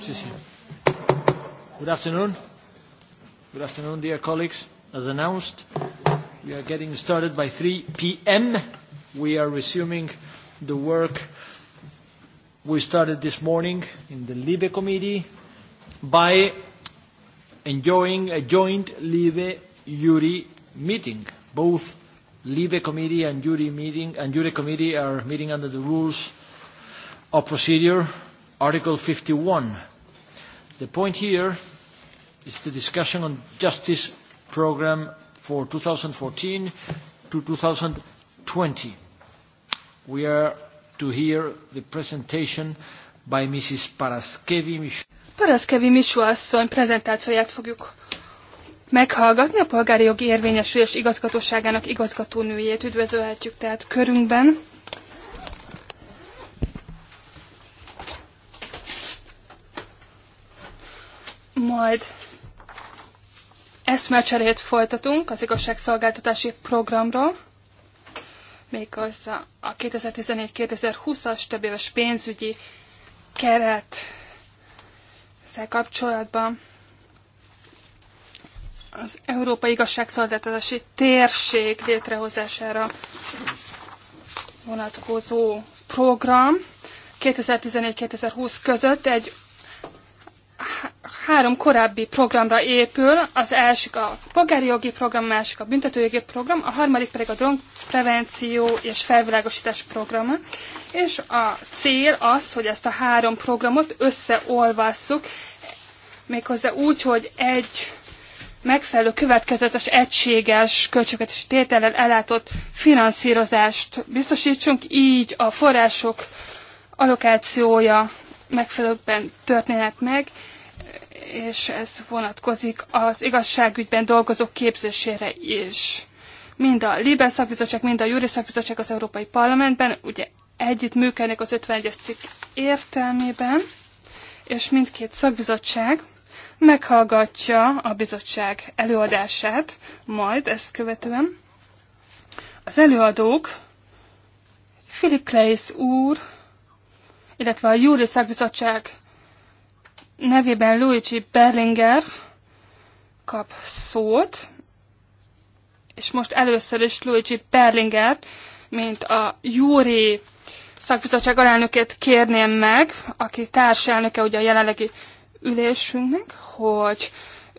Sí, sí. Good afternoon. Good afternoon, dear colleagues. As announced, we are getting started by 3 p.m. We are resuming the work we started this morning in the Libe Committee by enjoying a joint libe uri meeting. Both Libe Committee and URI meeting and Committee are meeting under the rules of procedure Article 51. The point here is the discussion on justice programme for 2014 to 2020. We are to hear the presentation by Mrs. Paraskevi Michu. Paraskevi Michu asszony prezentációját fogjuk meghallgatni a Polgári Jogi Érvényesülés Igazgatóságának igazgatónőjét. Üdvözölhetjük tehát körünkben. majd eszmecserét folytatunk az igazságszolgáltatási programról, méghozzá a 2014-2020-as többéves pénzügyi keret kapcsolatban az Európai Igazságszolgáltatási Térség létrehozására vonatkozó program 2014-2020 között egy három korábbi programra épül. Az első a polgári jogi program, a másik a büntetőjogi program, a harmadik pedig a drogprevenció és felvilágosítás programa. És a cél az, hogy ezt a három programot összeolvasszuk, méghozzá úgy, hogy egy megfelelő következetes, egységes költségvetési tétellel ellátott finanszírozást biztosítsunk, így a források allokációja megfelelőbben történhet meg, és ez vonatkozik az igazságügyben dolgozók képzésére is. Mind a Liben szakbizottság, mind a Júri szakbizottság az Európai Parlamentben ugye együtt működnek az 51-es cikk értelmében, és mindkét szakbizottság meghallgatja a bizottság előadását, majd ezt követően. Az előadók Philip Kleis úr, illetve a Júri Szakbizottság nevében Luigi Berlinger kap szót, és most először is Luigi Berlinger, mint a Júri szakbizottság alelnökét kérném meg, aki társelnöke ugye a jelenlegi ülésünknek, hogy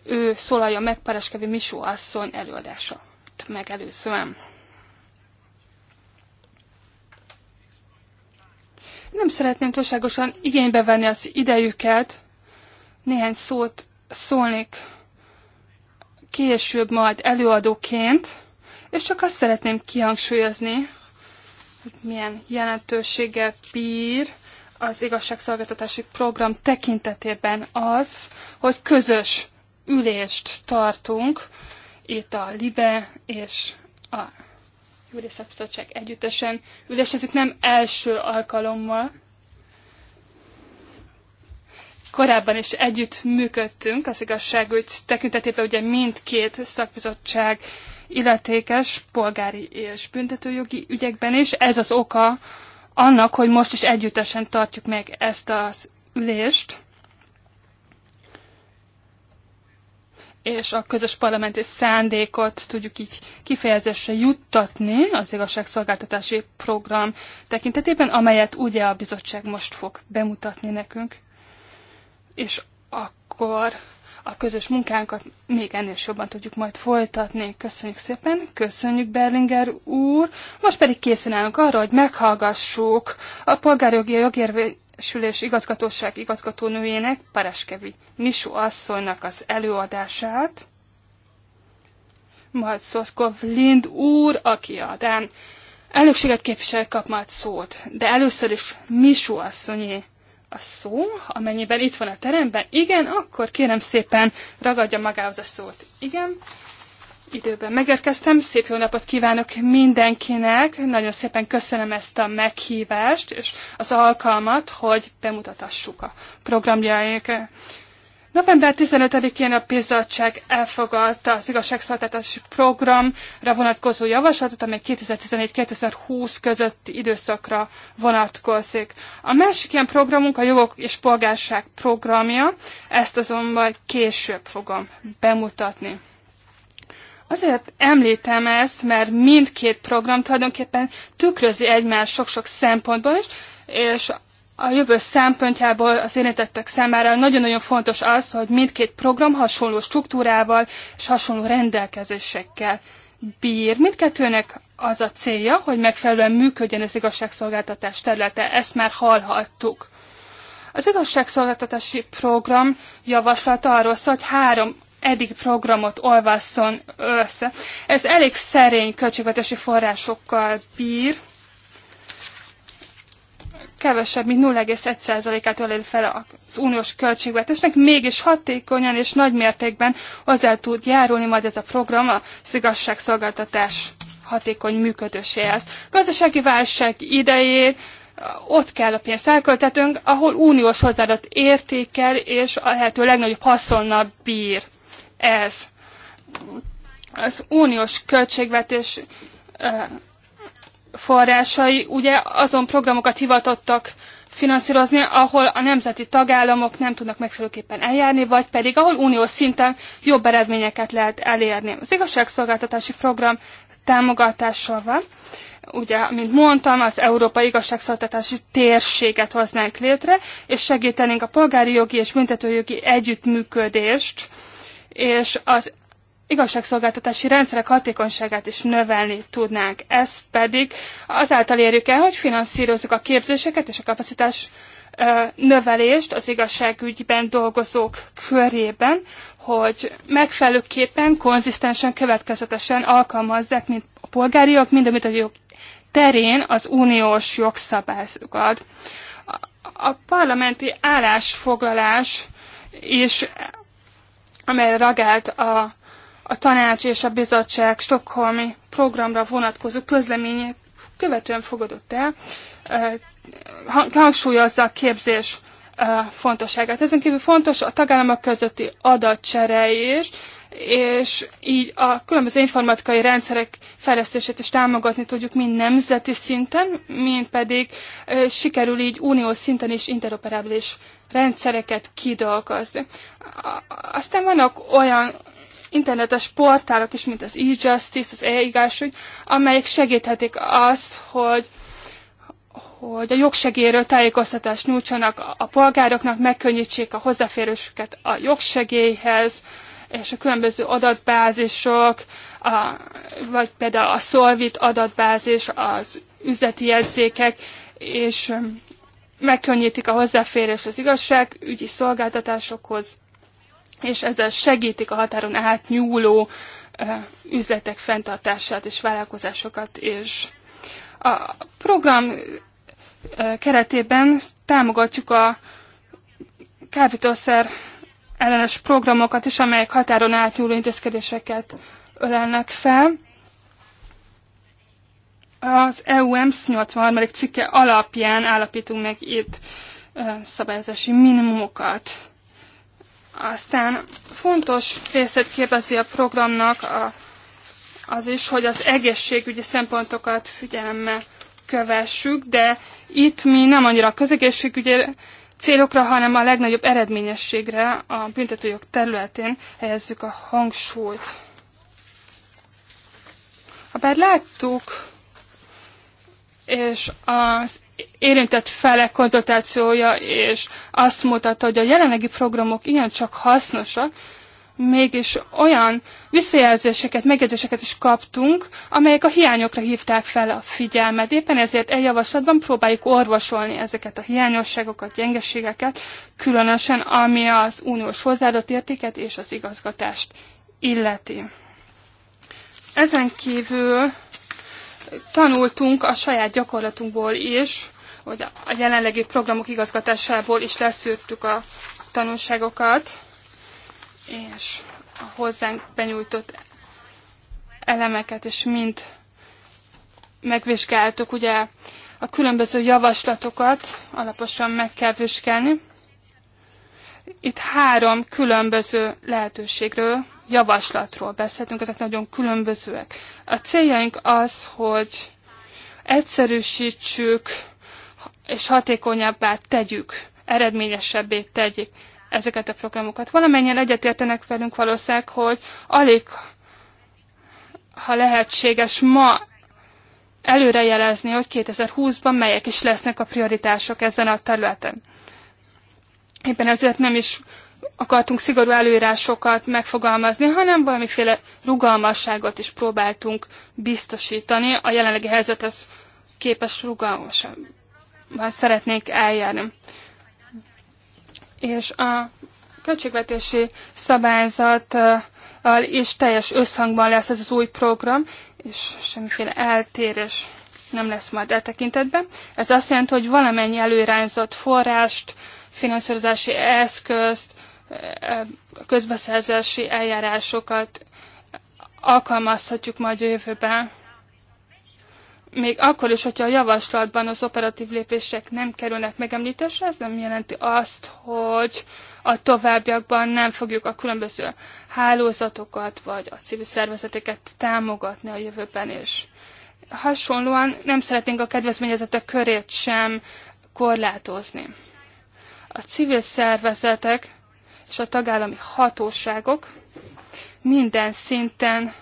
ő szólalja meg Pereskevi Misó asszony előadása meg előzően. Nem szeretném túlságosan igénybe venni az idejüket, néhány szót szólnék később majd előadóként, és csak azt szeretném kihangsúlyozni, hogy milyen jelentőséggel bír az igazságszolgáltatási program tekintetében az, hogy közös ülést tartunk itt a LIBE és a Júri Szabszoltság együttesen itt nem első alkalommal, korábban is együtt működtünk az igazságügy tekintetében, ugye mindkét szakbizottság illetékes polgári és büntetőjogi ügyekben is. Ez az oka annak, hogy most is együttesen tartjuk meg ezt az ülést. és a közös parlamenti szándékot tudjuk így kifejezésre juttatni az igazságszolgáltatási program tekintetében, amelyet ugye a bizottság most fog bemutatni nekünk és akkor a közös munkánkat még ennél is jobban tudjuk majd folytatni. Köszönjük szépen, köszönjük Berlinger úr. Most pedig készen állunk arra, hogy meghallgassuk a polgárjogi jogérvésülés igazgatóság igazgatónőjének, Pareskevi Misu asszonynak az előadását. Majd Szoszkov Lind úr, aki a Dán elnökséget képvisel, kap majd szót. De először is Misu asszonyé a szó, amennyiben itt van a teremben. Igen, akkor kérem szépen ragadja magához a szót. Igen, időben megérkeztem. Szép jó napot kívánok mindenkinek. Nagyon szépen köszönöm ezt a meghívást és az alkalmat, hogy bemutatassuk a programjainkat. November 15-én a bizottság elfogadta az igazságszolgáltatási programra vonatkozó javaslatot, amely 2014-2020 közötti időszakra vonatkozik. A másik ilyen programunk a jogok és polgárság programja, ezt azonban később fogom bemutatni. Azért említem ezt, mert mindkét program tulajdonképpen tükrözi egymást sok-sok szempontból is, és a jövő szempontjából az érintettek számára nagyon-nagyon fontos az, hogy mindkét program hasonló struktúrával és hasonló rendelkezésekkel bír. Mindkettőnek az a célja, hogy megfelelően működjön az igazságszolgáltatás területe. Ezt már hallhattuk. Az igazságszolgáltatási program javaslata arról szól, hogy három eddig programot olvasszon össze. Ez elég szerény költségvetési forrásokkal bír, kevesebb, mint 0,1%-át öleli fel az uniós költségvetésnek, mégis hatékonyan és nagy mértékben hozzá tud járulni majd ez a program az igazságszolgáltatás hatékony működéséhez. Gazdasági válság idején ott kell a pénzt elköltetünk, ahol uniós hozzáadott értékkel és a lehető legnagyobb haszonnal bír ez. Az uniós költségvetés forrásai ugye azon programokat hivatottak finanszírozni, ahol a nemzeti tagállamok nem tudnak megfelelőképpen eljárni, vagy pedig ahol uniós szinten jobb eredményeket lehet elérni. Az igazságszolgáltatási program támogatással van. Ugye, mint mondtam, az Európai Igazságszolgáltatási Térséget hoznánk létre, és segítenénk a polgári jogi és büntetőjogi együttműködést, és az igazságszolgáltatási rendszerek hatékonyságát is növelni tudnánk. Ez pedig azáltal érjük el, hogy finanszírozzuk a képzéseket és a kapacitás növelést az igazságügyben dolgozók körében, hogy megfelelőképpen, konzisztensen, következetesen alkalmazzák mind a polgáriak, mind amit a jog terén az uniós jogszabályokat. A parlamenti állásfoglalás is, amely ragált a a tanács és a bizottság Stockholmi programra vonatkozó közleményét követően fogadott el, eh, hangsúlyozza a képzés eh, fontosságát. Ezen kívül fontos a tagállamok közötti adatcsere is, és így a különböző informatikai rendszerek fejlesztését is támogatni tudjuk mind nemzeti szinten, mind pedig eh, sikerül így uniós szinten is interoperábilis rendszereket kidolgozni. Aztán vannak olyan internetes portálok is, mint az e-justice, az e-igazság, amelyek segíthetik azt, hogy hogy a jogsegélyről tájékoztatást nyújtsanak a polgároknak, megkönnyítsék a hozzáférősüket a jogsegélyhez, és a különböző adatbázisok, a, vagy például a szolvit adatbázis, az üzleti jegyzékek, és um, megkönnyítik a hozzáférés az igazságügyi szolgáltatásokhoz, és ezzel segítik a határon átnyúló üzletek fenntartását és vállalkozásokat és A program keretében támogatjuk a kábítószer ellenes programokat is, amelyek határon átnyúló intézkedéseket ölelnek fel. Az EUMS 83. cikke alapján állapítunk meg itt szabályozási minimumokat. Aztán fontos részét képezi a programnak a, az is, hogy az egészségügyi szempontokat figyelemmel kövessük, de itt mi nem annyira a közegészségügyi célokra, hanem a legnagyobb eredményességre a büntetőjog területén helyezzük a hangsúlyt. Habár láttuk, és az érintett felek konzultációja, és azt mutatta, hogy a jelenlegi programok igencsak hasznosak, mégis olyan visszajelzéseket, megjegyzéseket is kaptunk, amelyek a hiányokra hívták fel a figyelmet. Éppen ezért egy javaslatban próbáljuk orvosolni ezeket a hiányosságokat, gyengeségeket, különösen ami az uniós hozzáadott értéket és az igazgatást illeti. Ezen kívül tanultunk a saját gyakorlatunkból is, hogy a jelenlegi programok igazgatásából is leszűrtük a tanulságokat, és a hozzánk benyújtott elemeket is mind megvizsgáltuk. Ugye a különböző javaslatokat alaposan meg kell vizsgálni. Itt három különböző lehetőségről javaslatról beszéltünk, ezek nagyon különbözőek. A céljaink az, hogy egyszerűsítsük és hatékonyabbá tegyük, eredményesebbé tegyük ezeket a programokat. Valamennyien egyetértenek velünk valószínűleg, hogy alig, ha lehetséges ma előrejelezni, hogy 2020-ban melyek is lesznek a prioritások ezen a területen. Éppen ezért nem is akartunk szigorú előírásokat megfogalmazni, hanem valamiféle rugalmasságot is próbáltunk biztosítani. A jelenlegi helyzethez képes rugalmasan szeretnék eljárni. És a költségvetési szabályzattal is teljes összhangban lesz ez az új program, és semmiféle eltérés nem lesz majd e tekintetben. Ez azt jelenti, hogy valamennyi előirányzott forrást, finanszírozási eszközt, közbeszerzési eljárásokat alkalmazhatjuk majd a jövőben. Még akkor is, hogyha a javaslatban az operatív lépések nem kerülnek megemlítésre, ez nem jelenti azt, hogy a továbbiakban nem fogjuk a különböző hálózatokat vagy a civil szervezeteket támogatni a jövőben is. Hasonlóan nem szeretnénk a kedvezményezetek körét sem korlátozni. A civil szervezetek és a tagállami hatóságok minden szinten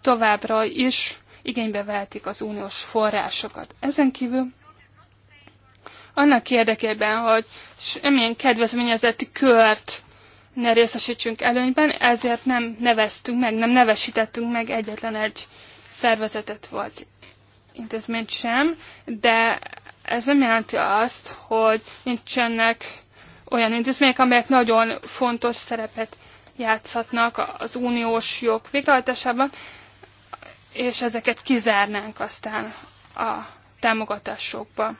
továbbra is igénybe vehetik az uniós forrásokat. Ezen kívül annak érdekében, hogy semmilyen kedvezményezeti kört ne részesítsünk előnyben, ezért nem neveztünk meg, nem nevesítettünk meg egyetlen egy szervezetet vagy intézményt sem, de ez nem jelenti azt, hogy nincsenek olyan intézmények, amelyek nagyon fontos szerepet játszhatnak az uniós jog végrehajtásában, és ezeket kizárnánk aztán a támogatásokba.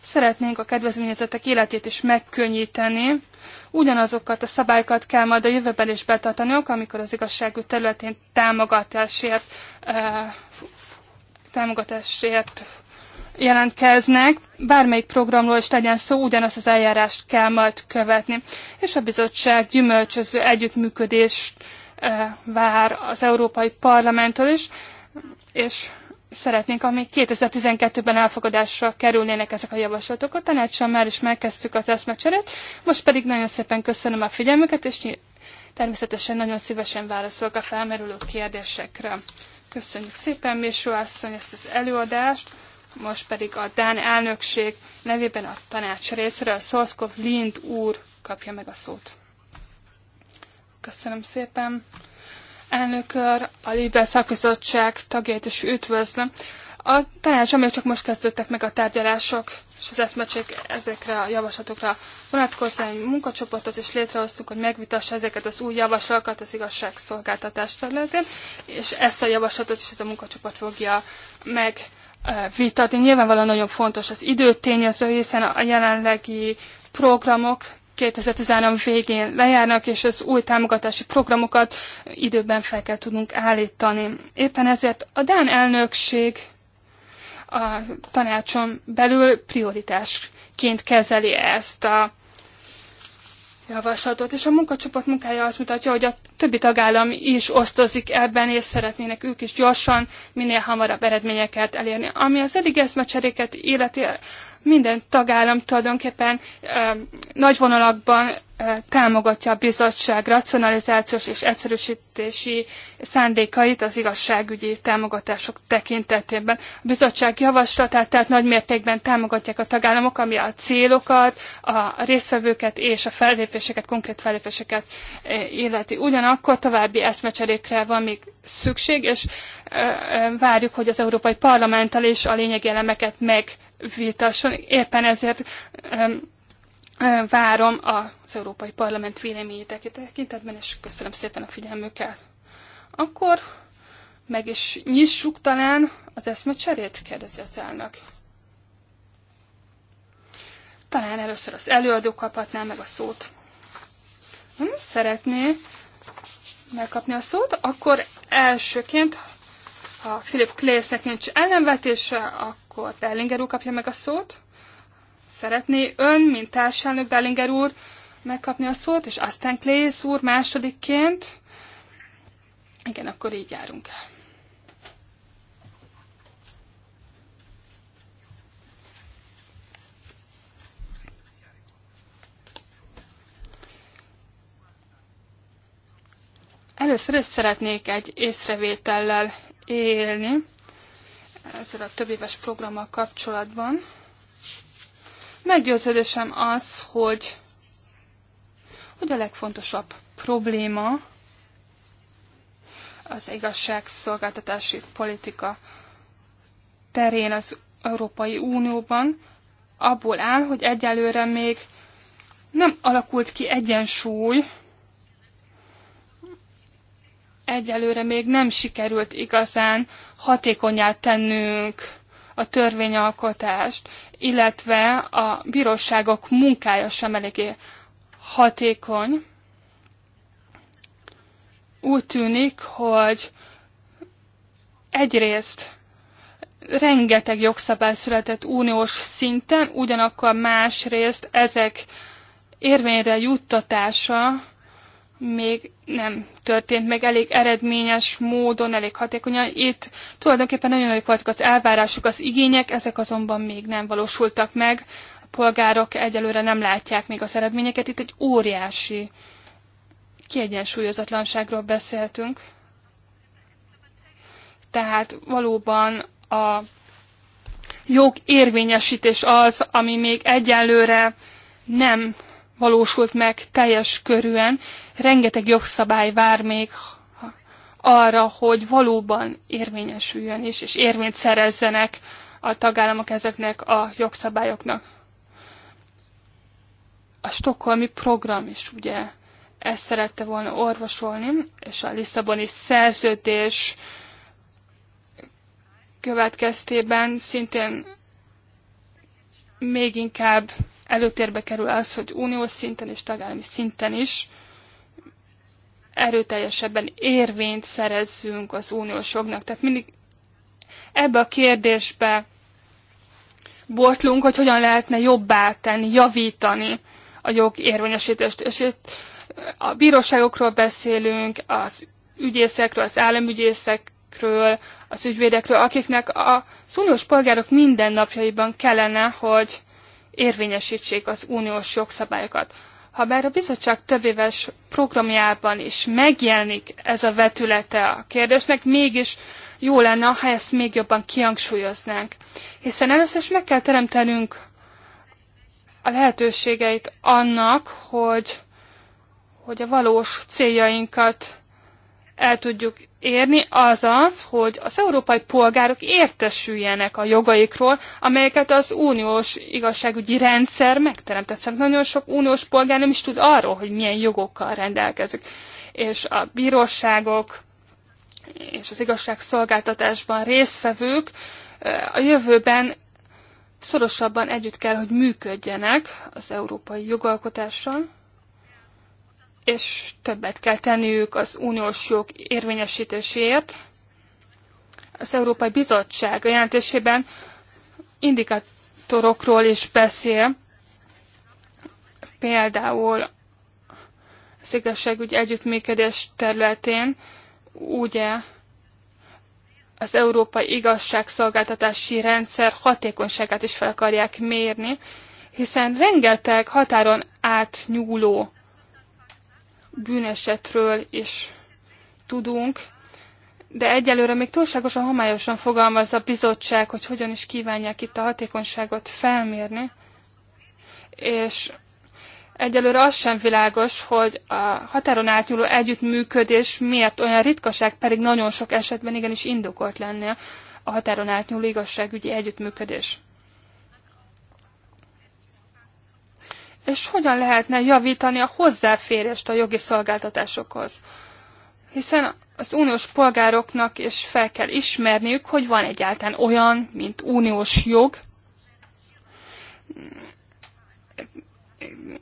Szeretnénk a kedvezményezettek életét is megkönnyíteni, ugyanazokat a szabályokat kell majd a jövőben is betartaniuk, amikor az igazságügy területén támogatásért, eh, támogatásért jelentkeznek, bármelyik programról is legyen szó, ugyanazt az eljárást kell majd követni. És a bizottság gyümölcsöző együttműködést eh, vár az Európai Parlamenttől is, és szeretnénk, ami 2012-ben elfogadásra kerülnének ezek a javaslatok. A tanácssal már is megkezdtük az eszmecserét, most pedig nagyon szépen köszönöm a figyelmüket, és természetesen nagyon szívesen válaszolok a felmerülő kérdésekre. Köszönjük szépen, Mésó asszony, ezt az előadást most pedig a Dán elnökség nevében a tanács részéről Szolszkov Lind úr kapja meg a szót. Köszönöm szépen. úr, a Libe szakbizottság tagjait is üdvözlöm. A tanács, amely csak most kezdődtek meg a tárgyalások, és az eszmecsék ezekre a javaslatokra vonatkozóan egy munkacsoportot is létrehoztunk, hogy megvitassa ezeket az új javaslatokat az igazságszolgáltatás területén, és ezt a javaslatot is ez a munkacsoport fogja meg vitatni. Nyilvánvalóan nagyon fontos az időtényező, hiszen a jelenlegi programok 2013 végén lejárnak, és az új támogatási programokat időben fel kell tudnunk állítani. Éppen ezért a Dán elnökség a tanácson belül prioritásként kezeli ezt a javaslatot, és a munkacsoport munkája azt mutatja, hogy a többi tagállam is osztozik ebben, és szeretnének ők is gyorsan, minél hamarabb eredményeket elérni. Ami az eddig eszmecseréket illeti, minden tagállam tulajdonképpen ö, nagy vonalakban támogatja a bizottság racionalizációs és egyszerűsítési szándékait az igazságügyi támogatások tekintetében. A bizottság javaslatát tehát nagy mértékben támogatják a tagállamok, ami a célokat, a résztvevőket és a fellépéseket, konkrét fellépéseket illeti. Ugyanakkor további eszmecserékre van még szükség, és várjuk, hogy az Európai Parlamenttel is a lényegi elemeket megvitasson. Éppen ezért várom az Európai Parlament véleményét e tekintetben, és köszönöm szépen a figyelmüket. Akkor meg is nyissuk talán az eszmecserét, kérdezi az elnök. Talán először az előadó kaphatná meg a szót. Nem szeretné megkapni a szót, akkor elsőként, ha Philip Claysnek nincs ellenvetése, akkor Bellinger úr kapja meg a szót. Szeretné ön, mint társelnök Bellinger úr megkapni a szót, és aztán Klész úr másodikként. Igen, akkor így járunk el. Először is szeretnék egy észrevétellel élni ezzel a több éves programmal kapcsolatban. Meggyőződésem az, hogy, hogy a legfontosabb probléma az igazságszolgáltatási politika terén az Európai Unióban abból áll, hogy egyelőre még nem alakult ki egyensúly, egyelőre még nem sikerült igazán hatékonyá tennünk a törvényalkotást, illetve a bíróságok munkája sem eléggé hatékony. Úgy tűnik, hogy egyrészt rengeteg jogszabály született uniós szinten, ugyanakkor másrészt ezek érvényre juttatása még nem történt meg elég eredményes módon, elég hatékonyan. Itt tulajdonképpen nagyon nagyok voltak az elvárások, az igények, ezek azonban még nem valósultak meg. A polgárok egyelőre nem látják még az eredményeket. Itt egy óriási kiegyensúlyozatlanságról beszéltünk. Tehát valóban a jog érvényesítés az, ami még egyelőre nem valósult meg teljes körűen. Rengeteg jogszabály vár még arra, hogy valóban érvényesüljön is, és érvényt szerezzenek a tagállamok ezeknek a jogszabályoknak. A stokholmi program is ugye ezt szerette volna orvosolni, és a Lisszaboni szerződés következtében szintén még inkább előtérbe kerül az, hogy uniós szinten és tagállami szinten is erőteljesebben érvényt szerezzünk az uniós jognak. Tehát mindig ebbe a kérdésbe botlunk, hogy hogyan lehetne jobbá tenni, javítani a jog érvényesítést. És itt a bíróságokról beszélünk, az ügyészekről, az államügyészekről, az ügyvédekről, akiknek a uniós polgárok mindennapjaiban kellene, hogy érvényesítsék az uniós jogszabályokat. Habár a bizottság többéves programjában is megjelenik ez a vetülete a kérdésnek, mégis jó lenne, ha ezt még jobban kihangsúlyoznánk. Hiszen először is meg kell teremtenünk a lehetőségeit annak, hogy, hogy a valós céljainkat el tudjuk érni, az az, hogy az európai polgárok értesüljenek a jogaikról, amelyeket az uniós igazságügyi rendszer megteremtett. Szóval nagyon sok uniós polgár nem is tud arról, hogy milyen jogokkal rendelkezik. És a bíróságok és az igazságszolgáltatásban résztvevők eh, a jövőben szorosabban együtt kell, hogy működjenek az európai jogalkotással, és többet kell tenniük az uniós jog érvényesítéséért. Az Európai Bizottság a jelentésében indikátorokról is beszél, például a igazságügy együttműködés területén, ugye az európai igazságszolgáltatási rendszer hatékonyságát is fel akarják mérni, hiszen rengeteg határon átnyúló bűnesetről is tudunk, de egyelőre még túlságosan homályosan fogalmaz a bizottság, hogy hogyan is kívánják itt a hatékonyságot felmérni, és egyelőre az sem világos, hogy a határon átnyúló együttműködés miért olyan ritkaság, pedig nagyon sok esetben igenis indokolt lenne a határon átnyúló igazságügyi együttműködés. és hogyan lehetne javítani a hozzáférést a jogi szolgáltatásokhoz. Hiszen az uniós polgároknak is fel kell ismerniük, hogy van egyáltalán olyan, mint uniós jog.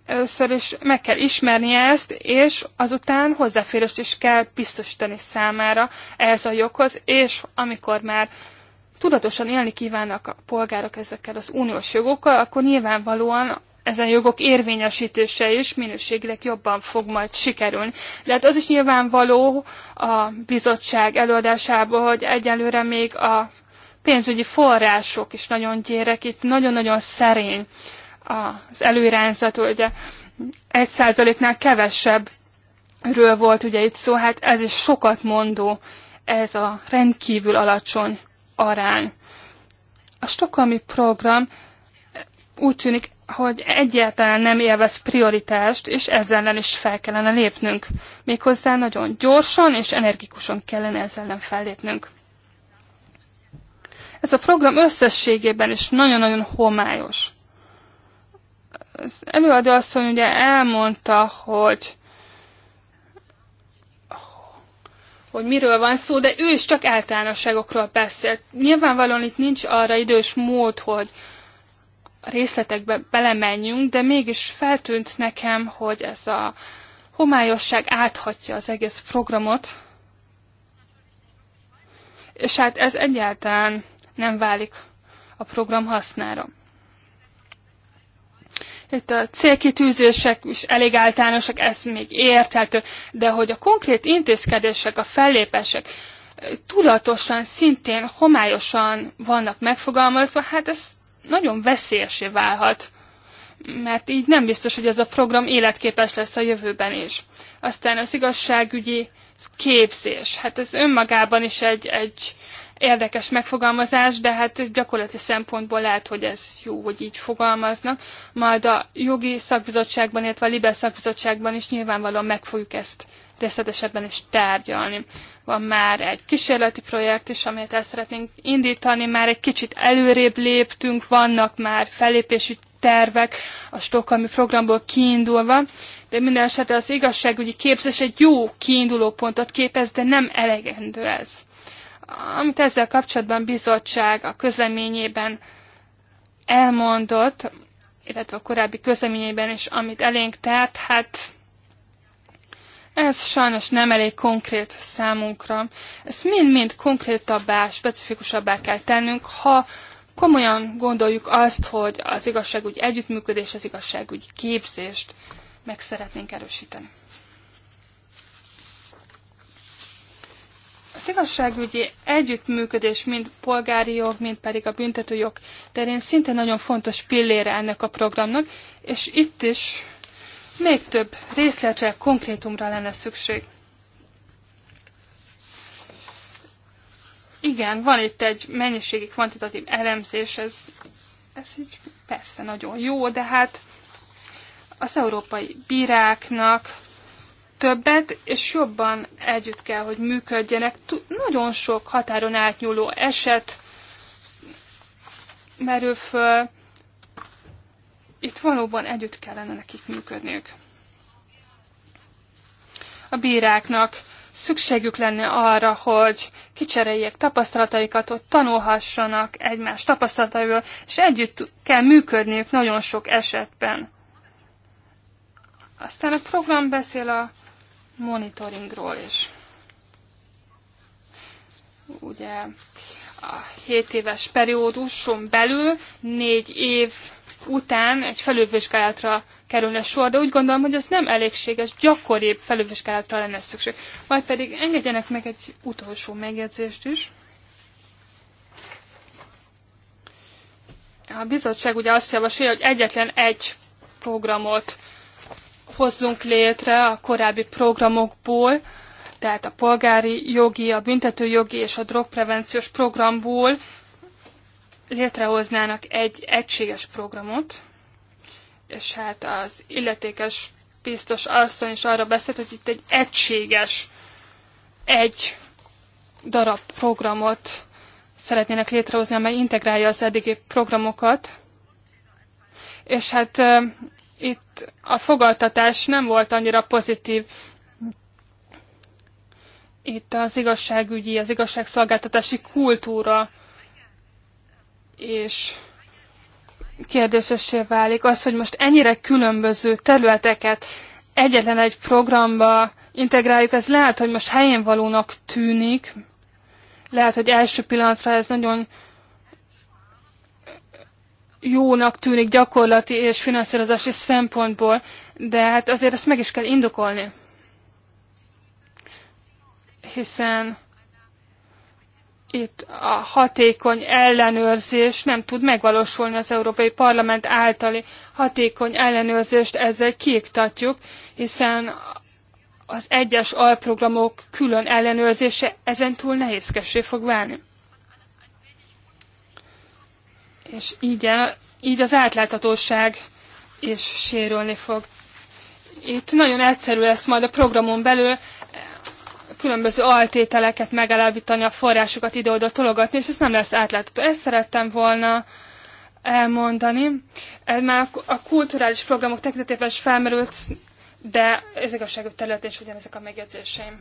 Először is meg kell ismernie ezt, és azután hozzáférést is kell biztosítani számára ehhez a joghoz, és amikor már tudatosan élni kívánnak a polgárok ezekkel az uniós jogokkal, akkor nyilvánvalóan ezen jogok érvényesítése is minőségileg jobban fog majd sikerülni. De hát az is nyilvánvaló a bizottság előadásából, hogy egyelőre még a pénzügyi források is nagyon gyérek, itt nagyon-nagyon szerény az előirányzat, ugye egy százaléknál kevesebb ről volt ugye itt szó, hát ez is sokat mondó, ez a rendkívül alacsony arány. A stokholmi program úgy tűnik hogy egyáltalán nem élvez prioritást, és ezzel ellen is fel kellene lépnünk. Méghozzá nagyon gyorsan és energikusan kellene ezzel ellen fellépnünk. Ez a program összességében is nagyon-nagyon homályos. Az előadó asszony ugye elmondta, hogy hogy miről van szó, de ő is csak általánosságokról beszélt. Nyilvánvalóan itt nincs arra idős mód, hogy, részletekbe belemenjünk, de mégis feltűnt nekem, hogy ez a homályosság áthatja az egész programot, és hát ez egyáltalán nem válik a program hasznára. Itt a célkitűzések is elég általánosak, ez még érthető, de hogy a konkrét intézkedések, a fellépések eh, tudatosan, szintén homályosan vannak megfogalmazva, hát ezt nagyon veszélyesé válhat, mert így nem biztos, hogy ez a program életképes lesz a jövőben is. Aztán az igazságügyi képzés. Hát ez önmagában is egy, egy érdekes megfogalmazás, de hát gyakorlati szempontból lehet, hogy ez jó, hogy így fogalmaznak. Majd a jogi szakbizottságban, illetve a libel szakbizottságban is nyilvánvalóan meg fogjuk ezt részletesebben is tárgyalni van már egy kísérleti projekt is, amit el szeretnénk indítani, már egy kicsit előrébb léptünk, vannak már felépési tervek a stokholmi programból kiindulva, de minden esetre az igazságügyi képzés egy jó kiinduló pontot képez, de nem elegendő ez. Amit ezzel kapcsolatban bizottság a közleményében elmondott, illetve a korábbi közleményében is, amit elénk tárt, hát ez sajnos nem elég konkrét számunkra. Ezt mind-mind konkrétabbá, specifikusabbá kell tennünk, ha komolyan gondoljuk azt, hogy az igazságügy együttműködés, az igazságügy képzést meg szeretnénk erősíteni. Az igazságügyi együttműködés mind polgári jog, mind pedig a büntetőjog terén szinte nagyon fontos pillére ennek a programnak, és itt is még több részletre, konkrétumra lenne szükség. Igen, van itt egy mennyiségi kvantitatív elemzés, ez, ez így persze nagyon jó, de hát az európai bíráknak többet és jobban együtt kell, hogy működjenek. nagyon sok határon átnyúló eset merül föl, itt valóban együtt kellene nekik működniük. A bíráknak szükségük lenne arra, hogy kicseréljék tapasztalataikat, hogy tanulhassanak egymás tapasztalataival, és együtt kell működniük nagyon sok esetben. Aztán a program beszél a monitoringról is. Ugye a 7 éves perióduson belül négy év után egy felülvizsgálatra kerülne sor, de úgy gondolom, hogy ez nem elégséges, gyakoribb felülvizsgálatra lenne szükség. Majd pedig engedjenek meg egy utolsó megjegyzést is. A bizottság ugye azt javasolja, hogy egyetlen egy programot hozzunk létre a korábbi programokból, tehát a polgári jogi, a büntetőjogi és a drogprevenciós programból létrehoznának egy egységes programot, és hát az illetékes biztos asszony is arra beszélt, hogy itt egy egységes, egy darab programot szeretnének létrehozni, amely integrálja az eddigi programokat. És hát uh, itt a fogadtatás nem volt annyira pozitív. Itt az igazságügyi, az igazságszolgáltatási kultúra és kérdésessé válik az, hogy most ennyire különböző területeket egyetlen egy programba integráljuk, ez lehet, hogy most helyén valónak tűnik, lehet, hogy első pillanatra ez nagyon jónak tűnik gyakorlati és finanszírozási szempontból, de hát azért ezt meg is kell indokolni. Hiszen itt a hatékony ellenőrzés nem tud megvalósulni az Európai Parlament általi hatékony ellenőrzést, ezzel kiiktatjuk, hiszen az egyes alprogramok külön ellenőrzése ezentúl nehézkessé fog válni. És így, így az átláthatóság is sérülni fog. Itt nagyon egyszerű lesz majd a programon belül különböző altételeket megállapítani, a forrásokat ide-oda tologatni, és ez nem lesz átlátható. Ezt szerettem volna elmondani. Ez már a kulturális programok tekintetében is felmerült, de ez igazságú területen is ugyanezek a megjegyzéseim.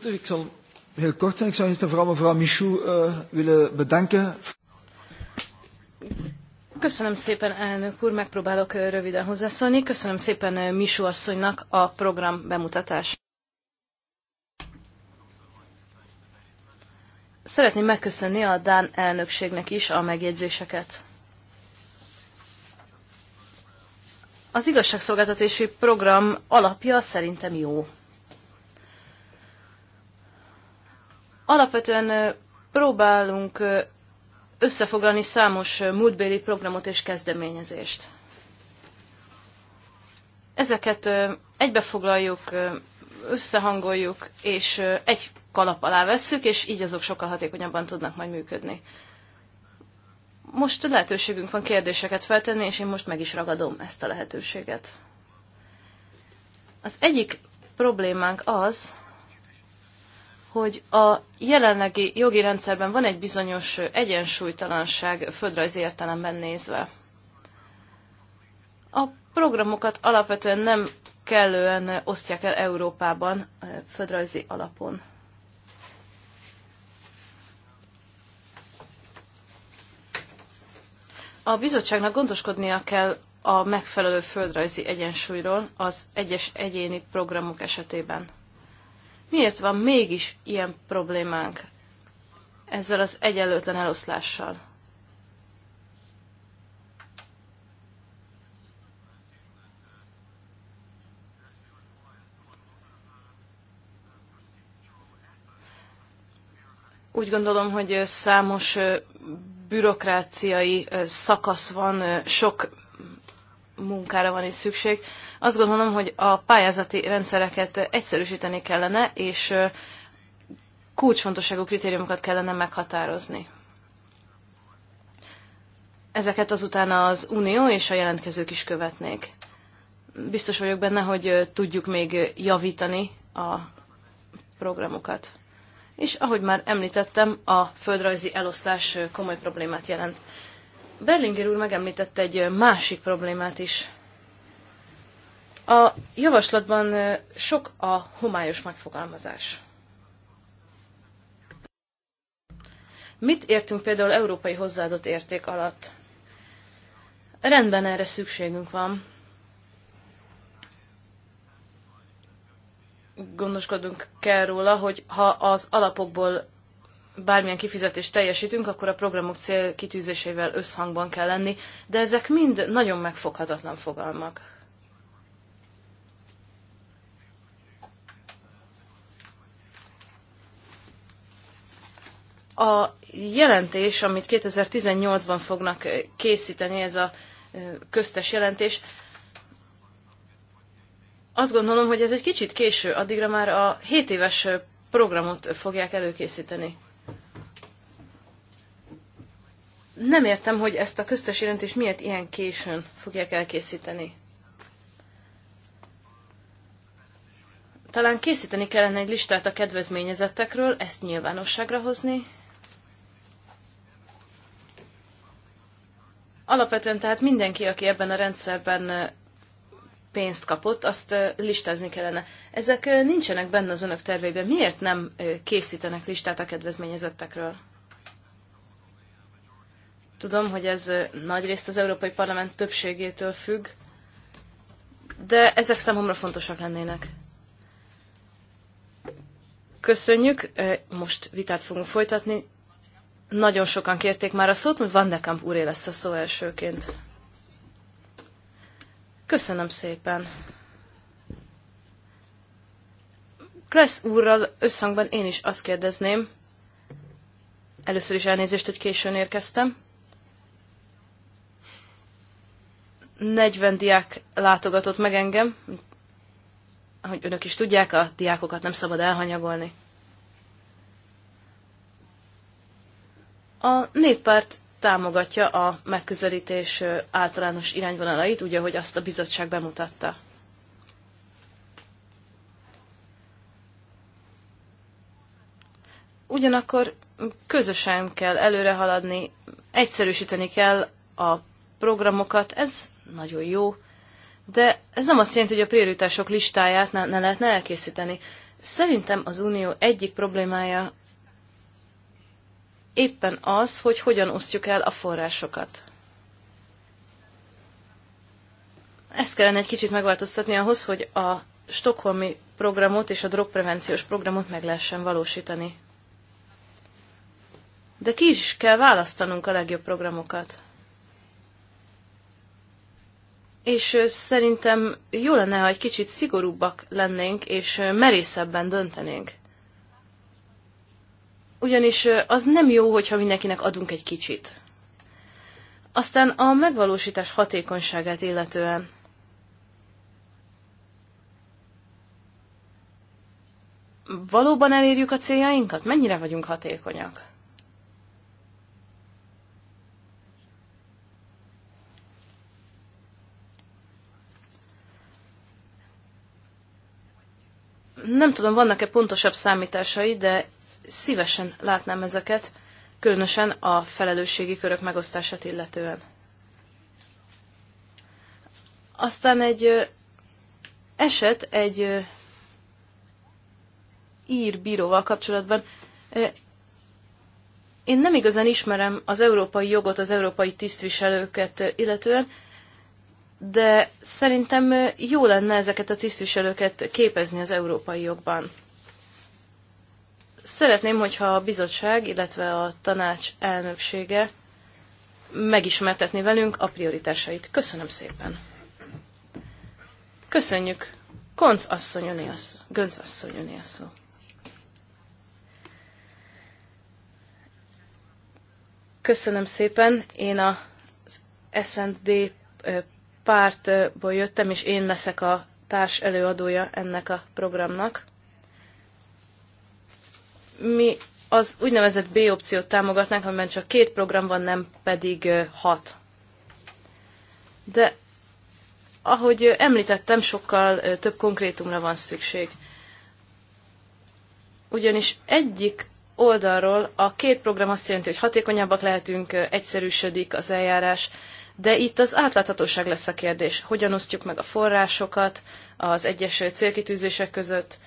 Köszönöm. heel kort en Ik zou eerst vooral mevrouw Michou uh, willen bedanken. Köszönöm szépen, elnök úr, megpróbálok eh, röviden hozzászólni. Köszönöm szépen eh, Misu asszonynak a program bemutatás. Szeretném megköszönni a Dán elnökségnek is a megjegyzéseket. Az igazságszolgáltatási program alapja szerintem jó. Alapvetően próbálunk összefoglalni számos múltbéli programot és kezdeményezést. Ezeket egybefoglaljuk, összehangoljuk, és egy kalap alá vesszük, és így azok sokkal hatékonyabban tudnak majd működni. Most lehetőségünk van kérdéseket feltenni, és én most meg is ragadom ezt a lehetőséget. Az egyik problémánk az, hogy a jelenlegi jogi rendszerben van egy bizonyos egyensúlytalanság földrajzi értelemben nézve. A programokat alapvetően nem kellően osztják el Európában eh, földrajzi alapon. A bizottságnak gondoskodnia kell a megfelelő földrajzi egyensúlyról az egyes egyéni programok esetében. Miért van mégis ilyen problémánk ezzel az egyenlőtlen eloszlással? Úgy gondolom, hogy számos bürokráciai szakasz van, sok munkára van is szükség. Azt gondolom, hogy a pályázati rendszereket egyszerűsíteni kellene, és kulcsfontosságú kritériumokat kellene meghatározni. Ezeket azután az Unió és a jelentkezők is követnék. Biztos vagyok benne, hogy tudjuk még javítani a programokat és ahogy már említettem, a földrajzi elosztás komoly problémát jelent. Berlinger úr megemlítette egy másik problémát is. A javaslatban sok a homályos megfogalmazás. Mit értünk például európai hozzáadott érték alatt? Rendben, erre szükségünk van. gondoskodunk kell róla, hogy ha az alapokból bármilyen kifizetést teljesítünk, akkor a programok cél kitűzésével összhangban kell lenni, de ezek mind nagyon megfoghatatlan fogalmak. A jelentés, amit 2018-ban fognak készíteni, ez a köztes jelentés, azt gondolom, hogy ez egy kicsit késő, addigra már a 7 éves programot fogják előkészíteni. Nem értem, hogy ezt a köztes jelentést miért ilyen későn fogják elkészíteni. Talán készíteni kellene egy listát a kedvezményezettekről, ezt nyilvánosságra hozni. Alapvetően tehát mindenki, aki ebben a rendszerben pénzt kapott, azt listázni kellene. Ezek nincsenek benne az önök terveiben. Miért nem készítenek listát a kedvezményezettekről? Tudom, hogy ez nagyrészt az Európai Parlament többségétől függ, de ezek számomra fontosak lennének. Köszönjük, most vitát fogunk folytatni. Nagyon sokan kérték már a szót, mert Van de Kamp úré lesz a szó elsőként. Köszönöm szépen. Kressz úrral összhangban én is azt kérdezném, először is elnézést, hogy későn érkeztem. 40 diák látogatott meg engem, ahogy önök is tudják, a diákokat nem szabad elhanyagolni. A néppárt támogatja a megközelítés általános irányvonalait, úgy, ahogy azt a bizottság bemutatta. Ugyanakkor közösen kell előre haladni, egyszerűsíteni kell a programokat, ez nagyon jó, de ez nem azt jelenti, hogy a prioritások listáját ne, ne lehetne elkészíteni. Szerintem az unió egyik problémája éppen az, hogy hogyan osztjuk el a forrásokat. Ezt kellene egy kicsit megváltoztatni ahhoz, hogy a stokholmi programot és a drogprevenciós programot meg lehessen valósítani. De ki is kell választanunk a legjobb programokat. És szerintem jó lenne, ha egy kicsit szigorúbbak lennénk, és merészebben döntenénk ugyanis az nem jó, hogyha mindenkinek adunk egy kicsit. Aztán a megvalósítás hatékonyságát illetően. Valóban elérjük a céljainkat? Mennyire vagyunk hatékonyak? nem tudom, vannak-e pontosabb számításai, de szívesen látnám ezeket, különösen a felelősségi körök megosztását illetően. Aztán egy eset egy ír bíróval kapcsolatban. Én nem igazán ismerem az európai jogot, az európai tisztviselőket illetően, de szerintem jó lenne ezeket a tisztviselőket képezni az európai jogban. Szeretném, hogyha a bizottság, illetve a tanács elnöksége megismertetni velünk a prioritásait. Köszönöm szépen. Köszönjük. Konc asszony Gönc asszony szó. Köszönöm szépen. Én az SND pártból jöttem, és én leszek a társ előadója ennek a programnak mi az úgynevezett B opciót támogatnánk, amiben csak két program van, nem pedig hat. De ahogy említettem, sokkal több konkrétumra van szükség. Ugyanis egyik oldalról a két program azt jelenti, hogy hatékonyabbak lehetünk, egyszerűsödik az eljárás, de itt az átláthatóság lesz a kérdés. Hogyan osztjuk meg a forrásokat az egyes célkitűzések között,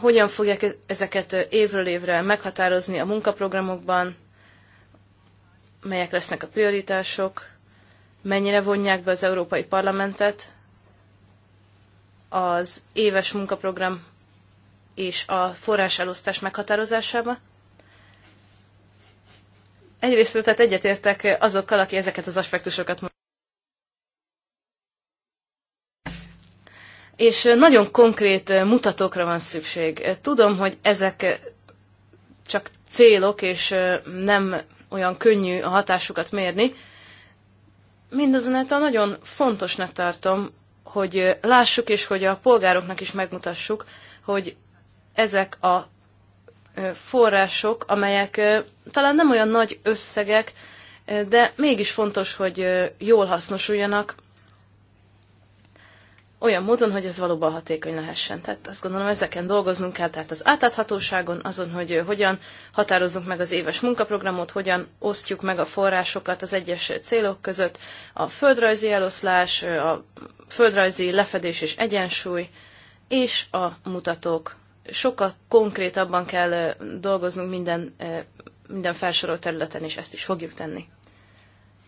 hogyan fogják ezeket évről évre meghatározni a munkaprogramokban, melyek lesznek a prioritások, mennyire vonják be az Európai Parlamentet az éves munkaprogram és a forráselosztás meghatározásába. Egyrészt tehát egyetértek azokkal, aki ezeket az aspektusokat és nagyon konkrét mutatókra van szükség. Tudom, hogy ezek csak célok, és nem olyan könnyű a hatásukat mérni. Mindazonáltal nagyon fontosnak tartom, hogy lássuk, és hogy a polgároknak is megmutassuk, hogy ezek a források, amelyek talán nem olyan nagy összegek, de mégis fontos, hogy jól hasznosuljanak, olyan módon, hogy ez valóban hatékony lehessen. Tehát azt gondolom, ezeken dolgoznunk kell, tehát az átláthatóságon, azon, hogy hogyan határozzunk meg az éves munkaprogramot, hogyan osztjuk meg a forrásokat az egyes célok között, a földrajzi eloszlás, a földrajzi lefedés és egyensúly, és a mutatók. Sokkal konkrétabban kell dolgoznunk minden, minden felsorolt területen, és ezt is fogjuk tenni.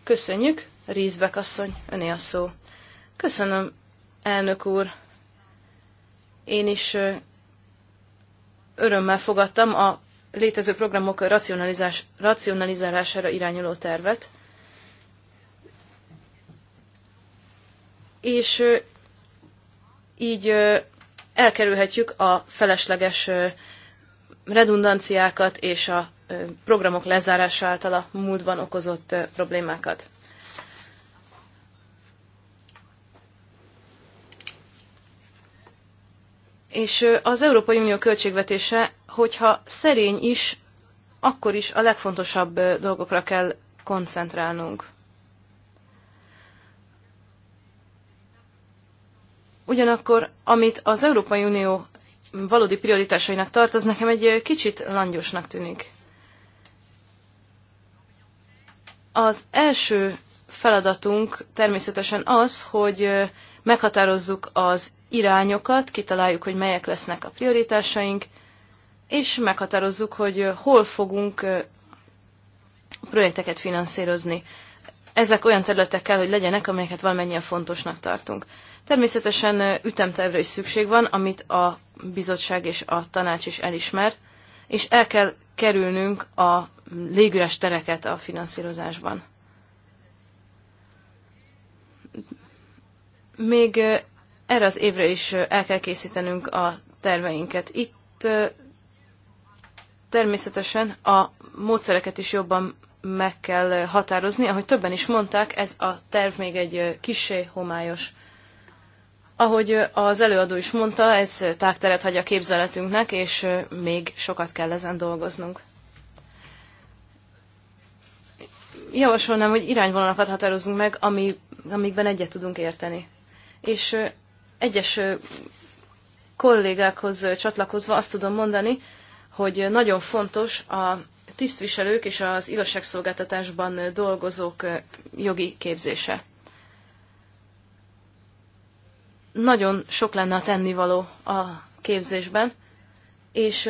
Köszönjük, Rízbek asszony, öné a szó. Köszönöm, elnök úr. Én is örömmel fogadtam a létező programok racionalizás, racionalizálására irányuló tervet. És így elkerülhetjük a felesleges redundanciákat és a programok lezárása által a múltban okozott problémákat. És az Európai Unió költségvetése, hogyha szerény is, akkor is a legfontosabb dolgokra kell koncentrálnunk. Ugyanakkor, amit az Európai Unió valódi prioritásainak tart, az nekem egy kicsit langyosnak tűnik. Az első feladatunk természetesen az, hogy meghatározzuk az irányokat, kitaláljuk, hogy melyek lesznek a prioritásaink, és meghatározzuk, hogy hol fogunk projekteket finanszírozni. Ezek olyan területek kell, hogy legyenek, amelyeket valamennyien fontosnak tartunk. Természetesen ütemtervre is szükség van, amit a bizottság és a tanács is elismer, és el kell kerülnünk a légüres tereket a finanszírozásban. Még erre az évre is el kell készítenünk a terveinket. Itt természetesen a módszereket is jobban meg kell határozni. Ahogy többen is mondták, ez a terv még egy kisé homályos. Ahogy az előadó is mondta, ez tágteret hagy a képzeletünknek, és még sokat kell ezen dolgoznunk. Javasolnám, hogy irányvonalakat határozzunk meg, ami, amikben egyet tudunk érteni. És egyes kollégákhoz csatlakozva azt tudom mondani, hogy nagyon fontos a tisztviselők és az igazságszolgáltatásban dolgozók jogi képzése. Nagyon sok lenne a tennivaló a képzésben, és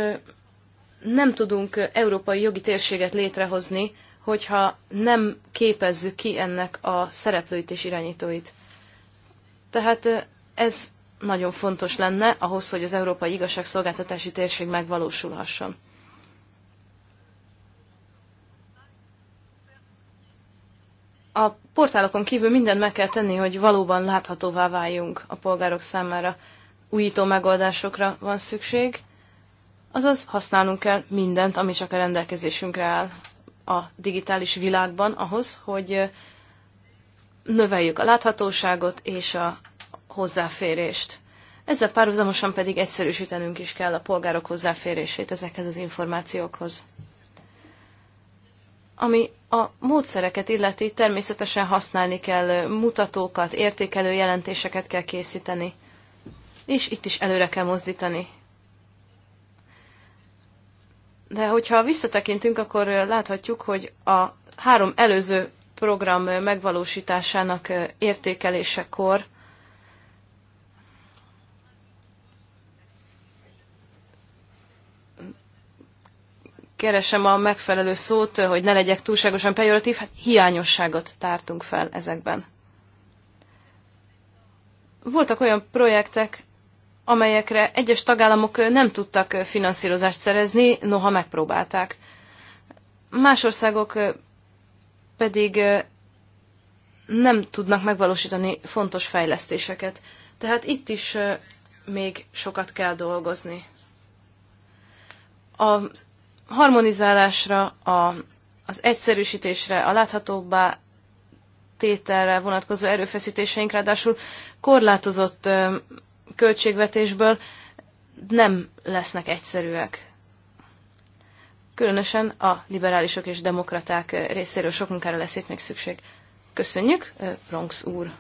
nem tudunk európai jogi térséget létrehozni, hogyha nem képezzük ki ennek a szereplőit és irányítóit. Tehát ez nagyon fontos lenne ahhoz, hogy az európai igazságszolgáltatási térség megvalósulhasson. A portálokon kívül mindent meg kell tenni, hogy valóban láthatóvá váljunk a polgárok számára. Újító megoldásokra van szükség, azaz használnunk kell mindent, ami csak a rendelkezésünkre áll a digitális világban ahhoz, hogy növeljük a láthatóságot és a hozzáférést. Ezzel párhuzamosan pedig egyszerűsítenünk is kell a polgárok hozzáférését ezekhez az információkhoz. Ami a módszereket illeti, természetesen használni kell mutatókat, értékelő jelentéseket kell készíteni. És itt is előre kell mozdítani. De hogyha visszatekintünk, akkor láthatjuk, hogy a három előző program megvalósításának értékelésekor keresem a megfelelő szót, hogy ne legyek túlságosan pejoratív, hát hiányosságot tártunk fel ezekben. Voltak olyan projektek, amelyekre egyes tagállamok nem tudtak finanszírozást szerezni, noha megpróbálták. Más országok pedig nem tudnak megvalósítani fontos fejlesztéseket. Tehát itt is még sokat kell dolgozni. Az harmonizálásra, a, az egyszerűsítésre, a láthatóbbá tételre vonatkozó erőfeszítéseink ráadásul korlátozott költségvetésből nem lesznek egyszerűek. Különösen a liberálisok és demokraták részéről sok munkára lesz itt még szükség. Köszönjük, Bronx úr!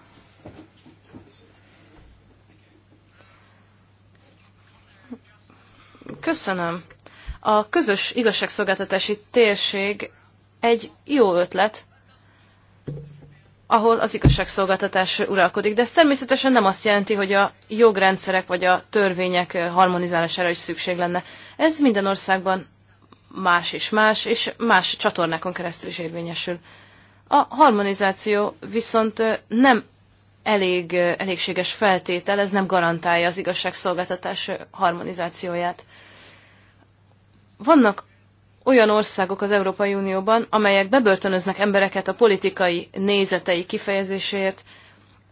Köszönöm. A közös igazságszolgáltatási térség egy jó ötlet, ahol az igazságszolgáltatás uralkodik. De ez természetesen nem azt jelenti, hogy a jogrendszerek vagy a törvények harmonizálására is szükség lenne. Ez minden országban más és más, és más csatornákon keresztül is érvényesül. A harmonizáció viszont nem elég elégséges feltétel, ez nem garantálja az igazságszolgáltatás harmonizációját. Vannak olyan országok az Európai Unióban, amelyek bebörtönöznek embereket a politikai nézetei kifejezéséért,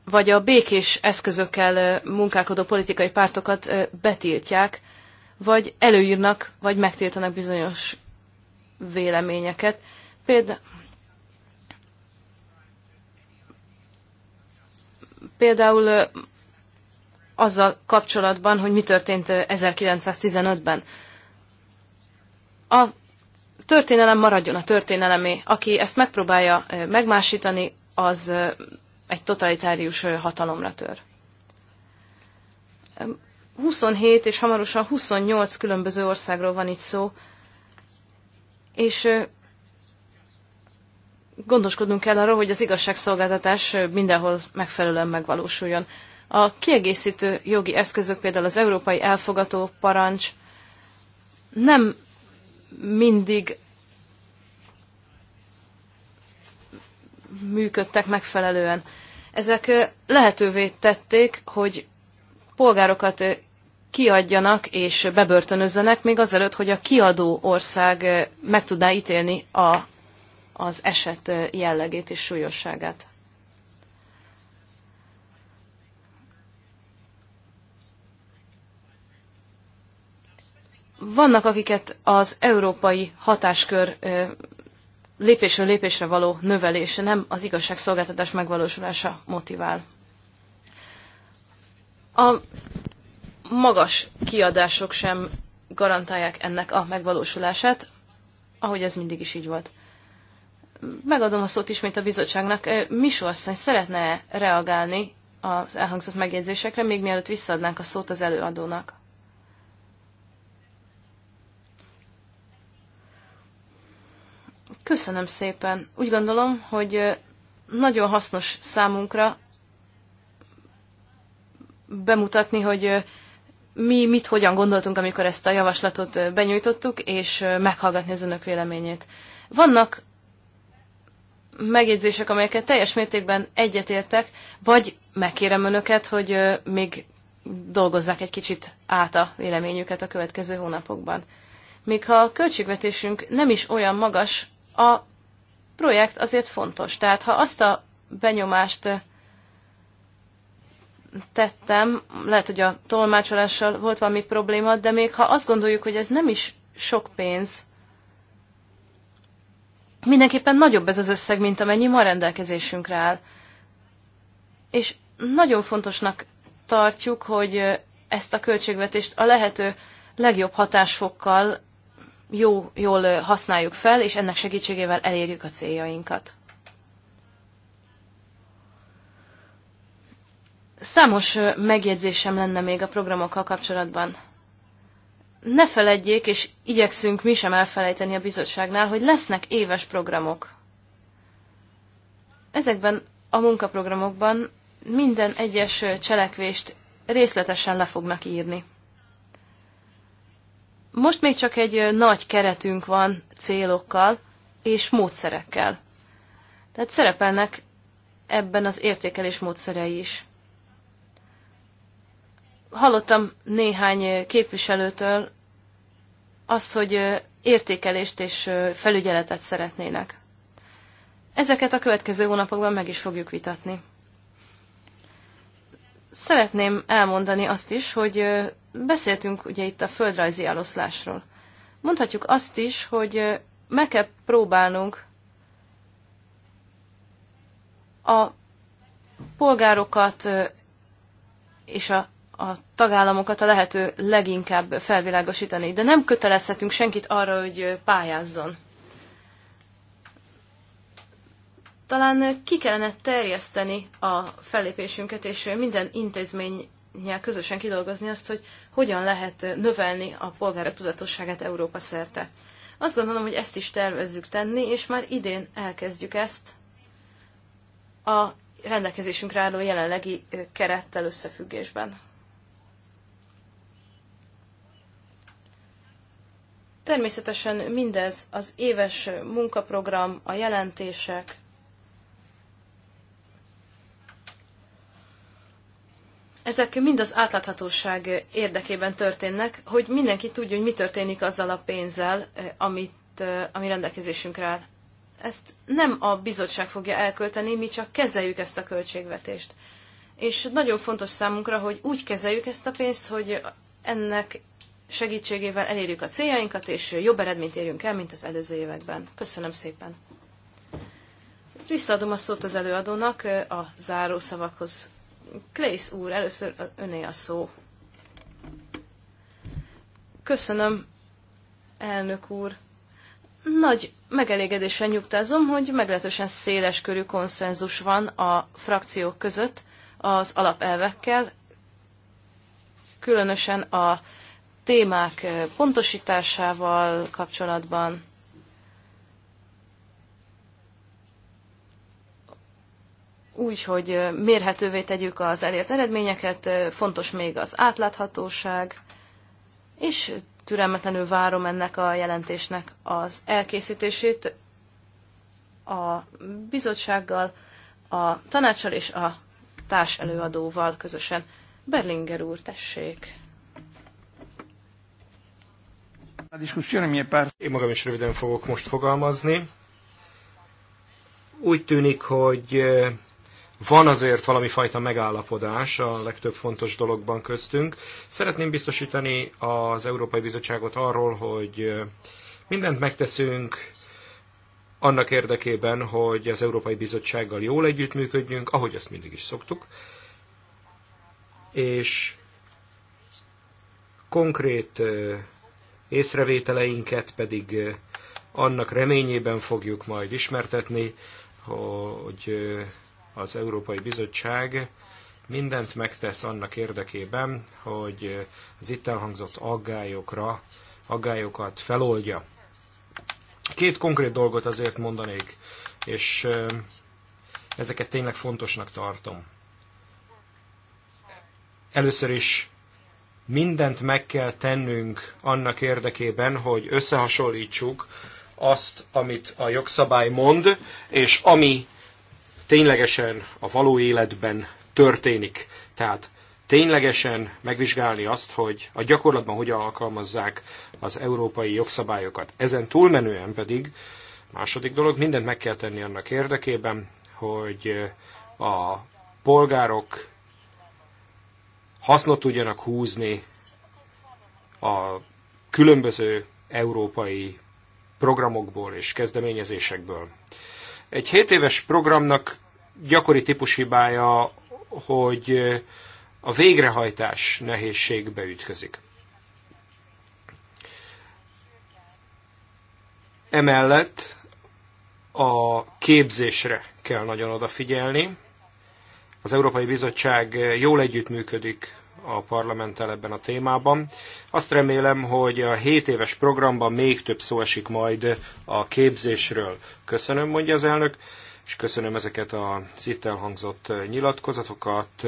vagy a békés eszközökkel munkálkodó politikai pártokat betiltják, vagy előírnak, vagy megtiltanak bizonyos véleményeket. Példa... Például azzal kapcsolatban, hogy mi történt 1915-ben. A történelem maradjon a történelemé. Aki ezt megpróbálja megmásítani, az egy totalitárius hatalomra tör. 27 és hamarosan 28 különböző országról van itt szó, és gondoskodnunk kell arról, hogy az igazságszolgáltatás mindenhol megfelelően megvalósuljon. A kiegészítő jogi eszközök, például az európai elfogató parancs, nem mindig működtek megfelelően. Ezek lehetővé tették, hogy polgárokat kiadjanak és bebörtönözzenek, még azelőtt, hogy a kiadó ország meg tudná ítélni a, az eset jellegét és súlyosságát. vannak, akiket az európai hatáskör lépésről lépésre való növelése, nem az igazságszolgáltatás megvalósulása motivál. A magas kiadások sem garantálják ennek a megvalósulását, ahogy ez mindig is így volt. Megadom a szót ismét a bizottságnak. Misó asszony szeretne reagálni az elhangzott megjegyzésekre, még mielőtt visszaadnánk a szót az előadónak. Köszönöm szépen. Úgy gondolom, hogy nagyon hasznos számunkra bemutatni, hogy mi mit hogyan gondoltunk, amikor ezt a javaslatot benyújtottuk, és meghallgatni az önök véleményét. Vannak megjegyzések, amelyeket teljes mértékben egyetértek, vagy megkérem önöket, hogy még dolgozzák egy kicsit át a véleményüket a következő hónapokban. Még ha a költségvetésünk nem is olyan magas, a projekt azért fontos. Tehát ha azt a benyomást tettem, lehet, hogy a tolmácsolással volt valami probléma, de még ha azt gondoljuk, hogy ez nem is sok pénz, mindenképpen nagyobb ez az összeg, mint amennyi ma rendelkezésünkre áll. És nagyon fontosnak tartjuk, hogy ezt a költségvetést a lehető legjobb hatásfokkal jó, jól használjuk fel, és ennek segítségével elérjük a céljainkat. Számos megjegyzésem lenne még a programokkal kapcsolatban. Ne feledjék, és igyekszünk mi sem elfelejteni a bizottságnál, hogy lesznek éves programok. Ezekben a munkaprogramokban minden egyes cselekvést részletesen le fognak írni. Most még csak egy nagy keretünk van célokkal és módszerekkel. Tehát szerepelnek ebben az értékelés módszerei is. Hallottam néhány képviselőtől azt, hogy értékelést és felügyeletet szeretnének. Ezeket a következő hónapokban meg is fogjuk vitatni szeretném elmondani azt is, hogy beszéltünk ugye itt a földrajzi eloszlásról. Mondhatjuk azt is, hogy meg kell próbálnunk a polgárokat és a, a tagállamokat a lehető leginkább felvilágosítani, de nem kötelezhetünk senkit arra, hogy pályázzon. Talán ki kellene terjeszteni a fellépésünket, és minden intézménynyel közösen kidolgozni azt, hogy hogyan lehet növelni a polgárok tudatosságát Európa szerte. Azt gondolom, hogy ezt is tervezzük tenni, és már idén elkezdjük ezt a rendelkezésünkre álló jelenlegi kerettel összefüggésben. Természetesen mindez az éves munkaprogram, a jelentések, Ezek mind az átláthatóság érdekében történnek, hogy mindenki tudja, hogy mi történik azzal a pénzzel, eh, amit, eh, ami rendelkezésünkre áll. Ezt nem a bizottság fogja elkölteni, mi csak kezeljük ezt a költségvetést. És nagyon fontos számunkra, hogy úgy kezeljük ezt a pénzt, hogy ennek segítségével elérjük a céljainkat, és jobb eredményt érjünk el, mint az előző években. Köszönöm szépen! Visszaadom a szót az előadónak eh, a záró szavakhoz Klész úr, először öné a szó. Köszönöm, elnök úr. Nagy megelégedésen nyugtázom, hogy meglehetősen széles körű konszenzus van a frakciók között az alapelvekkel, különösen a témák pontosításával kapcsolatban úgy, hogy mérhetővé tegyük az elért eredményeket, fontos még az átláthatóság, és türelmetlenül várom ennek a jelentésnek az elkészítését a bizottsággal, a tanácssal és a társ előadóval közösen. Berlinger úr, tessék! Én magam is röviden fogok most fogalmazni. Úgy tűnik, hogy van azért valami fajta megállapodás a legtöbb fontos dologban köztünk. Szeretném biztosítani az Európai Bizottságot arról, hogy mindent megteszünk annak érdekében, hogy az Európai Bizottsággal jól együttműködjünk, ahogy ezt mindig is szoktuk, és konkrét észrevételeinket pedig annak reményében fogjuk majd ismertetni, hogy az Európai Bizottság mindent megtesz annak érdekében, hogy az itt elhangzott aggályokra, aggályokat feloldja. Két konkrét dolgot azért mondanék, és ezeket tényleg fontosnak tartom. Először is mindent meg kell tennünk annak érdekében, hogy összehasonlítsuk azt, amit a jogszabály mond, és ami ténylegesen a való életben történik. Tehát ténylegesen megvizsgálni azt, hogy a gyakorlatban hogyan alkalmazzák az európai jogszabályokat. Ezen túlmenően pedig, második dolog, mindent meg kell tenni annak érdekében, hogy a polgárok hasznot tudjanak húzni a különböző európai programokból és kezdeményezésekből. Egy 7 éves programnak gyakori típushibája, hogy a végrehajtás nehézségbe ütközik. Emellett a képzésre kell nagyon odafigyelni. Az Európai Bizottság jól együttműködik a parlamenttel ebben a témában. Azt remélem, hogy a 7 éves programban még több szó esik majd a képzésről. Köszönöm, mondja az elnök, és köszönöm ezeket az itt elhangzott nyilatkozatokat,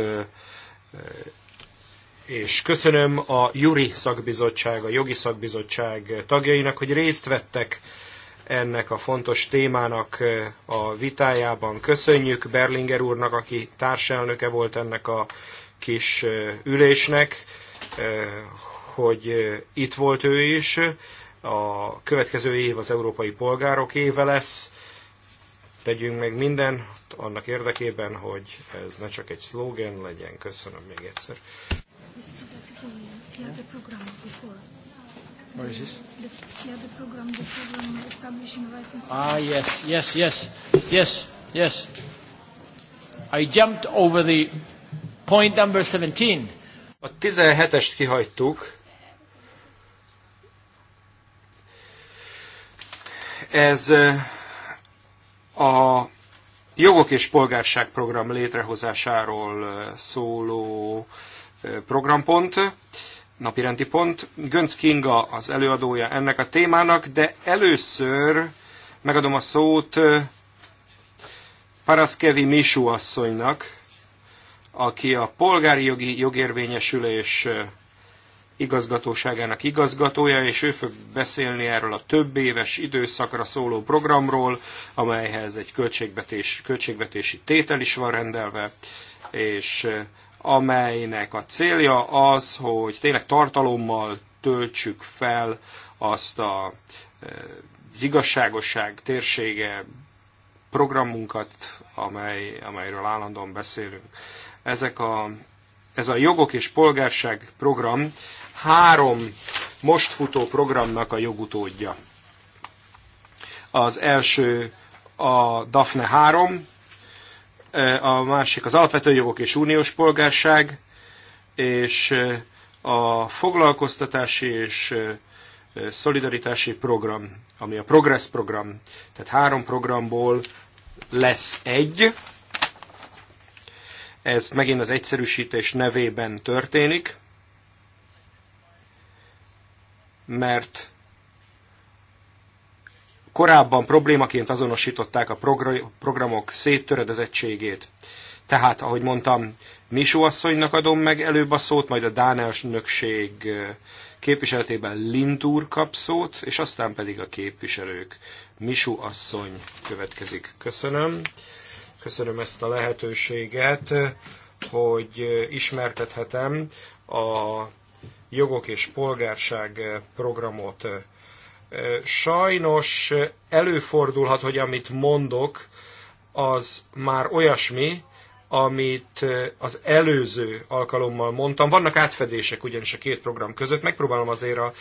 és köszönöm a Juri szakbizottság, a jogi szakbizottság tagjainak, hogy részt vettek ennek a fontos témának a vitájában. Köszönjük Berlinger úrnak, aki társelnöke volt ennek a kis ülésnek, hogy itt volt ő is. A következő év az Európai Polgárok éve lesz. Tegyünk meg minden annak érdekében, hogy ez ne csak egy szlogen legyen. Köszönöm még egyszer. What is this? yeah, the program, the program establishing rights Ah, yes, yes, yes, yes, yes. I jumped over the Point number 17. A 17-est kihagytuk. Ez a jogok és polgárság program létrehozásáról szóló programpont, napirendi pont. Gönc Kinga az előadója ennek a témának, de először megadom a szót Paraszkevi Misú asszonynak, aki a polgári jogi jogérvényesülés igazgatóságának igazgatója, és ő fog beszélni erről a több éves időszakra szóló programról, amelyhez egy költségvetés, költségvetési tétel is van rendelve, és amelynek a célja az, hogy tényleg tartalommal töltsük fel azt a, az igazságosság térsége programunkat, amely, amelyről állandóan beszélünk ezek a, ez a jogok és polgárság program három most futó programnak a jogutódja. Az első a DAFNE 3, e, a másik az alapvető jogok és uniós polgárság, és e, a foglalkoztatási és e, szolidaritási program, ami a Progress program. Tehát három programból lesz egy, ez megint az egyszerűsítés nevében történik, mert korábban problémaként azonosították a programok széttöredezettségét. Tehát, ahogy mondtam, Misó asszonynak adom meg előbb a szót, majd a Dán elnökség képviseletében Lintúr kap szót, és aztán pedig a képviselők. Misó asszony következik. Köszönöm. Köszönöm ezt a lehetőséget, hogy ismertethetem a jogok és polgárság programot. Sajnos előfordulhat, hogy amit mondok, az már olyasmi, amit az előző alkalommal mondtam. Vannak átfedések ugyanis a két program között, megpróbálom azért a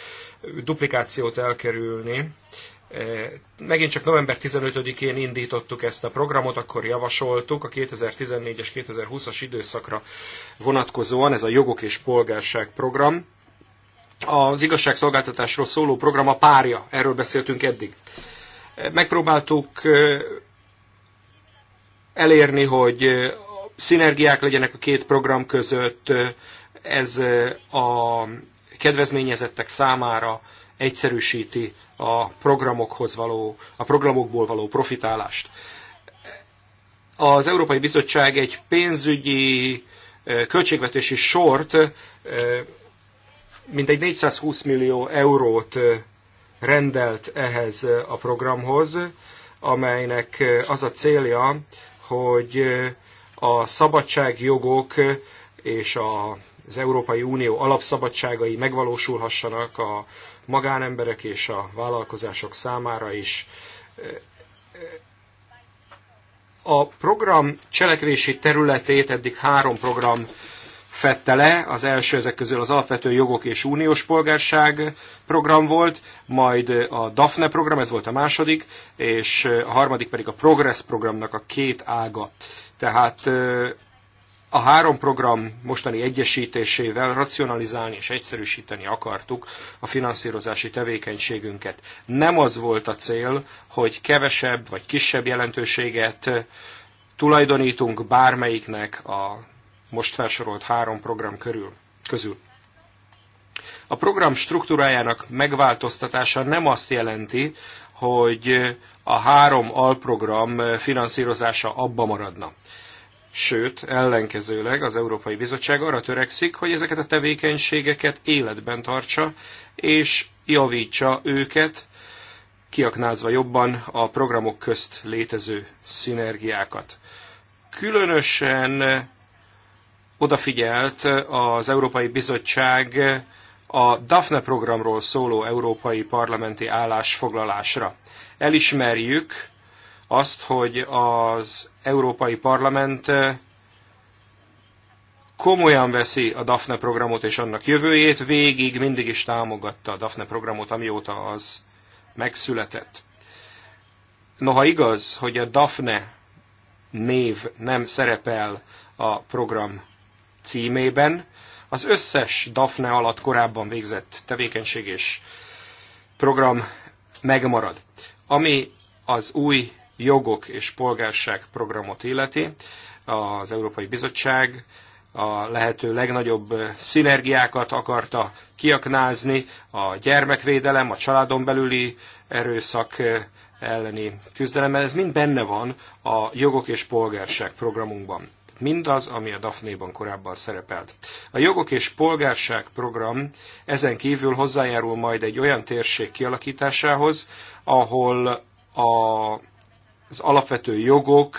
duplikációt elkerülni. Eh, megint csak november 15-én indítottuk ezt a programot, akkor javasoltuk a 2014 és 2020-as időszakra vonatkozóan, ez a jogok és polgárság program. Az igazságszolgáltatásról szóló program a párja, erről beszéltünk eddig. Eh, megpróbáltuk eh, elérni, hogy szinergiák legyenek a két program között, ez a kedvezményezettek számára egyszerűsíti a programokhoz való, a programokból való profitálást. Az Európai Bizottság egy pénzügyi költségvetési sort, mintegy 420 millió eurót rendelt ehhez a programhoz, amelynek az a célja, hogy a szabadságjogok és az Európai Unió alapszabadságai megvalósulhassanak a magánemberek és a vállalkozások számára is. A program cselekvési területét eddig három program fette le. Az első ezek közül az Alapvető Jogok és Uniós Polgárság program volt, majd a DAFNE program, ez volt a második, és a harmadik pedig a Progress programnak a két ága. Tehát a három program mostani egyesítésével racionalizálni és egyszerűsíteni akartuk a finanszírozási tevékenységünket. Nem az volt a cél, hogy kevesebb vagy kisebb jelentőséget tulajdonítunk bármelyiknek a most felsorolt három program körül, közül. A program struktúrájának megváltoztatása nem azt jelenti, hogy a három alprogram finanszírozása abba maradna. Sőt, ellenkezőleg az Európai Bizottság arra törekszik, hogy ezeket a tevékenységeket életben tartsa, és javítsa őket, kiaknázva jobban a programok közt létező szinergiákat. Különösen odafigyelt az Európai Bizottság a DAFNE programról szóló európai parlamenti állásfoglalásra. Elismerjük azt, hogy az Európai Parlament komolyan veszi a DAFNE programot és annak jövőjét, végig mindig is támogatta a DAFNE programot, amióta az megszületett. Noha igaz, hogy a DAFNE név nem szerepel a program címében, az összes DAFNE alatt korábban végzett tevékenység és program megmarad. Ami az új jogok és polgárság programot illeti, az Európai Bizottság a lehető legnagyobb szinergiákat akarta kiaknázni, a gyermekvédelem, a családon belüli erőszak elleni küzdelem, ez mind benne van a jogok és polgárság programunkban. Mindaz, ami a Daphne-ban korábban szerepelt. A jogok és polgárság program ezen kívül hozzájárul majd egy olyan térség kialakításához, ahol a az alapvető jogok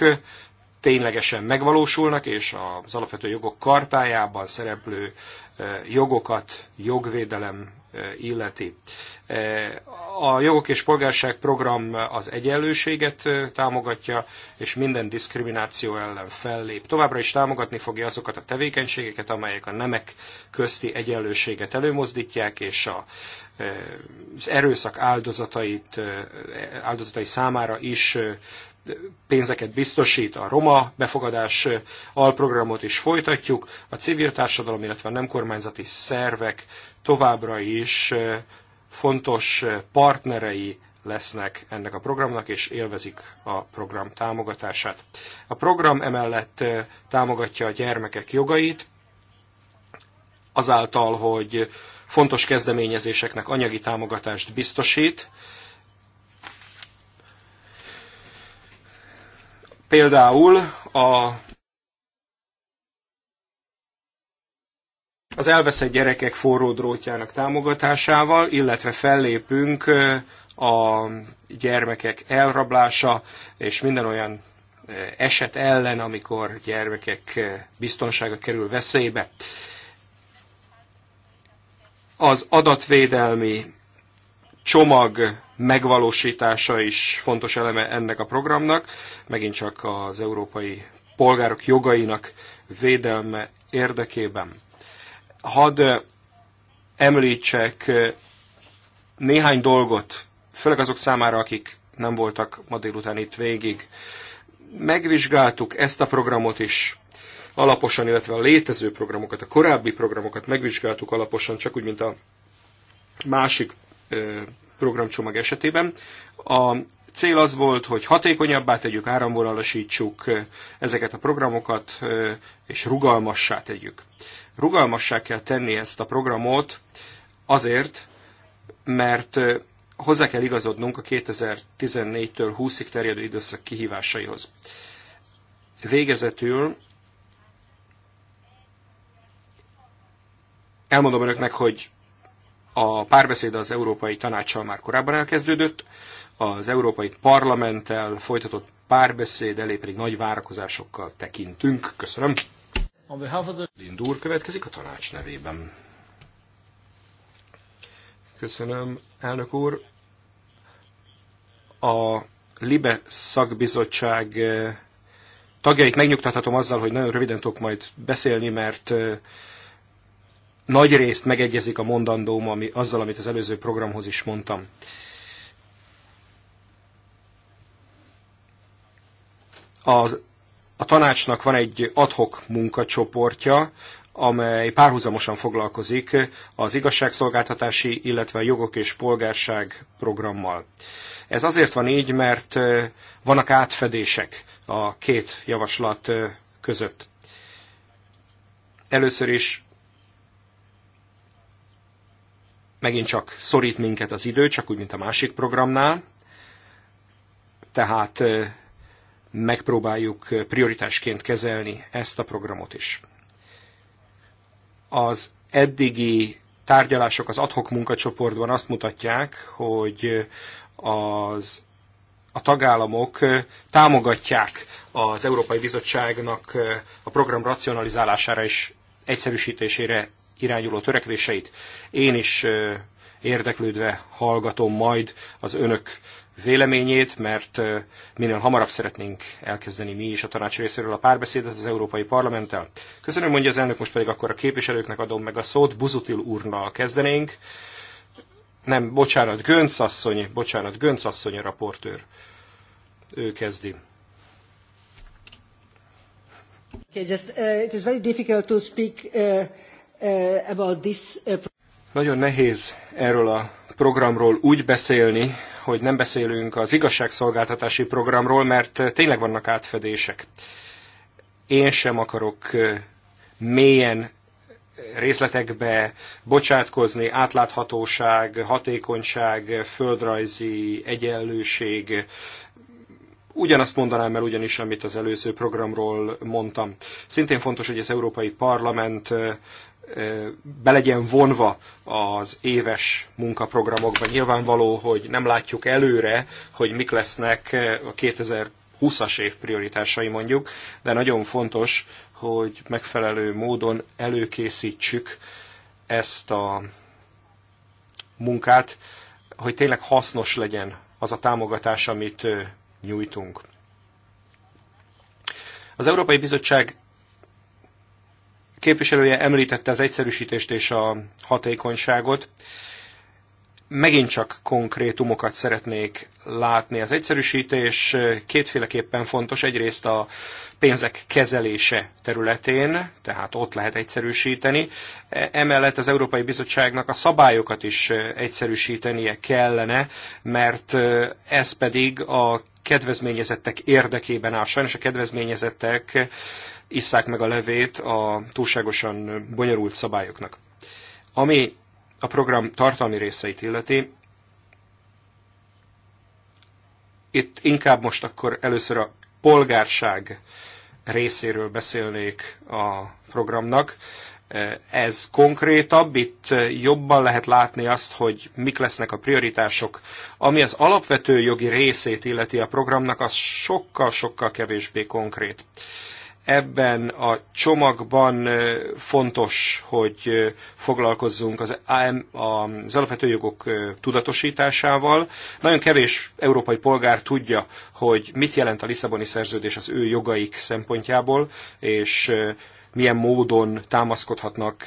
ténylegesen megvalósulnak, és az alapvető jogok kartájában szereplő eh, jogokat jogvédelem illeti. A jogok és polgárság program az egyenlőséget támogatja, és minden diszkrimináció ellen fellép. Továbbra is támogatni fogja azokat a tevékenységeket, amelyek a nemek közti egyenlőséget előmozdítják, és a, az erőszak áldozatait, áldozatai számára is pénzeket biztosít, a roma befogadás alprogramot is folytatjuk, a civil társadalom, illetve a nem kormányzati szervek továbbra is fontos partnerei lesznek ennek a programnak, és élvezik a program támogatását. A program emellett támogatja a gyermekek jogait, azáltal, hogy fontos kezdeményezéseknek anyagi támogatást biztosít, Például a az elveszett gyerekek forró drótjának támogatásával, illetve fellépünk a gyermekek elrablása és minden olyan eset ellen, amikor gyermekek biztonsága kerül veszélybe. Az adatvédelmi csomag megvalósítása is fontos eleme ennek a programnak, megint csak az európai polgárok jogainak védelme érdekében. Hadd említsek néhány dolgot, főleg azok számára, akik nem voltak ma délután itt végig. Megvizsgáltuk ezt a programot is alaposan, illetve a létező programokat, a korábbi programokat megvizsgáltuk alaposan, csak úgy, mint a másik programcsomag esetében. A cél az volt, hogy hatékonyabbá tegyük, áramvonalasítsuk ezeket a programokat, és rugalmassá tegyük. Rugalmassá kell tenni ezt a programot azért, mert hozzá kell igazodnunk a 2014-től 20-ig terjedő időszak kihívásaihoz. Végezetül elmondom önöknek, hogy a párbeszéd az Európai Tanácssal már korábban elkezdődött, az Európai Parlamenttel folytatott párbeszéd elé pedig nagy várakozásokkal tekintünk. Köszönöm. Lindúr következik a tanács nevében. Köszönöm, elnök úr. A LIBE szakbizottság eh, tagjait megnyugtathatom azzal, hogy nagyon röviden tudok majd beszélni, mert eh, nagy részt megegyezik a mondandóm ami, azzal, amit az előző programhoz is mondtam. Az, a tanácsnak van egy adhok munkacsoportja, amely párhuzamosan foglalkozik az igazságszolgáltatási, illetve a jogok és polgárság programmal. Ez azért van így, mert vannak átfedések a két javaslat között. Először is Megint csak szorít minket az idő, csak úgy, mint a másik programnál. Tehát megpróbáljuk prioritásként kezelni ezt a programot is. Az eddigi tárgyalások az adhok munkacsoportban azt mutatják, hogy az, a tagállamok támogatják az Európai Bizottságnak a program racionalizálására és egyszerűsítésére irányuló törekvéseit. Én is érdeklődve hallgatom majd az önök véleményét, mert minél hamarabb szeretnénk elkezdeni mi is a tanács részéről a párbeszédet az Európai Parlamenttel. Köszönöm, mondja az elnök, most pedig akkor a képviselőknek adom meg a szót. Buzutil úrnal kezdenénk. Nem, bocsánat, Gönc asszony, bocsánat, Gönc asszony a raportőr. Ő kezdi. Okay, just, uh, it is very difficult to speak uh, Uh, about this. Uh, Nagyon nehéz erről a programról úgy beszélni, hogy nem beszélünk az igazságszolgáltatási programról, mert uh, tényleg vannak átfedések. Én sem akarok mélyen részletekbe bocsátkozni, átláthatóság, hatékonyság, földrajzi egyenlőség, Ugyanazt mondanám el ugyanis, amit az előző programról mondtam. Szintén fontos, hogy az Európai Parlament be legyen vonva az éves munkaprogramokban. Nyilvánvaló, hogy nem látjuk előre, hogy mik lesznek a 2020-as év prioritásai mondjuk, de nagyon fontos, hogy megfelelő módon előkészítsük ezt a munkát, hogy tényleg hasznos legyen az a támogatás, amit nyújtunk. Az Európai Bizottság képviselője említette az egyszerűsítést és a hatékonyságot megint csak konkrétumokat szeretnék látni. Az egyszerűsítés kétféleképpen fontos. Egyrészt a pénzek kezelése területén, tehát ott lehet egyszerűsíteni. Emellett az Európai Bizottságnak a szabályokat is egyszerűsítenie kellene, mert ez pedig a kedvezményezettek érdekében áll. Sajnos a kedvezményezettek isszák meg a levét a túlságosan bonyolult szabályoknak. Ami a program tartalmi részeit illeti, itt inkább most akkor először a polgárság részéről beszélnék a programnak. Ez konkrétabb, itt jobban lehet látni azt, hogy mik lesznek a prioritások. Ami az alapvető jogi részét illeti a programnak, az sokkal-sokkal kevésbé konkrét ebben a csomagban fontos, hogy foglalkozzunk az, az alapvető jogok tudatosításával. Nagyon kevés európai polgár tudja, hogy mit jelent a Lisszaboni szerződés az ő jogaik szempontjából, és milyen módon támaszkodhatnak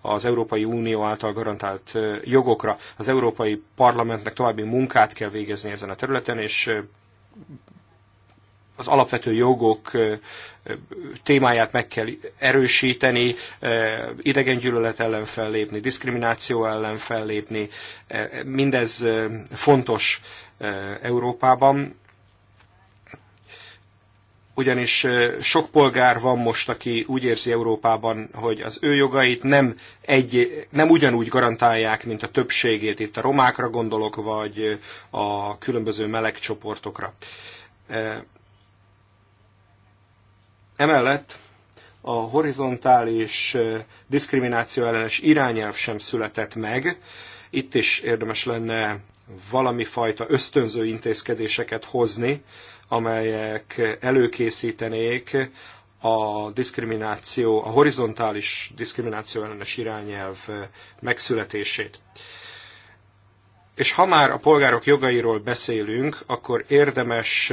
az Európai Unió által garantált jogokra. Az Európai Parlamentnek további munkát kell végezni ezen a területen, és az alapvető jogok témáját meg kell erősíteni, idegengyűlölet ellen fellépni, diszkrimináció ellen fellépni. Mindez fontos Európában, ugyanis sok polgár van most, aki úgy érzi Európában, hogy az ő jogait nem, egy, nem ugyanúgy garantálják, mint a többségét. Itt a romákra gondolok, vagy a különböző meleg csoportokra Emellett a horizontális diszkrimináció ellenes irányelv sem született meg. Itt is érdemes lenne valami fajta ösztönző intézkedéseket hozni, amelyek előkészítenék a diszkrimináció, a horizontális diszkrimináció ellenes irányelv megszületését. És ha már a polgárok jogairól beszélünk, akkor érdemes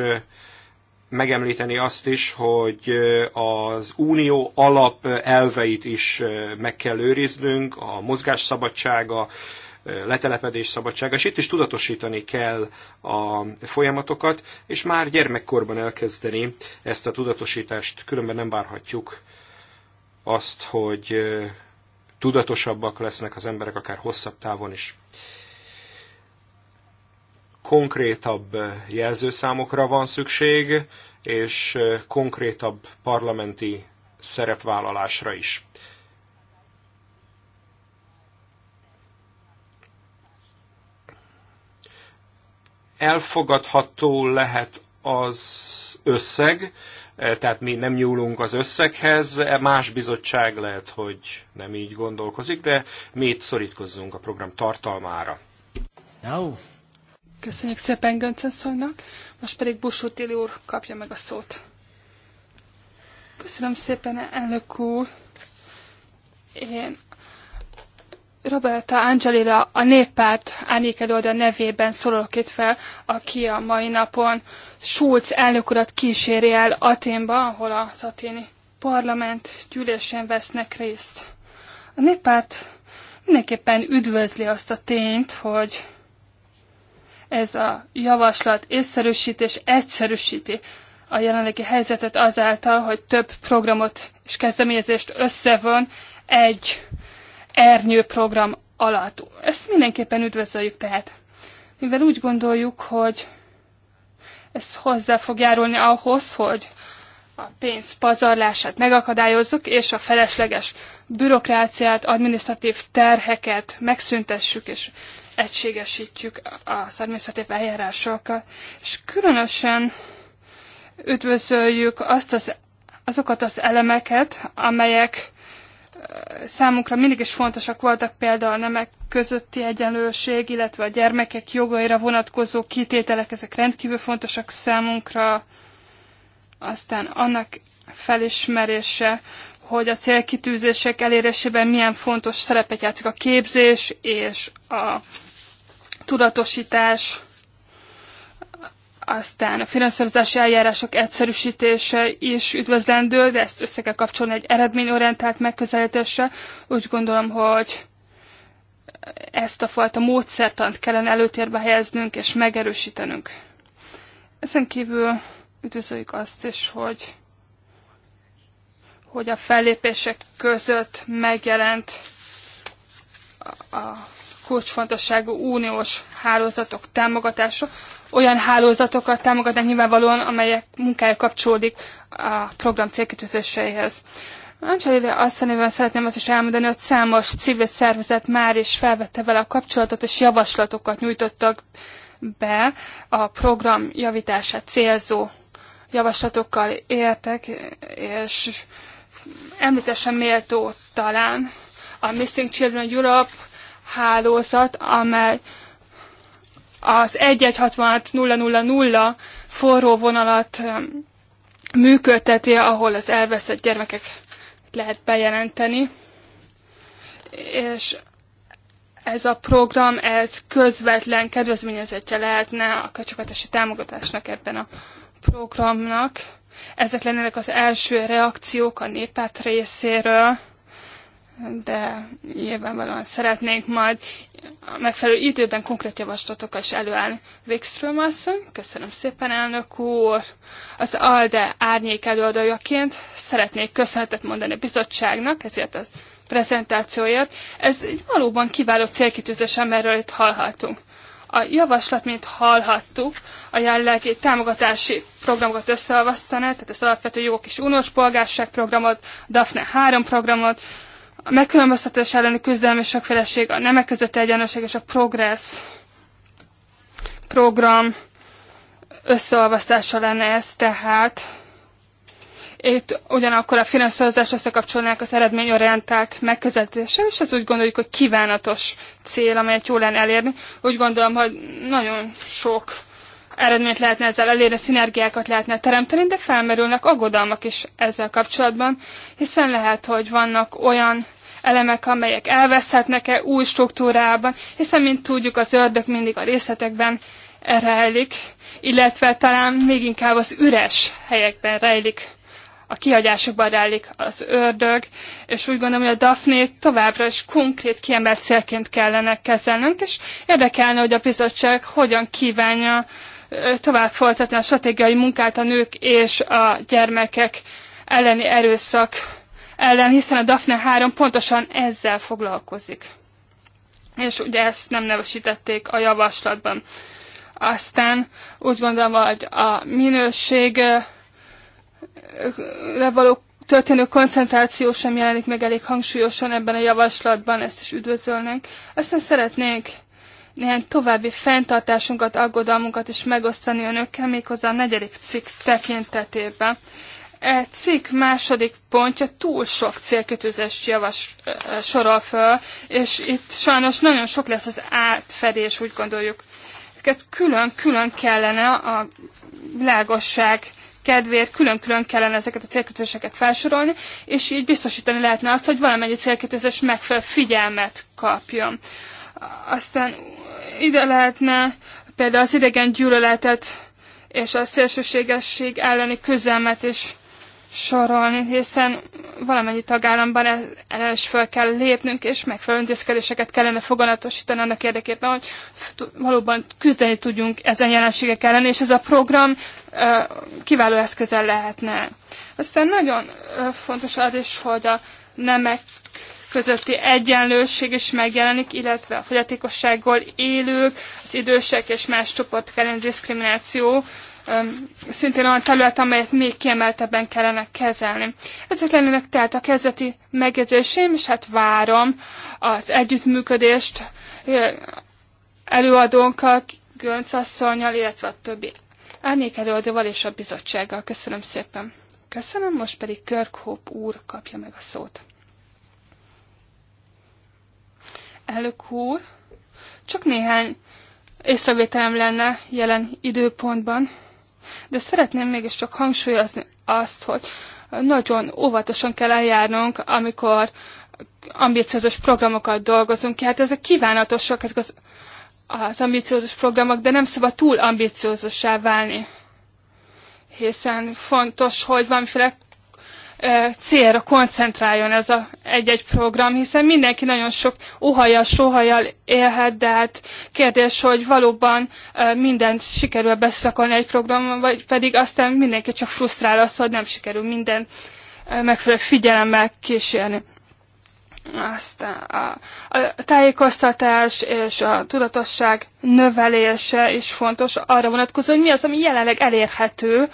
megemlíteni azt is, hogy az unió alap elveit is meg kell őriznünk, a mozgás szabadsága, letelepedés szabadsága, és itt is tudatosítani kell a folyamatokat, és már gyermekkorban elkezdeni ezt a tudatosítást, különben nem várhatjuk azt, hogy tudatosabbak lesznek az emberek akár hosszabb távon is konkrétabb jelzőszámokra van szükség, és konkrétabb parlamenti szerepvállalásra is. Elfogadható lehet az összeg, tehát mi nem nyúlunk az összeghez, más bizottság lehet, hogy nem így gondolkozik, de mi itt szorítkozzunk a program tartalmára. No. Köszönjük szépen Göncenszonynak, most pedig téli úr kapja meg a szót. Köszönöm szépen, elnök úr. Én Roberta Angelila a néppárt árnyékelőadó nevében szólok itt fel, aki a mai napon Schulz elnök urat kíséri el Aténba, ahol a aténi parlament gyűlésén vesznek részt. A néppárt mindenképpen üdvözli azt a tényt, hogy ez a javaslat és egyszerűsíti a jelenlegi helyzetet azáltal, hogy több programot és kezdeményezést összevon egy ernyő program alatt. Ezt mindenképpen üdvözöljük tehát. Mivel úgy gondoljuk, hogy ez hozzá fog járulni ahhoz, hogy a pénz pazarlását megakadályozzuk, és a felesleges bürokráciát, administratív terheket megszüntessük, és egységesítjük a természeti eljárásokkal, és különösen üdvözöljük azt az, azokat az elemeket, amelyek számunkra mindig is fontosak voltak például a nemek közötti egyenlőség, illetve a gyermekek jogaira vonatkozó kitételek, ezek rendkívül fontosak számunkra, aztán annak felismerése, hogy a célkitűzések elérésében milyen fontos szerepet játszik a képzés és a tudatosítás, aztán a finanszírozási eljárások egyszerűsítése is üdvözlendő, de ezt össze kell kapcsolni egy eredményorientált megközelítésre. Úgy gondolom, hogy ezt a fajta módszertant kellene előtérbe helyeznünk és megerősítenünk. Ezen kívül üdvözöljük azt is, hogy, hogy a fellépések között megjelent a kulcsfontosságú uniós hálózatok támogatása, olyan hálózatokat támogatnak nyilvánvalóan, amelyek munkája kapcsolódik a program célkitűzéseihez. Angelina Asszonyban szeretném azt is elmondani, hogy számos civil szervezet már is felvette vele a kapcsolatot, és javaslatokat nyújtottak be a program javítását célzó javaslatokkal éltek, és említesen méltó talán a Missing Children Europe hálózat, amely az 1166000 forró vonalat um, működteti, ahol az elveszett gyermekek lehet bejelenteni. És ez a program, ez közvetlen kedvezményezetje lehetne a kacsakotási támogatásnak ebben a programnak. Ezek lennének az első reakciók a néppárt részéről de nyilvánvalóan szeretnénk majd a megfelelő időben konkrét javaslatokat is előállni. Végström asszony, köszönöm szépen elnök úr. Az ALDE árnyék előadójaként szeretnék köszönetet mondani a bizottságnak, ezért a prezentációért. Ez egy valóban kiváló célkitűzés, amiről itt hallhatunk. A javaslat, mint hallhattuk, a jelenlegi támogatási programokat összeolvasztaná, tehát az alapvető jogok és uniós polgárság programot, DAFNE 3 programot, a megkülönböztetés elleni küzdelem és sokféleség, a nemek közötti egyenlőség és a progress program összeolvasztása lenne ez tehát. Itt ugyanakkor a finanszírozás összekapcsolnák az eredményorientált megközelítéssel, és ez úgy gondoljuk, hogy kívánatos cél, amelyet jó lenne elérni. Úgy gondolom, hogy nagyon sok eredményt lehetne ezzel elérni, szinergiákat lehetne teremteni, de felmerülnek aggodalmak is ezzel kapcsolatban, hiszen lehet, hogy vannak olyan elemek, amelyek elveszhetnek-e új struktúrában, hiszen, mint tudjuk, az ördög mindig a részletekben rejlik, illetve talán még inkább az üres helyekben rejlik, a kihagyásokban rejlik az ördög, és úgy gondolom, hogy a Daphne továbbra is konkrét kiemelt célként kellene kezelnünk, és érdekelne, hogy a bizottság hogyan kívánja tovább folytatni a stratégiai munkát a nők és a gyermekek elleni erőszak ellen, hiszen a Daphne 3 pontosan ezzel foglalkozik. És ugye ezt nem nevesítették a javaslatban. Aztán úgy gondolom, hogy a minőség való történő koncentráció sem jelenik meg elég hangsúlyosan ebben a javaslatban, ezt is üdvözölnénk. Aztán szeretnénk néhány további fenntartásunkat, aggodalmunkat is megosztani önökkel, méghozzá a negyedik cikk tekintetében. E cikk második pontja túl sok célkötőzést javas sorol föl, és itt sajnos nagyon sok lesz az átfedés, úgy gondoljuk. Ezeket külön-külön kellene a világosság kedvéért külön-külön kellene ezeket a célkötőzéseket felsorolni, és így biztosítani lehetne azt, hogy valamennyi célkötőzés megfelelő figyelmet kapjon. Aztán ide lehetne például az idegen gyűlöletet és a szélsőségesség elleni küzdelmet is sorolni, hiszen valamennyi tagállamban el is föl kell lépnünk, és megfelelő intézkedéseket kellene foganatosítani annak érdekében, hogy valóban küzdeni tudjunk ezen jelenségek ellen, és ez a program kiváló eszközen lehetne. Aztán nagyon fontos az is, hogy a nemek közötti egyenlőség is megjelenik, illetve a fogyatékossággal élők, az idősek és más csoportok elleni diszkrimináció szintén olyan terület, amelyet még kiemeltebben kellene kezelni. Ezek lennének tehát a kezdeti megjegyzéseim, és hát várom az együttműködést előadónkkal, Gönc asszonynal, illetve a többi árnyék előadóval és a bizottsággal. Köszönöm szépen. Köszönöm, most pedig körkhop úr kapja meg a szót. elök úr. Csak néhány észrevételem lenne jelen időpontban, de szeretném mégiscsak hangsúlyozni azt, hogy nagyon óvatosan kell eljárnunk, amikor ambiciózus programokat dolgozunk ki. Hát ezek kívánatosak, ezek az, az ambiciózus programok, de nem szabad túl ambiciózussá válni. Hiszen fontos, hogy valamiféle célra koncentráljon ez a egy-egy program, hiszen mindenki nagyon sok óhajjal, sóhajjal élhet, de hát kérdés, hogy valóban mindent sikerül beszakolni egy programon, vagy pedig aztán mindenki csak frusztrál azt, hogy nem sikerül minden megfelelő figyelemmel kísérni. Aztán a, a tájékoztatás és a tudatosság növelése is fontos arra vonatkozó, hogy mi az, ami jelenleg elérhető,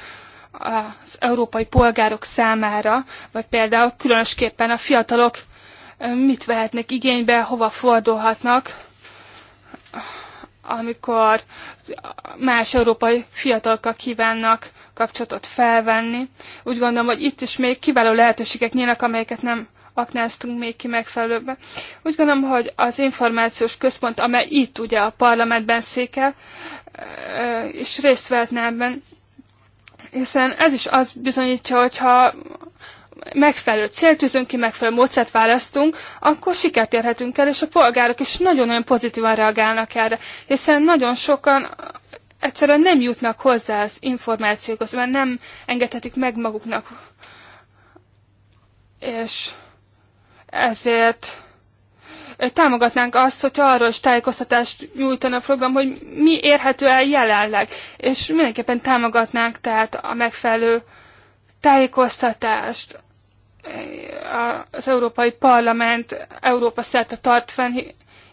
az európai polgárok számára, vagy például különösképpen a fiatalok mit vehetnek igénybe, hova fordulhatnak, amikor más európai fiatalokkal kívánnak kapcsolatot felvenni. Úgy gondolom, hogy itt is még kiváló lehetőségek nyílnak, amelyeket nem aknáztunk még ki megfelelőben. Úgy gondolom, hogy az információs központ, amely itt ugye a parlamentben székel, és részt vehetne ebben, hiszen ez is azt bizonyítja, hogyha megfelelő célt tűzünk ki, megfelelő módszert választunk, akkor sikert érhetünk el, és a polgárok is nagyon-nagyon pozitívan reagálnak erre, hiszen nagyon sokan egyszerűen nem jutnak hozzá az információkhoz, mert nem engedhetik meg maguknak. És ezért támogatnánk azt, hogy arról is tájékoztatást nyújtana a program, hogy mi érhető el jelenleg, és mindenképpen támogatnánk tehát a megfelelő tájékoztatást az Európai Parlament Európa szerte tart fenn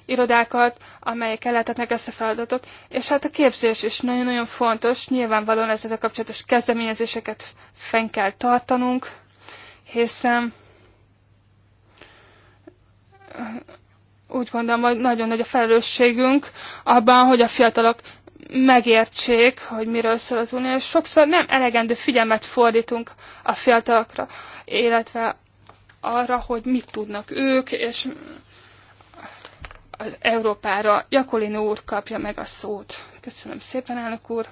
irodákat, amelyek ellátatnak ezt a feladatot. És hát a képzés is nagyon-nagyon fontos, nyilvánvalóan ez ezzel kapcsolatos kezdeményezéseket fenn kell tartanunk, hiszen úgy gondolom, hogy nagyon nagy a felelősségünk abban, hogy a fiatalok megértsék, hogy miről szól az unió, és sokszor nem elegendő figyelmet fordítunk a fiatalokra, illetve arra, hogy mit tudnak ők, és az Európára. Jakolin úr kapja meg a szót. Köszönöm szépen, elnök úr.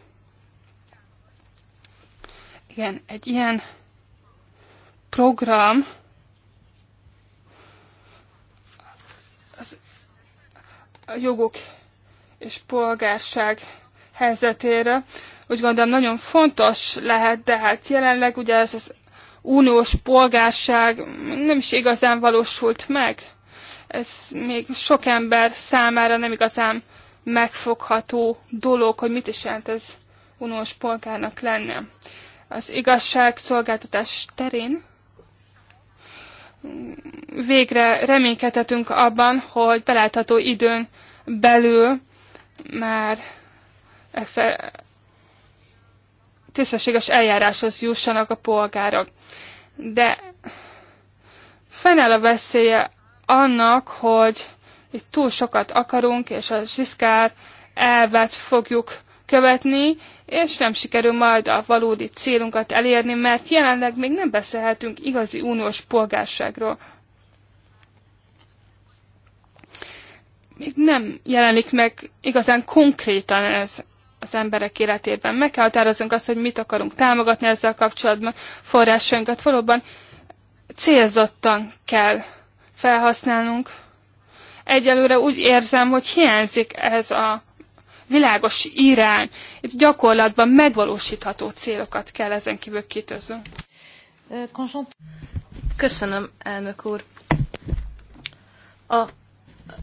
Igen, egy ilyen program, a jogok és polgárság helyzetére. Úgy gondolom nagyon fontos lehet, de hát jelenleg ugye ez az uniós polgárság nem is igazán valósult meg. Ez még sok ember számára nem igazán megfogható dolog, hogy mit is jelent ez uniós polgárnak lenni. Az igazságszolgáltatás terén végre reménykedhetünk abban, hogy belátható időn belül már tisztességes eljáráshoz jussanak a polgárok. De fennáll a veszélye annak, hogy itt túl sokat akarunk, és a siszkár elvet fogjuk követni, és nem sikerül majd a valódi célunkat elérni, mert jelenleg még nem beszélhetünk igazi uniós polgárságról. Még nem jelenik meg igazán konkrétan ez az emberek életében. Meg kell határozunk azt, hogy mit akarunk támogatni ezzel kapcsolatban, forrásainkat valóban célzottan kell felhasználnunk. Egyelőre úgy érzem, hogy hiányzik ez a világos irány, és gyakorlatban megvalósítható célokat kell ezen kívül Köszönöm, elnök úr. A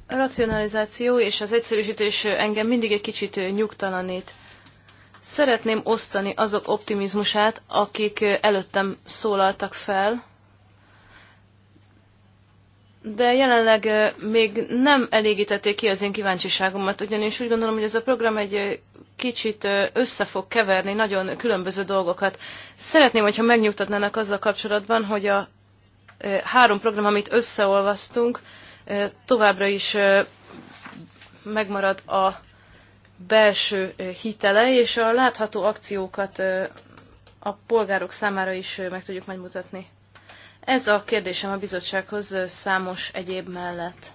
racionalizáció és az egyszerűsítés engem mindig egy kicsit nyugtalanít. Szeretném osztani azok optimizmusát, akik előttem szólaltak fel, de jelenleg még nem elégítették ki az én kíváncsiságomat, ugyanis úgy gondolom, hogy ez a program egy kicsit össze fog keverni nagyon különböző dolgokat. Szeretném, hogyha megnyugtatnának azzal kapcsolatban, hogy a három program, amit összeolvasztunk, továbbra is megmarad a belső hitele, és a látható akciókat a polgárok számára is meg tudjuk megmutatni. Ez a kérdésem a bizottsághoz számos egyéb mellett.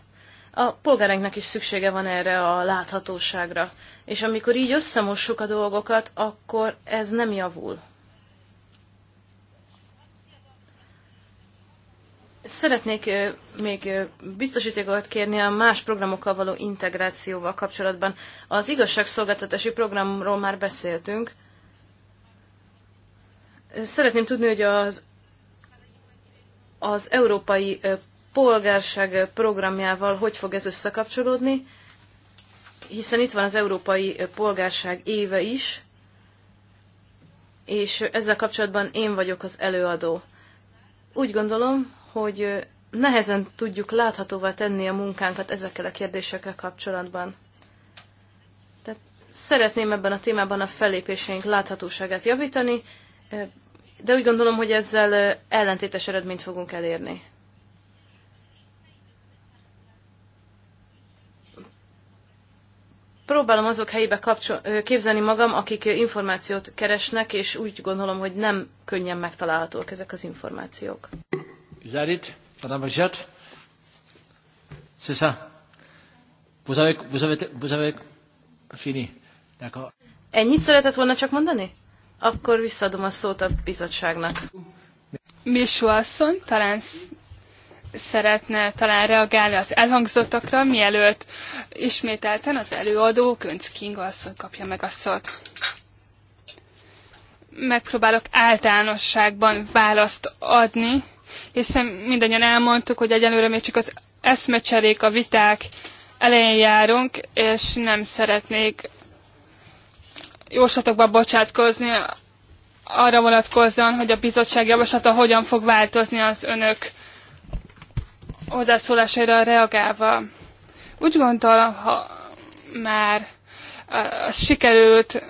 A polgárainknak is szüksége van erre a láthatóságra, és amikor így összemossuk a dolgokat, akkor ez nem javul. Szeretnék még biztosítékot kérni a más programokkal való integrációval kapcsolatban. Az igazságszolgáltatási programról már beszéltünk. Szeretném tudni, hogy az az európai polgárság programjával hogy fog ez összekapcsolódni, hiszen itt van az európai polgárság éve is, és ezzel kapcsolatban én vagyok az előadó. Úgy gondolom, hogy nehezen tudjuk láthatóvá tenni a munkánkat ezekkel a kérdésekkel kapcsolatban. Tehát szeretném ebben a témában a fellépéseink láthatóságát javítani, de úgy gondolom, hogy ezzel ellentétes eredményt fogunk elérni. Próbálom azok helyébe kapcsol- képzelni magam, akik információt keresnek, és úgy gondolom, hogy nem könnyen megtalálhatók ezek az információk. Is that it, Madame Richard, C'est ça. Vous avez, vous avez, vous avez fini. Ennyit szeretett volna csak mondani? Akkor visszadom a szót a bizottságnak. Misú asszony, talán szeretne talán reagálni az elhangzottakra, mielőtt ismételten az előadó Gönc King asszony kapja meg a szót. Megpróbálok általánosságban választ adni, hiszen mindannyian elmondtuk, hogy egyelőre még csak az eszmecserék, a viták elején járunk, és nem szeretnék jóslatokba bocsátkozni arra vonatkozóan, hogy a bizottság javaslata hogyan fog változni az önök hozzászólásaira reagálva. Úgy gondolom, ha már sikerült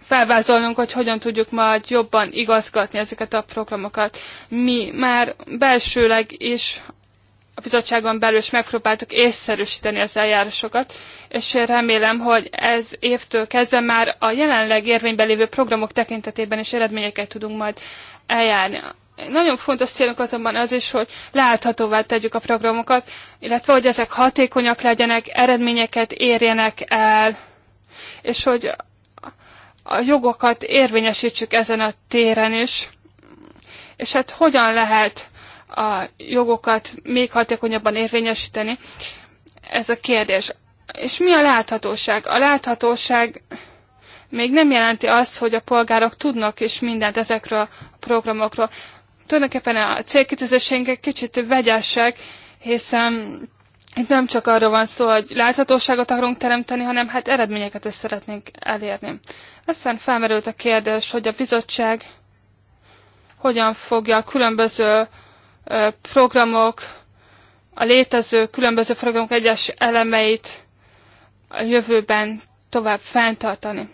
felvázolnunk, hogy hogyan tudjuk majd jobban igazgatni ezeket a programokat. Mi már belsőleg is a bizottságon belül is megpróbáltuk észszerűsíteni az eljárásokat, és remélem, hogy ez évtől kezdve már a jelenleg érvényben lévő programok tekintetében is eredményeket tudunk majd eljárni. Nagyon fontos célunk azonban az is, hogy láthatóvá tegyük a programokat, illetve hogy ezek hatékonyak legyenek, eredményeket érjenek el, és hogy a jogokat érvényesítsük ezen a téren is. És hát hogyan lehet a jogokat még hatékonyabban érvényesíteni. Ez a kérdés. És mi a láthatóság? A láthatóság még nem jelenti azt, hogy a polgárok tudnak is mindent ezekről a programokról. Tulajdonképpen a célkitűzésénk kicsit vegyesek, hiszen itt nem csak arról van szó, hogy láthatóságot akarunk teremteni, hanem hát eredményeket is szeretnénk elérni. Aztán felmerült a kérdés, hogy a bizottság hogyan fogja a különböző programok, a létező különböző programok egyes elemeit a jövőben tovább fenntartani.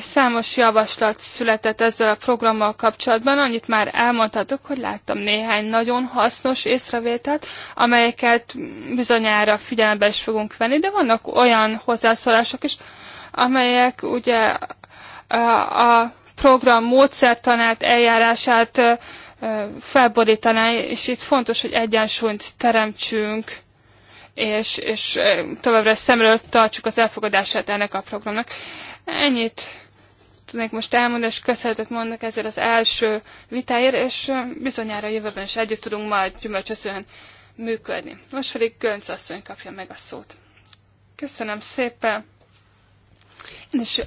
Számos javaslat született ezzel a programmal kapcsolatban, annyit már elmondhatok, hogy láttam néhány nagyon hasznos észrevételt, amelyeket bizonyára figyelembe is fogunk venni, de vannak olyan hozzászólások is, amelyek ugye a program módszertanát, eljárását felborítaná, és itt fontos, hogy egyensúlyt teremtsünk, és, és továbbra szem előtt tartsuk az elfogadását ennek a programnak. Ennyit tudnék most elmondani, és köszönetet mondok ezért az első vitáért, és bizonyára a jövőben is együtt tudunk majd gyümölcsözően működni. Most pedig Gönc asszony kapja meg a szót. Köszönöm szépen. Én is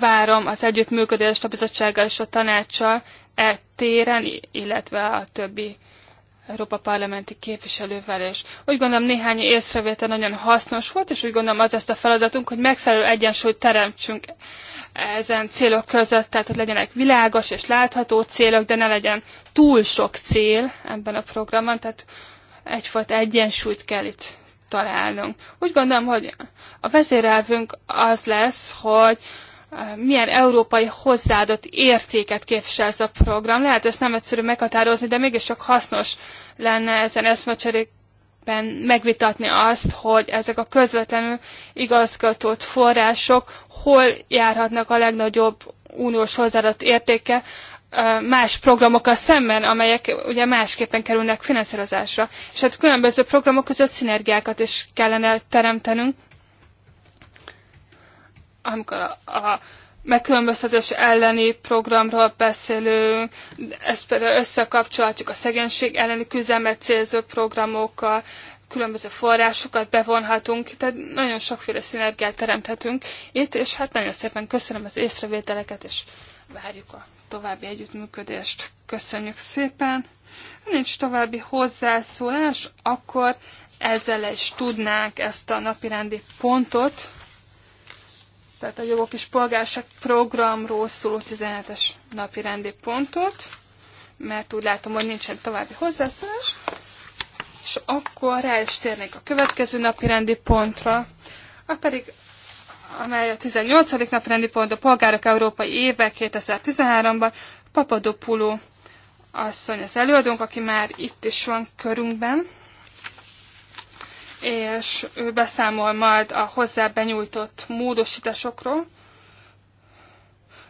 várom az együttműködést a bizottsággal és a tanácssal e téren, illetve a többi Európa parlamenti képviselővel, és úgy gondolom néhány észrevétel nagyon hasznos volt, és úgy gondolom az ezt a feladatunk, hogy megfelelő egyensúlyt teremtsünk ezen célok között, tehát hogy legyenek világos és látható célok, de ne legyen túl sok cél ebben a programban, tehát egyfajta egyensúlyt kell itt találnunk. Úgy gondolom, hogy a vezérelvünk az lesz, hogy milyen európai hozzáadott értéket képvisel ez a program. Lehet, ezt nem egyszerű meghatározni, de mégiscsak hasznos lenne ezen eszmecserékben megvitatni azt, hogy ezek a közvetlenül igazgatott források hol járhatnak a legnagyobb uniós hozzáadott értéke más programokkal szemben, amelyek ugye másképpen kerülnek finanszírozásra. És hát különböző programok között szinergiákat is kellene teremtenünk amikor a, a megkülönböztetés elleni programról beszélünk, ezt például összekapcsolhatjuk a szegénység elleni küzdelmet célzó programokkal, különböző forrásokat bevonhatunk, tehát nagyon sokféle szinergiát teremthetünk itt, és hát nagyon szépen köszönöm az észrevételeket, és várjuk a további együttműködést. Köszönjük szépen! Ha nincs további hozzászólás, akkor ezzel is tudnánk ezt a napirendi pontot tehát a jogok és polgárság programról szóló 17-es napi rendi pontot, mert úgy látom, hogy nincsen további hozzászólás. És akkor rá is térnék a következő napi rendi pontra, a pedig amely a 18. napi rendi pont a Polgárok Európai Éve 2013-ban, Papadopulu, asszony az előadónk, aki már itt is van körünkben és ő beszámol majd a hozzá benyújtott módosításokról.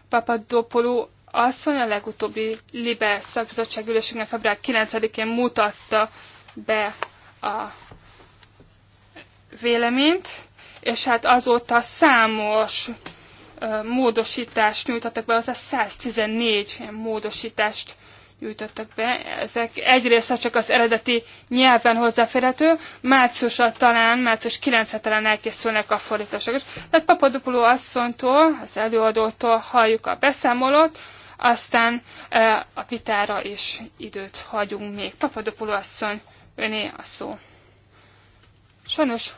Papadopoulou asszony a legutóbbi Libe szakbizottság ülésünknek február 9-én mutatta be a véleményt, és hát azóta számos módosítást nyújtottak be, azaz 114 módosítást gyűjtöttek be. Ezek egyrészt csak az eredeti nyelven hozzáférhető, márciusra talán, március 9 talán elkészülnek a fordítások is. Tehát Papadopoulou asszonytól, az előadótól halljuk a beszámolót, aztán e, a vitára is időt hagyunk még. Papadopoulou asszony, öné a szó. Sajnos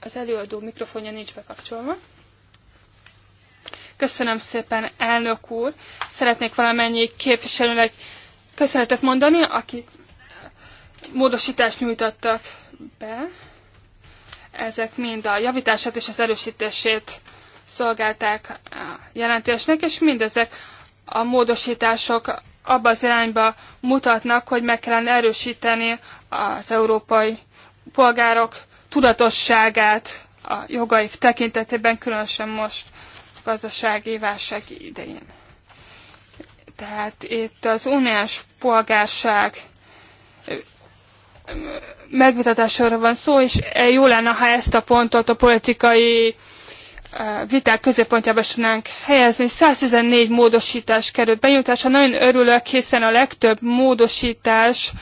az előadó mikrofonja nincs bekapcsolva. Köszönöm szépen, elnök úr. Szeretnék valamennyi képviselőnek köszönetet mondani, aki módosítást nyújtottak be. Ezek mind a javítását és az erősítését szolgálták a jelentésnek, és mindezek a módosítások abba az irányba mutatnak, hogy meg kellene erősíteni az európai polgárok tudatosságát a jogaik tekintetében, különösen most gazdasági válság idején. Tehát itt az uniós polgárság megmutatásra van szó, és e, jó lenne, ha ezt a pontot a politikai viták középpontjába tudnánk helyezni. 114 módosítás került benyújtásra. Nagyon örülök, hiszen a legtöbb módosítás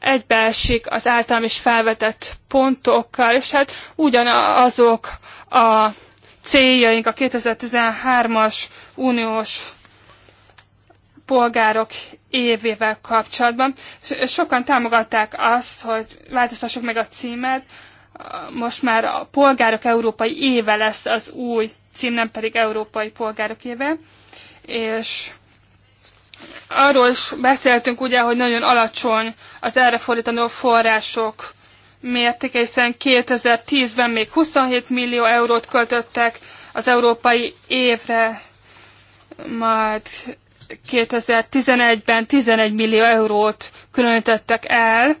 egybeesik az általam is felvetett pontokkal, és hát ugyanazok a céljaink a 2013-as uniós polgárok évével kapcsolatban. Sokan támogatták azt, hogy változtassuk meg a címet, most már a polgárok európai éve lesz az új cím, nem pedig európai polgárok éve. És arról is beszéltünk ugye, hogy nagyon alacsony az erre fordítandó források mértéke, hiszen 2010-ben még 27 millió eurót költöttek az európai évre, majd 2011-ben 11 millió eurót különítettek el,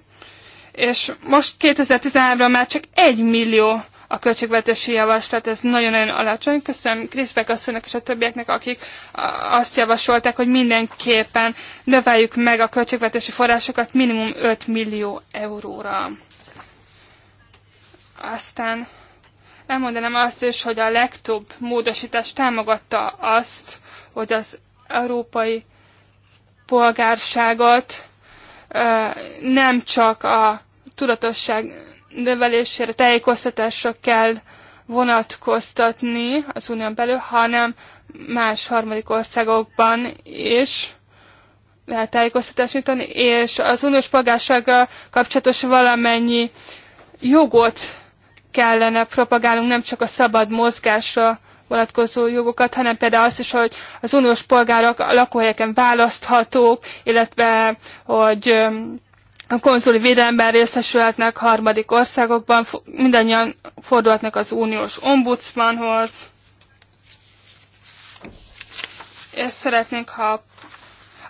és most 2013 ra már csak 1 millió a költségvetési javaslat, ez nagyon-nagyon alacsony. Köszönöm Kriszbek asszonynak és a többieknek, akik azt javasolták, hogy mindenképpen növeljük meg a költségvetési forrásokat minimum 5 millió euróra. Aztán elmondanám azt is, hogy a legtöbb módosítás támogatta azt, hogy az európai polgárságot nem csak a tudatosság növelésére, tájékoztatásra kell vonatkoztatni az unión belül, hanem más harmadik országokban is lehet tájékoztatást nyújtani, és az uniós polgársággal kapcsolatos valamennyi jogot kellene propagálnunk, nem csak a szabad mozgásra vonatkozó jogokat, hanem például azt is, hogy az uniós polgárok a lakóhelyeken választhatók, illetve hogy a konzuli védelemben részesülhetnek harmadik országokban, mindannyian fordulhatnak az uniós ombudsmanhoz. És szeretnénk, ha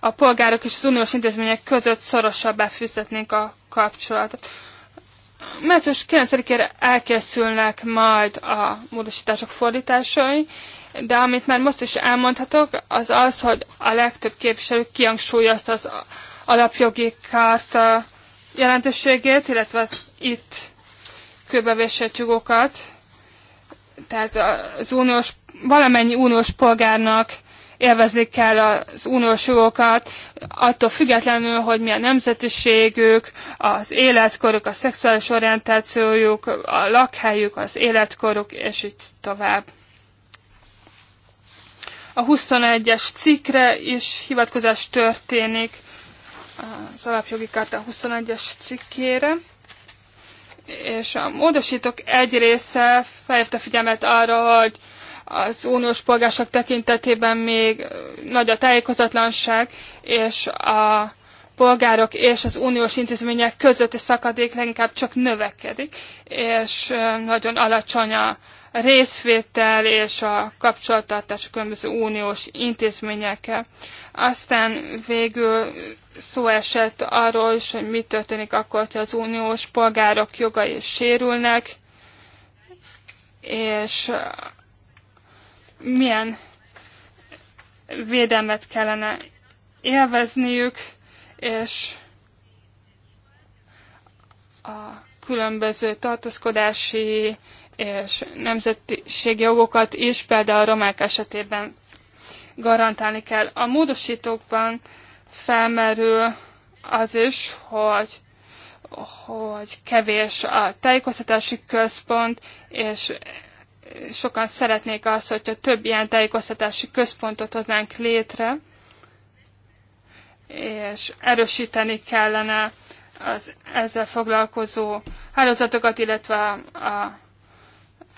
a polgárok és az uniós intézmények között szorosabbá fűzhetnénk a kapcsolatot március 9-ére elkészülnek majd a módosítások fordításai, de amit már most is elmondhatok, az az, hogy a legtöbb képviselő kihangsúlyozta az alapjogi kárta jelentőségét, illetve az itt kőbevésett jogokat. Tehát az uniós, valamennyi uniós polgárnak élvezni kell az uniós jogokat, attól függetlenül, hogy milyen nemzetiségük, az életkoruk, a szexuális orientációjuk, a lakhelyük, az életkoruk, és így tovább. A 21-es cikkre is hivatkozás történik, az alapjogi karta 21-es cikkére és a módosítók egy része felhívta figyelmet arra, hogy az uniós polgárság tekintetében még nagy a tájékozatlanság, és a polgárok és az uniós intézmények közötti szakadék leginkább csak növekedik, és nagyon alacsony a részvétel és a kapcsolattartás a különböző uniós intézményekkel. Aztán végül szó esett arról is, hogy mi történik akkor, ha az uniós polgárok jogai sérülnek, és milyen védelmet kellene élvezniük, és a különböző tartózkodási és nemzetiségi jogokat is, például a romák esetében garantálni kell. A módosítókban felmerül az is, hogy, hogy kevés a tájékoztatási központ, és sokan szeretnék azt, hogyha több ilyen tájékoztatási központot hoznánk létre, és erősíteni kellene az ezzel foglalkozó hálózatokat, illetve a, a,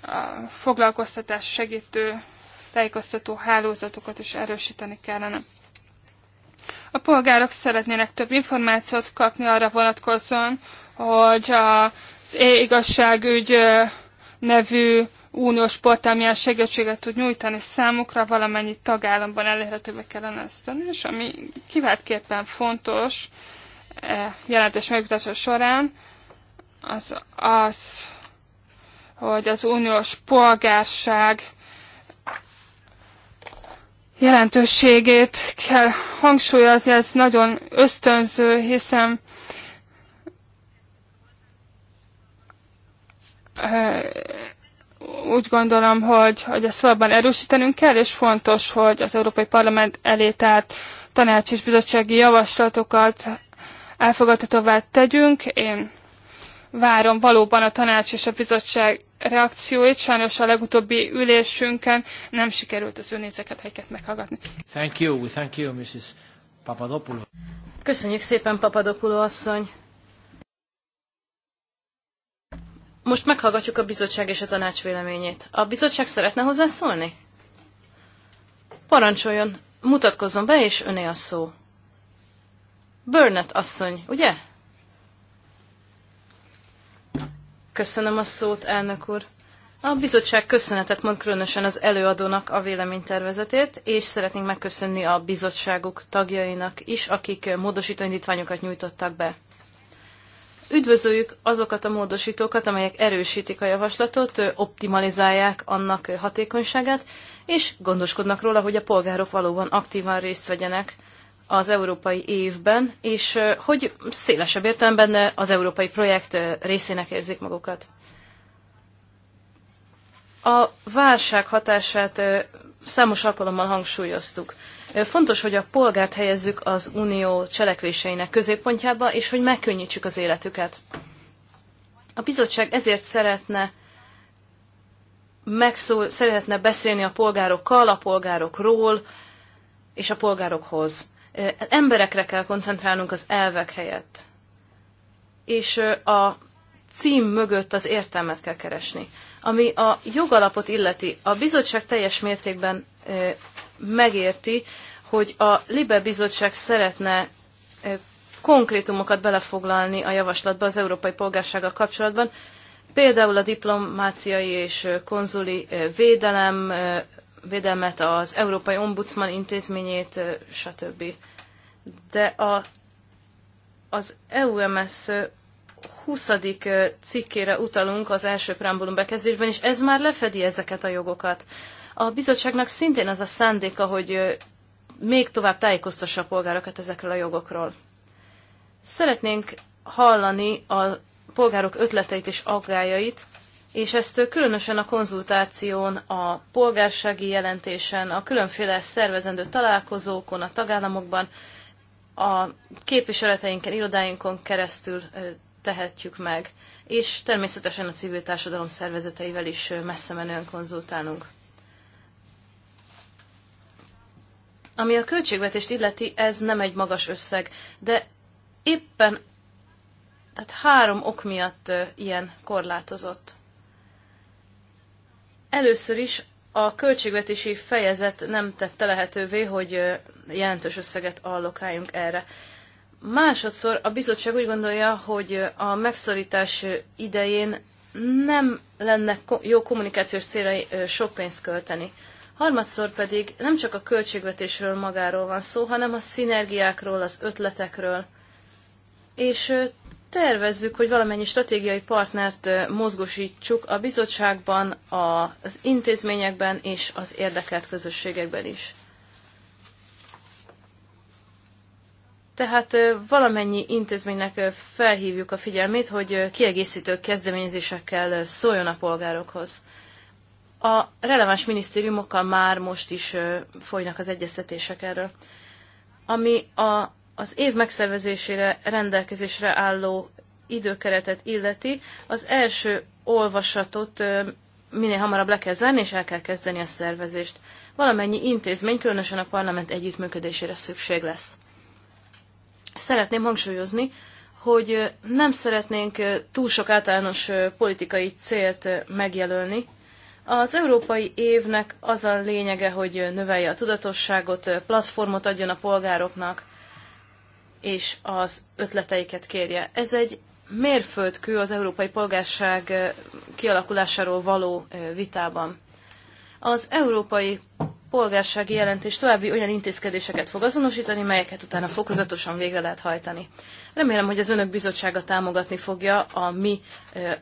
a foglalkoztatás segítő tájékoztató hálózatokat is erősíteni kellene. A polgárok szeretnének több információt kapni arra vonatkozóan, hogy az e-igazságügy nevű uniós sportál milyen segítséget tud nyújtani számukra, valamennyi tagállamban elérhetővé kellene ezt tenni, és ami kiváltképpen fontos eh, jelentés megvitatása során, az az, hogy az uniós polgárság jelentőségét kell hangsúlyozni, ez nagyon ösztönző, hiszen eh, úgy gondolom, hogy, hogy ezt valóban erősítenünk kell, és fontos, hogy az Európai Parlament elé tárt tanács és bizottsági javaslatokat elfogadhatóvá tegyünk. Én várom valóban a tanács és a bizottság reakcióit. Sajnos a legutóbbi ülésünkön nem sikerült az önézeket helyeket meghallgatni. Thank you, thank you, Mrs. Papadopoulou. Köszönjük szépen, Papadopoulou asszony. Most meghallgatjuk a bizottság és a tanács véleményét. A bizottság szeretne hozzászólni? Parancsoljon, mutatkozzon be, és öné a szó. Burnett asszony, ugye? Köszönöm a szót, elnök úr. A bizottság köszönetet mond különösen az előadónak a véleménytervezetért, és szeretnénk megköszönni a bizottságuk tagjainak is, akik módosító indítványokat nyújtottak be. Üdvözöljük azokat a módosítókat, amelyek erősítik a javaslatot, optimalizálják annak hatékonyságát, és gondoskodnak róla, hogy a polgárok valóban aktívan részt vegyenek az európai évben, és hogy szélesebb értelemben az európai projekt részének érzik magukat. A válság hatását számos alkalommal hangsúlyoztuk. Fontos, hogy a polgárt helyezzük az unió cselekvéseinek középpontjába, és hogy megkönnyítsük az életüket. A bizottság ezért szeretne megszól, szeretne beszélni a polgárokkal, a polgárokról és a polgárokhoz. Emberekre kell koncentrálnunk az elvek helyett. És a cím mögött az értelmet kell keresni. Ami a jogalapot illeti, a bizottság teljes mértékben megérti, hogy a Libe Bizottság szeretne konkrétumokat belefoglalni a javaslatba az európai polgársággal kapcsolatban, például a diplomáciai és konzuli védelem, védelmet, az Európai Ombudsman intézményét, stb. De a, az EUMS 20. cikkére utalunk az első preambulum bekezdésben, és ez már lefedi ezeket a jogokat. A bizottságnak szintén az a szándéka, hogy még tovább tájékoztassa a polgárokat ezekről a jogokról. Szeretnénk hallani a polgárok ötleteit és aggájait, és ezt különösen a konzultáción, a polgársági jelentésen, a különféle szervezendő találkozókon, a tagállamokban, a képviseleteinken, irodáinkon keresztül tehetjük meg, és természetesen a civil társadalom szervezeteivel is messze menően konzultálunk. Ami a költségvetést illeti, ez nem egy magas összeg, de éppen tehát három ok miatt ilyen korlátozott. Először is a költségvetési fejezet nem tette lehetővé, hogy jelentős összeget allokáljunk erre. Másodszor a bizottság úgy gondolja, hogy a megszorítás idején nem lenne jó kommunikációs célra sok pénzt költeni. Harmadszor pedig nem csak a költségvetésről magáról van szó, hanem a szinergiákról, az ötletekről. És tervezzük, hogy valamennyi stratégiai partnert mozgosítsuk a bizottságban, az intézményekben és az érdekelt közösségekben is. Tehát valamennyi intézménynek felhívjuk a figyelmét, hogy kiegészítő kezdeményezésekkel szóljon a polgárokhoz. A releváns minisztériumokkal már most is folynak az egyeztetések erről. Ami a, az év megszervezésére rendelkezésre álló időkeretet illeti, az első olvasatot minél hamarabb le kell zárni, és el kell kezdeni a szervezést. Valamennyi intézmény, különösen a parlament együttműködésére szükség lesz. Szeretném hangsúlyozni, hogy nem szeretnénk túl sok általános politikai célt megjelölni, az európai évnek az a lényege, hogy növelje a tudatosságot, platformot adjon a polgároknak, és az ötleteiket kérje. Ez egy mérföldkő az európai polgárság eh, kialakulásáról való eh, vitában. Az európai polgársági jelentés további olyan intézkedéseket fog azonosítani, melyeket utána fokozatosan végre lehet hajtani. Remélem, hogy az önök bizottsága támogatni fogja a mi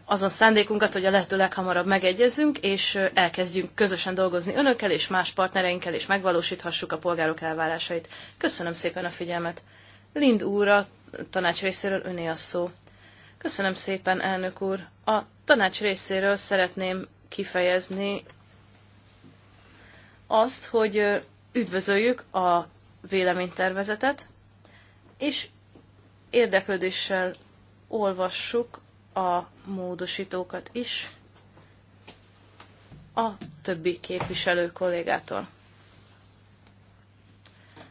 azon szándékunkat, hogy a lehető leghamarabb megegyezzünk, és elkezdjünk közösen dolgozni önökkel és más partnereinkkel, és megvalósíthassuk a polgárok elvárásait. Köszönöm szépen a figyelmet. Lind úr, a tanács részéről öné a szó. Köszönöm szépen, elnök úr. A tanács részéről szeretném kifejezni azt, hogy üdvözöljük a véleménytervezetet, és Érdeklődéssel olvassuk a módosítókat is a többi képviselő kollégától.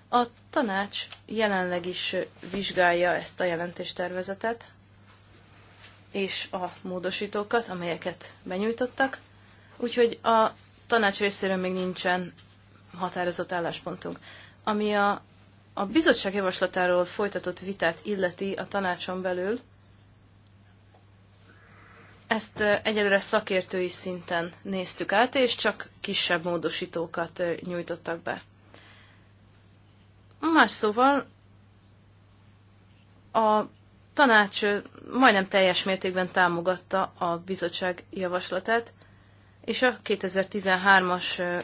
A tanács jelenleg is vizsgálja ezt a jelentéstervezetet és a módosítókat, amelyeket benyújtottak, úgyhogy a tanács részéről még nincsen határozott álláspontunk. Ami a a bizottság javaslatáról folytatott vitát illeti a tanácson belül, ezt egyelőre szakértői szinten néztük át, és csak kisebb módosítókat nyújtottak be. Más szóval a tanács majdnem teljes mértékben támogatta a bizottság javaslatát, és a 2013-as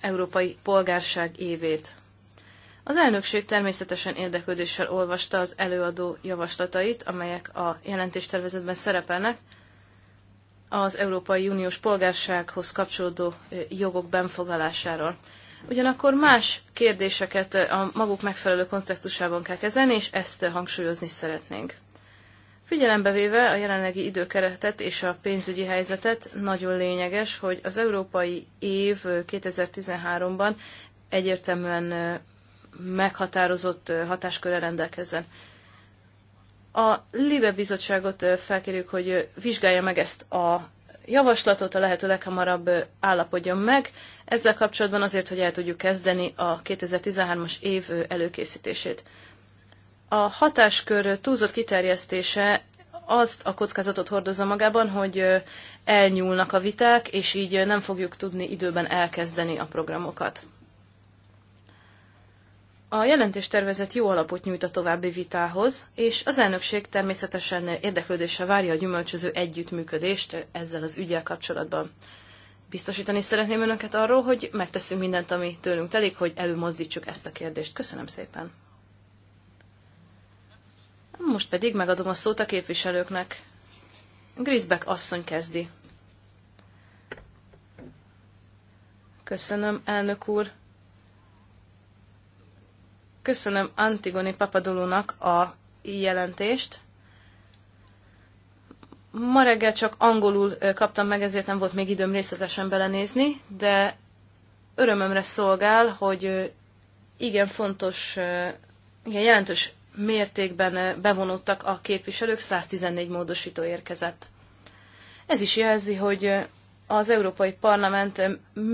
európai polgárság évét. Az elnökség természetesen érdeklődéssel olvasta az előadó javaslatait, amelyek a jelentéstervezetben szerepelnek, az Európai Uniós polgársághoz kapcsolódó jogok benfogalásáról. Ugyanakkor más kérdéseket a maguk megfelelő kontextusában kell kezelni, és ezt hangsúlyozni szeretnénk. Figyelembe véve a jelenlegi időkeretet és a pénzügyi helyzetet, nagyon lényeges, hogy az európai év 2013-ban egyértelműen meghatározott hatáskörre rendelkezzen. A Libe bizottságot felkérjük, hogy vizsgálja meg ezt a javaslatot, a lehető leghamarabb állapodjon meg ezzel kapcsolatban azért, hogy el tudjuk kezdeni a 2013-as év előkészítését. A hatáskör túlzott kiterjesztése azt a kockázatot hordozza magában, hogy elnyúlnak a viták, és így nem fogjuk tudni időben elkezdeni a programokat. A jelentéstervezet jó alapot nyújt a további vitához, és az elnökség természetesen érdeklődése várja a gyümölcsöző együttműködést ezzel az ügyel kapcsolatban. Biztosítani szeretném önöket arról, hogy megteszünk mindent, ami tőlünk telik, hogy előmozdítsuk ezt a kérdést. Köszönöm szépen! Most pedig megadom a szót a képviselőknek. Grisbeck asszony kezdi. Köszönöm, elnök úr. Köszönöm Antigoni Papadulónak a jelentést. Ma reggel csak angolul kaptam meg, ezért nem volt még időm részletesen belenézni, de örömömre szolgál, hogy igen fontos, igen jelentős mértékben bevonódtak a képviselők, 114 módosító érkezett. Ez is jelzi, hogy az Európai Parlament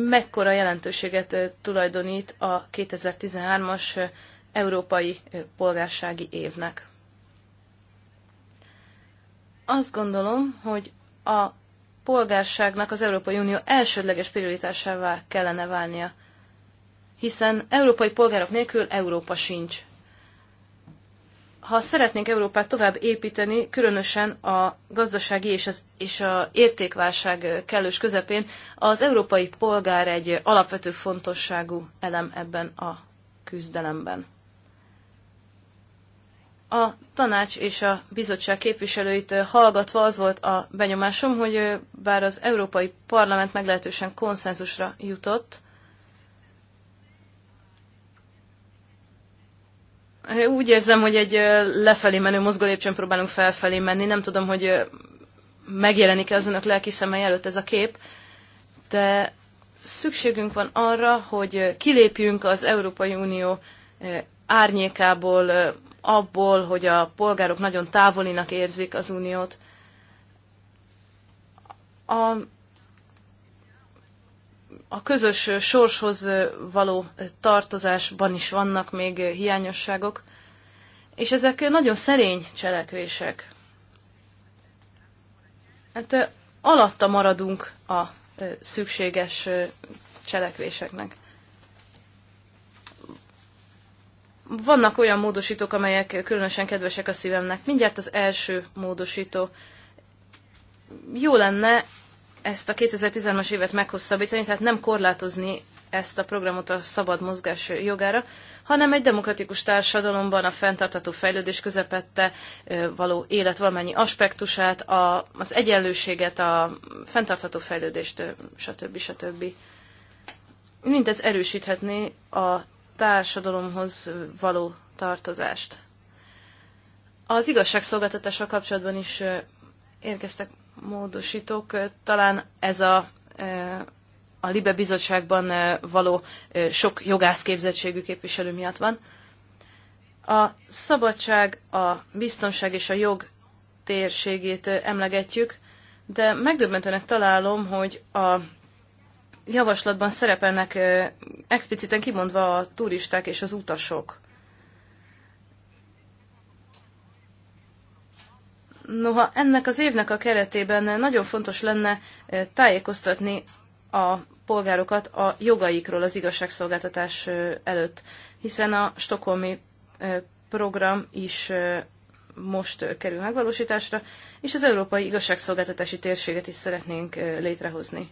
mekkora jelentőséget tulajdonít a 2013-as európai polgársági évnek. Azt gondolom, hogy a polgárságnak az Európai Unió elsődleges prioritásává kellene válnia, hiszen európai polgárok nélkül Európa sincs. Ha szeretnénk Európát tovább építeni, különösen a gazdasági és, az, és a értékválság kellős közepén, az európai polgár egy alapvető fontosságú elem ebben a küzdelemben. A tanács és a bizottság képviselőit hallgatva az volt a benyomásom, hogy bár az Európai Parlament meglehetősen konszenzusra jutott, Úgy érzem, hogy egy lefelé menő mozgólépcsőn próbálunk felfelé menni. Nem tudom, hogy megjelenik-e az önök lelki szemei előtt ez a kép, de szükségünk van arra, hogy kilépjünk az Európai Unió árnyékából, abból, hogy a polgárok nagyon távolinak érzik az uniót. A, a közös sorshoz való tartozásban is vannak még hiányosságok, és ezek nagyon szerény cselekvések. Hát alatta maradunk a szükséges cselekvéseknek. vannak olyan módosítók, amelyek különösen kedvesek a szívemnek. Mindjárt az első módosító. Jó lenne ezt a 2013-as évet meghosszabbítani, tehát nem korlátozni ezt a programot a szabad mozgás jogára, hanem egy demokratikus társadalomban a fenntartató fejlődés közepette való élet valamennyi aspektusát, a, az egyenlőséget, a fenntartható fejlődést, stb. stb. Mindez erősíthetné a társadalomhoz való tartozást. Az igazságszolgáltatással kapcsolatban is érkeztek módosítók. Talán ez a, a Libe bizottságban való sok jogászképzettségű képviselő miatt van. A szabadság, a biztonság és a jog térségét emlegetjük, de megdöbbentőnek találom, hogy a javaslatban szerepelnek expliciten kimondva a turisták és az utasok. Noha ennek az évnek a keretében nagyon fontos lenne tájékoztatni a polgárokat a jogaikról az igazságszolgáltatás előtt, hiszen a stokholmi program is most kerül megvalósításra, és az Európai Igazságszolgáltatási Térséget is szeretnénk létrehozni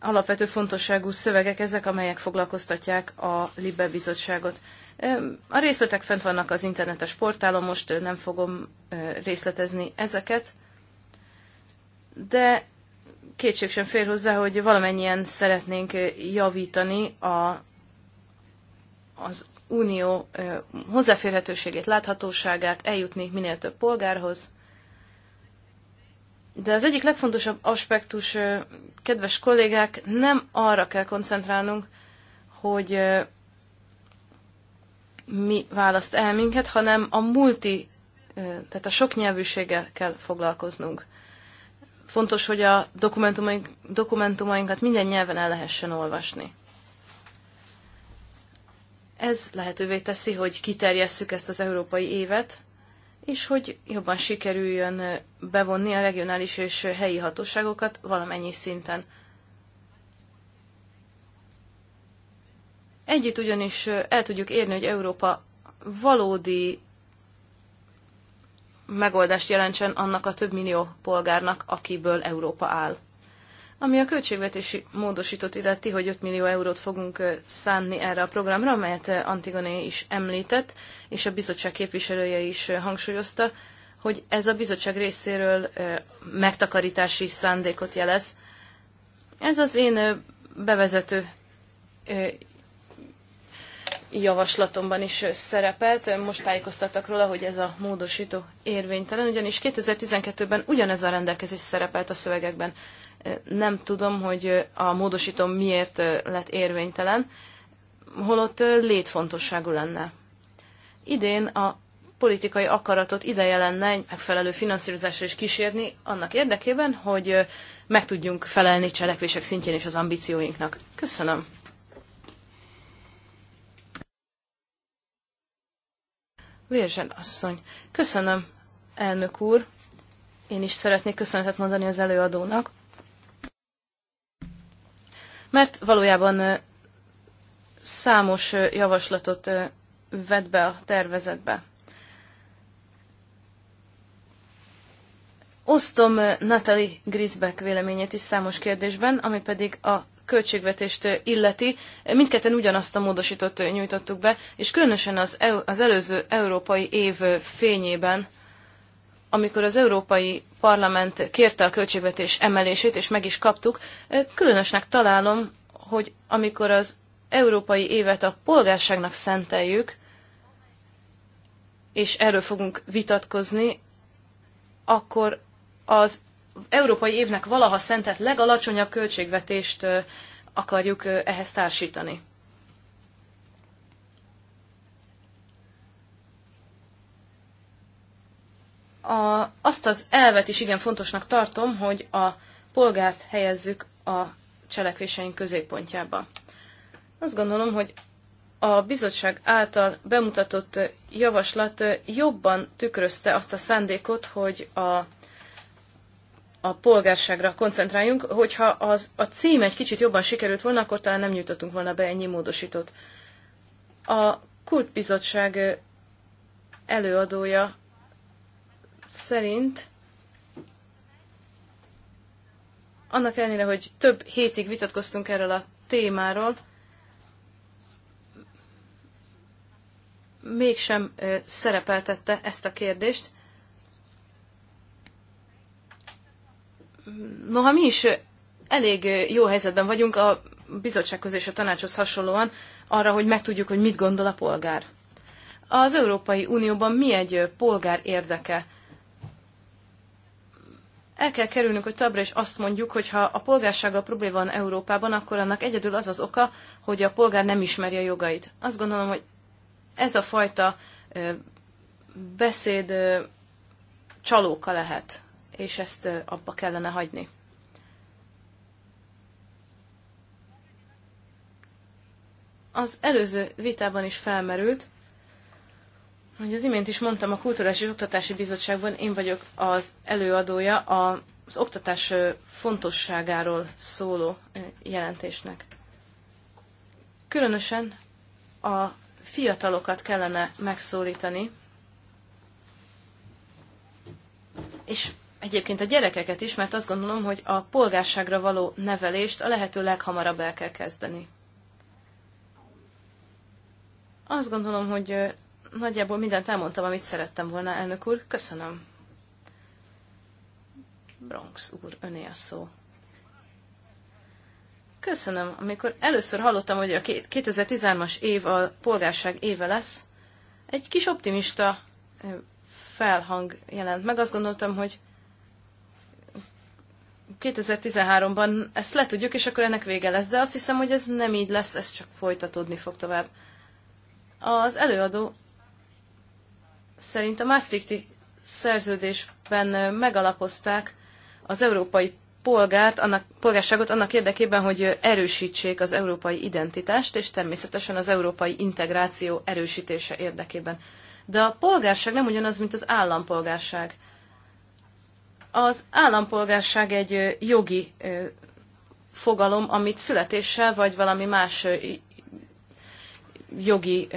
alapvető fontosságú szövegek ezek, amelyek foglalkoztatják a Libe bizottságot. A részletek fent vannak az internetes portálon, most nem fogom részletezni ezeket, de kétség sem fér hozzá, hogy valamennyien szeretnénk javítani a, az unió hozzáférhetőségét, láthatóságát, eljutni minél több polgárhoz, de az egyik legfontosabb aspektus, kedves kollégák, nem arra kell koncentrálnunk, hogy mi választ el minket, hanem a multi, tehát a sok nyelvűséggel kell foglalkoznunk. Fontos, hogy a dokumentumaink, dokumentumainkat minden nyelven el lehessen olvasni. Ez lehetővé teszi, hogy kiterjesszük ezt az európai évet, és hogy jobban sikerüljön bevonni a regionális és helyi hatóságokat valamennyi szinten. Együtt ugyanis el tudjuk érni, hogy Európa valódi megoldást jelentsen annak a több millió polgárnak, akiből Európa áll. Ami a költségvetési módosított illeti, hogy 5 millió eurót fogunk szánni erre a programra, amelyet Antigone is említett, és a bizottság képviselője is hangsúlyozta, hogy ez a bizottság részéről megtakarítási szándékot jelez. Ez az én bevezető javaslatomban is szerepelt. Most tájékoztattak róla, hogy ez a módosító érvénytelen, ugyanis 2012-ben ugyanez a rendelkezés szerepelt a szövegekben. Nem tudom, hogy a módosító miért lett érvénytelen, holott létfontosságú lenne idén a politikai akaratot ideje lenne egy megfelelő finanszírozásra is kísérni, annak érdekében, hogy meg tudjunk felelni cselekvések szintjén és az ambícióinknak. Köszönöm. Vérzsen asszony. Köszönöm, elnök úr. Én is szeretnék köszönetet mondani az előadónak. Mert valójában számos javaslatot vett be a tervezetbe. Osztom eh, Natalie Grisbeck véleményét is számos kérdésben, ami pedig a költségvetést eh, illeti. Mindketten ugyanazt a módosítót eh, nyújtottuk be, és különösen az, EU, az előző európai év fényében, amikor az Európai Parlament kérte a költségvetés emelését, és meg is kaptuk, különösnek találom, hogy amikor az európai évet a polgárságnak szenteljük, és erről fogunk vitatkozni, akkor az európai évnek valaha szentett legalacsonyabb költségvetést akarjuk ehhez társítani. A, azt az elvet is igen fontosnak tartom, hogy a polgárt helyezzük a cselekvéseink középpontjába. Azt gondolom, hogy a bizottság által bemutatott javaslat jobban tükrözte azt a szándékot, hogy a, a polgárságra koncentráljunk, hogyha az, a cím egy kicsit jobban sikerült volna, akkor talán nem nyújtottunk volna be ennyi módosítót. A kultbizottság előadója szerint annak ellenére, hogy több hétig vitatkoztunk erről a témáról, mégsem szerepeltette ezt a kérdést. Noha mi is elég jó helyzetben vagyunk a bizottsághoz és a tanácshoz hasonlóan arra, hogy megtudjuk, hogy mit gondol a polgár. Az Európai Unióban mi egy polgár érdeke? El kell kerülnünk, hogy tabra is azt mondjuk, hogy ha a polgársággal probléma van Európában, akkor annak egyedül az az oka, hogy a polgár nem ismeri a jogait. Azt gondolom, hogy ez a fajta beszéd csalóka lehet, és ezt abba kellene hagyni. Az előző vitában is felmerült, hogy az imént is mondtam, a Kulturális és Oktatási Bizottságban én vagyok az előadója az oktatás fontosságáról szóló jelentésnek. Különösen a fiatalokat kellene megszólítani, és egyébként a gyerekeket is, mert azt gondolom, hogy a polgárságra való nevelést a lehető leghamarabb el kell kezdeni. Azt gondolom, hogy nagyjából mindent elmondtam, amit szerettem volna, elnök úr. Köszönöm. Bronx úr, öné a szó. Köszönöm. Amikor először hallottam, hogy a 2013-as év a polgárság éve lesz, egy kis optimista felhang jelent meg. Azt gondoltam, hogy 2013-ban ezt le tudjuk, és akkor ennek vége lesz. De azt hiszem, hogy ez nem így lesz, ez csak folytatódni fog tovább. Az előadó szerint a Maastrichti szerződésben megalapozták az európai polgárt, annak, polgárságot annak érdekében, hogy erősítsék az európai identitást, és természetesen az európai integráció erősítése érdekében. De a polgárság nem ugyanaz, mint az állampolgárság. Az állampolgárság egy jogi fogalom, amit születéssel vagy valami más jogi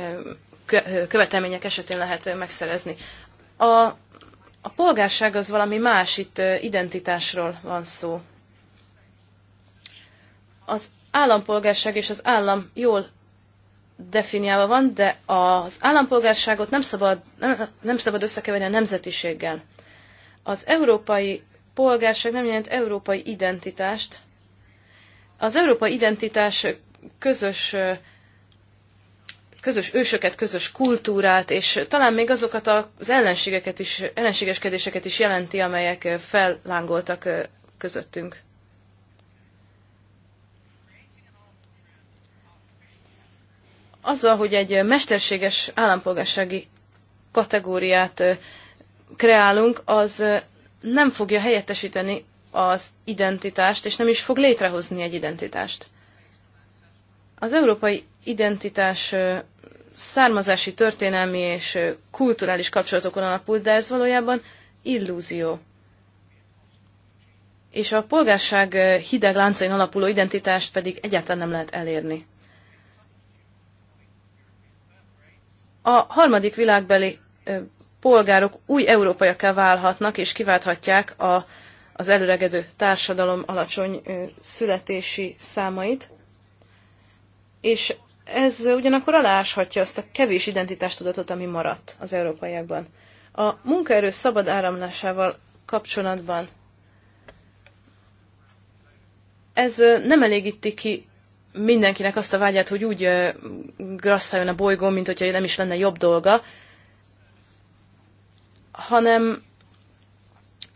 követelmények esetén lehet megszerezni. A a polgárság az valami más, itt identitásról van szó. Az állampolgárság és az állam jól definiálva van, de az állampolgárságot nem szabad, nem, nem szabad összekeverni a nemzetiséggel. Az európai polgárság nem jelent európai identitást. Az európai identitás közös közös ősöket, közös kultúrát, és talán még azokat az ellenségeket is, ellenségeskedéseket is jelenti, amelyek fellángoltak közöttünk. Azzal, hogy egy mesterséges állampolgársági kategóriát kreálunk, az nem fogja helyettesíteni az identitást, és nem is fog létrehozni egy identitást. Az európai identitás származási, történelmi és kulturális kapcsolatokon alapul, de ez valójában illúzió. És a polgárság hideg láncain alapuló identitást pedig egyáltalán nem lehet elérni. A harmadik világbeli polgárok új európaiakká válhatnak és kiválthatják a, az előregedő társadalom alacsony születési számait, és ez ugyanakkor aláshatja azt a kevés identitástudatot, ami maradt az európaiakban. A munkaerő szabad áramlásával kapcsolatban ez nem elégíti ki mindenkinek azt a vágyát, hogy úgy grasszáljon a bolygón, mint hogyha nem is lenne jobb dolga, hanem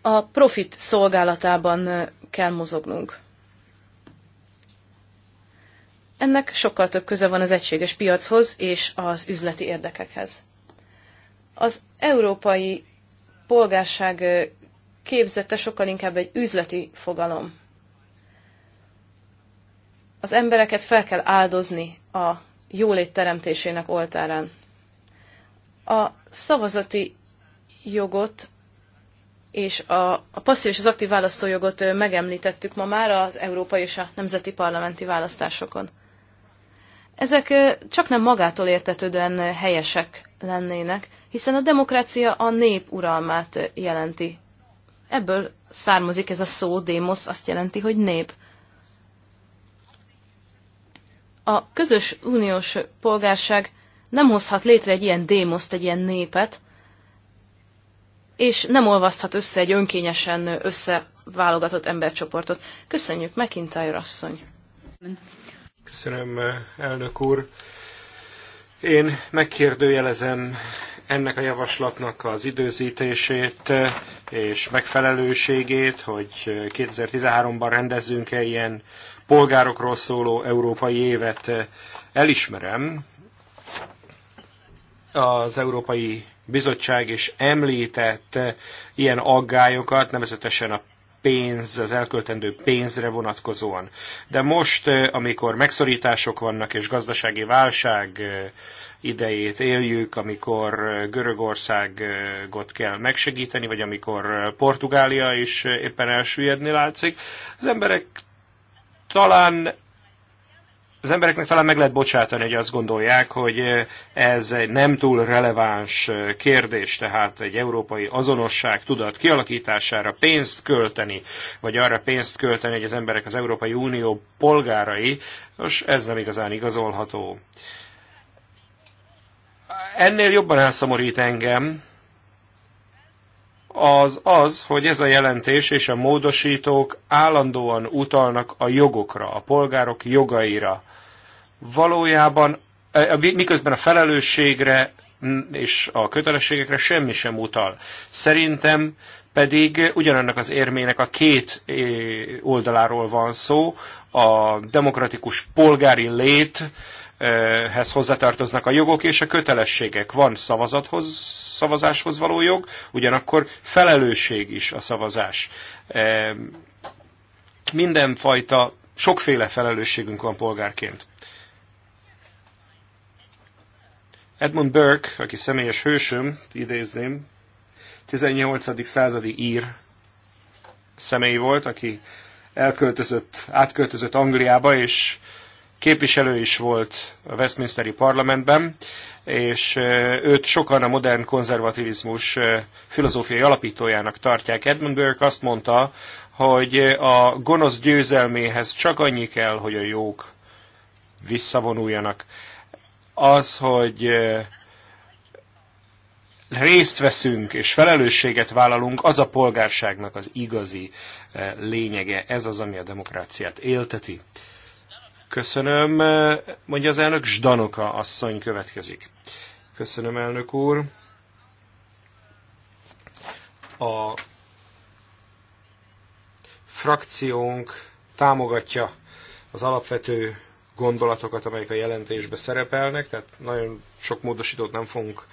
a profit szolgálatában kell mozognunk. Ennek sokkal több köze van az egységes piachoz és az üzleti érdekekhez. Az európai polgárság képzete sokkal inkább egy üzleti fogalom. Az embereket fel kell áldozni a jólét teremtésének oltárán. A szavazati jogot és a, a passzív és az aktív választójogot megemlítettük ma már az európai és a nemzeti parlamenti választásokon. Ezek csak nem magától értetődően helyesek lennének, hiszen a demokrácia a nép uralmát jelenti. Ebből származik ez a szó, démosz, azt jelenti, hogy nép. A közös uniós polgárság nem hozhat létre egy ilyen démoszt, egy ilyen népet, és nem olvaszthat össze egy önkényesen összeválogatott embercsoportot. Köszönjük, McIntyre asszony! Köszönöm, elnök úr. Én megkérdőjelezem ennek a javaslatnak az időzítését és megfelelőségét, hogy 2013-ban rendezzünk-e ilyen polgárokról szóló európai évet. Elismerem, az Európai Bizottság is említett ilyen aggályokat, nevezetesen a pénz, az elköltendő pénzre vonatkozóan. De most, eh, amikor megszorítások vannak és gazdasági válság eh, idejét éljük, amikor eh, Görögországot kell megsegíteni, vagy amikor Portugália is éppen elsüllyedni látszik, az emberek talán az embereknek talán meg lehet bocsátani, hogy azt gondolják, hogy ez egy nem túl releváns kérdés, tehát egy európai azonosság tudat kialakítására pénzt költeni, vagy arra pénzt költeni, hogy az emberek az Európai Unió polgárai, most ez nem igazán igazolható. Ennél jobban elszomorít engem, az az, hogy ez a jelentés és a módosítók állandóan utalnak a jogokra, a polgárok jogaira. Valójában, e, e, miközben a felelősségre és a kötelességekre semmi sem utal. Szerintem pedig ugyanannak az érmének a két e, oldaláról van szó, a demokratikus polgári lét, hez hozzátartoznak a jogok és a kötelességek. Van szavazathoz, szavazáshoz való jog, ugyanakkor felelősség is a szavazás. E, mindenfajta, sokféle felelősségünk van polgárként. Edmund Burke, aki személyes hősöm, idézném, 18. századi ír személy volt, aki elköltözött, átköltözött Angliába, és képviselő is volt a Westminsteri parlamentben, és őt sokan a modern konzervativizmus filozófiai alapítójának tartják. Edmund Burke azt mondta, hogy a gonosz győzelméhez csak annyi kell, hogy a jók visszavonuljanak. Az, hogy részt veszünk és felelősséget vállalunk, az a polgárságnak az igazi lényege. Ez az, ami a demokráciát élteti. Köszönöm. Mondja az elnök, Zsdanoka asszony következik. Köszönöm, elnök úr. A frakciónk támogatja az alapvető gondolatokat, amelyek a jelentésbe szerepelnek, tehát nagyon sok módosítót nem fogunk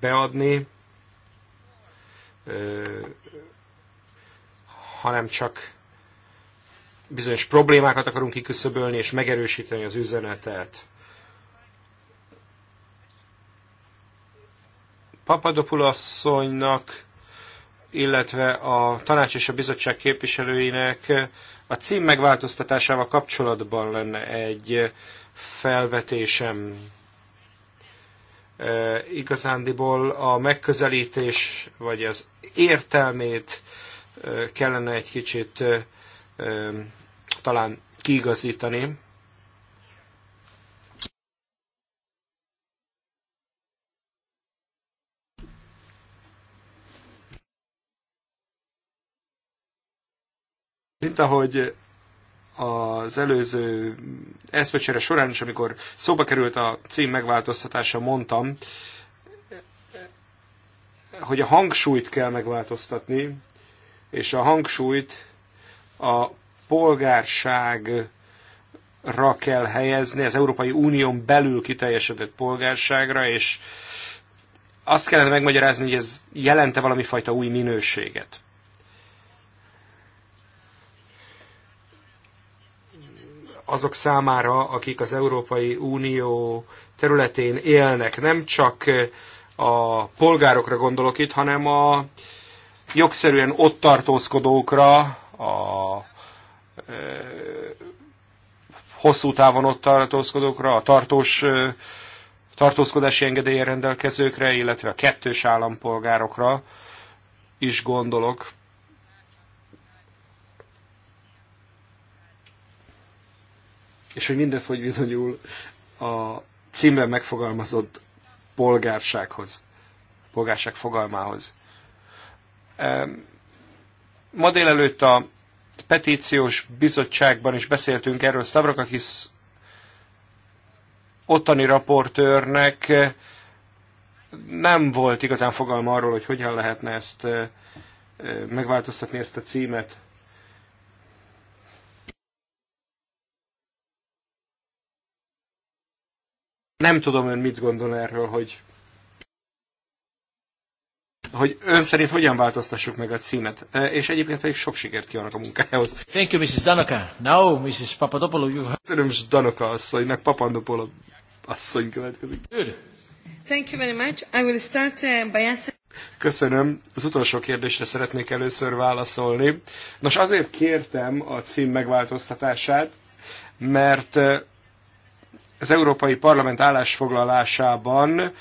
beadni, hanem csak bizonyos problémákat akarunk kiküszöbölni és megerősíteni az üzenetet. Papadopulasszonynak, illetve a tanács és a bizottság képviselőinek a cím megváltoztatásával kapcsolatban lenne egy felvetésem. E, igazándiból a megközelítés, vagy az értelmét e, kellene egy kicsit e, talán kiigazítani. Mint ahogy az előző eszmecsere során is, amikor szóba került a cím megváltoztatása, mondtam, hogy a hangsúlyt kell megváltoztatni, és a hangsúlyt a polgárságra kell helyezni, az Európai Unión belül kiteljesedett polgárságra, és azt kellene megmagyarázni, hogy ez jelente valami fajta új minőséget. azok számára, akik az Európai Unió területén élnek. Nem csak a polgárokra gondolok itt, hanem a jogszerűen ott tartózkodókra, a hosszú távon ott tartózkodókra, a tartós tartózkodási engedélye rendelkezőkre, illetve a kettős állampolgárokra is gondolok. És hogy mindez hogy bizonyul a címben megfogalmazott polgársághoz, polgárság fogalmához. Ma délelőtt a petíciós bizottságban is beszéltünk erről Stavrakakis ottani raportőrnek eh, nem volt igazán fogalma arról, hogy hogyan lehetne ezt eh, eh, megváltoztatni ezt a címet. Nem tudom ön mit gondol erről, hogy hogy ön szerint hogyan változtassuk meg a címet. E, és egyébként pedig sok sikert kívánok a munkájához. Thank you, Mrs. Danoka. Now, Mrs. Papadopoulou, you have... Köszönöm Danoka asszonynak, Papadopoulou asszony következik. Good. Thank you very much. I will start uh, by answering... Köszönöm. Az utolsó kérdésre szeretnék először válaszolni. Nos, azért kértem a cím megváltoztatását, mert uh, az Európai Parlament állásfoglalásában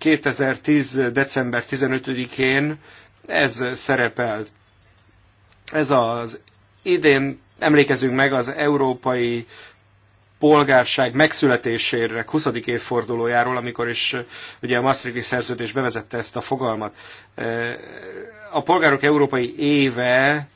2010. december 15-én ez szerepel. Ez az idén, emlékezünk meg, az európai polgárság megszületésére, 20. évfordulójáról, amikor is ugye a Maastrichti szerződés bevezette ezt a fogalmat. A polgárok európai éve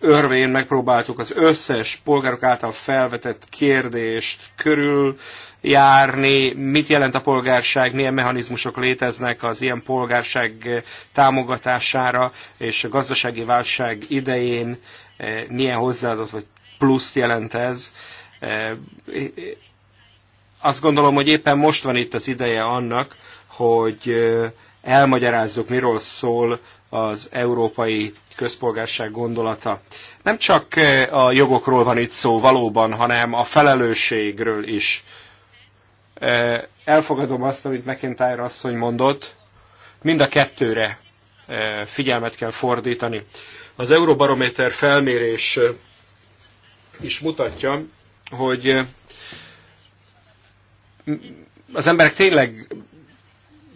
örvén megpróbáltuk az összes polgárok által felvetett kérdést körül járni, mit jelent a polgárság, milyen mechanizmusok léteznek az ilyen polgárság támogatására, és a gazdasági válság idején eh, milyen hozzáadott vagy pluszt jelent ez. Eh, azt gondolom, hogy éppen most van itt az ideje annak, hogy eh, elmagyarázzuk, miről szól az európai közpolgárság gondolata. Nem csak eh, a jogokról van itt szó valóban, hanem a felelősségről is. Eh, elfogadom azt, amit McIntyre asszony mondott, mind a kettőre eh, figyelmet kell fordítani. Az Euróbarométer felmérés is mutatja, hogy az emberek tényleg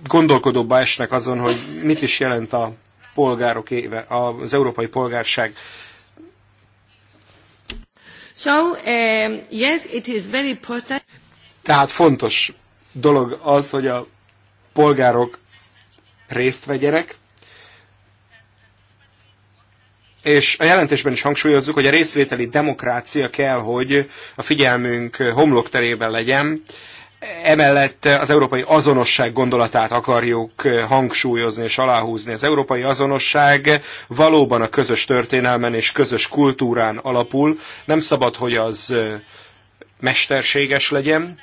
gondolkodóba esnek azon, hogy mit is jelent a polgárok éve, az európai polgárság. So, um, yes, it is very important. Tehát fontos dolog az, hogy a polgárok részt vegyenek, és a jelentésben is hangsúlyozzuk, hogy a részvételi demokrácia kell, hogy a figyelmünk homlokterében legyen, Emellett az európai azonosság gondolatát akarjuk eh, hangsúlyozni és aláhúzni. Az európai azonosság valóban a közös történelmen és közös kultúrán alapul. Nem szabad, hogy az eh, mesterséges legyen.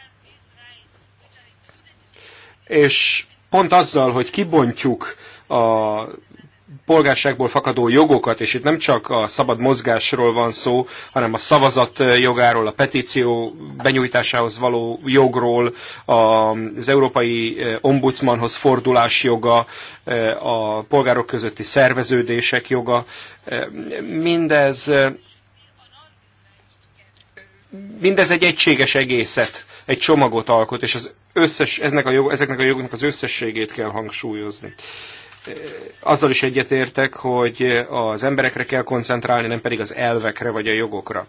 És pont azzal, hogy kibontjuk a polgárságból fakadó jogokat, és itt nem csak a szabad mozgásról van szó, hanem a szavazat jogáról, a petíció benyújtásához való jogról, az európai ombudsmanhoz fordulás joga, a polgárok közötti szerveződések joga. Mindez, mindez egy egységes egészet, egy csomagot alkot, és az összes, ennek a jog, ezeknek a jogoknak az összességét kell hangsúlyozni azzal is egyetértek, hogy az emberekre kell koncentrálni, nem pedig az elvekre vagy a jogokra.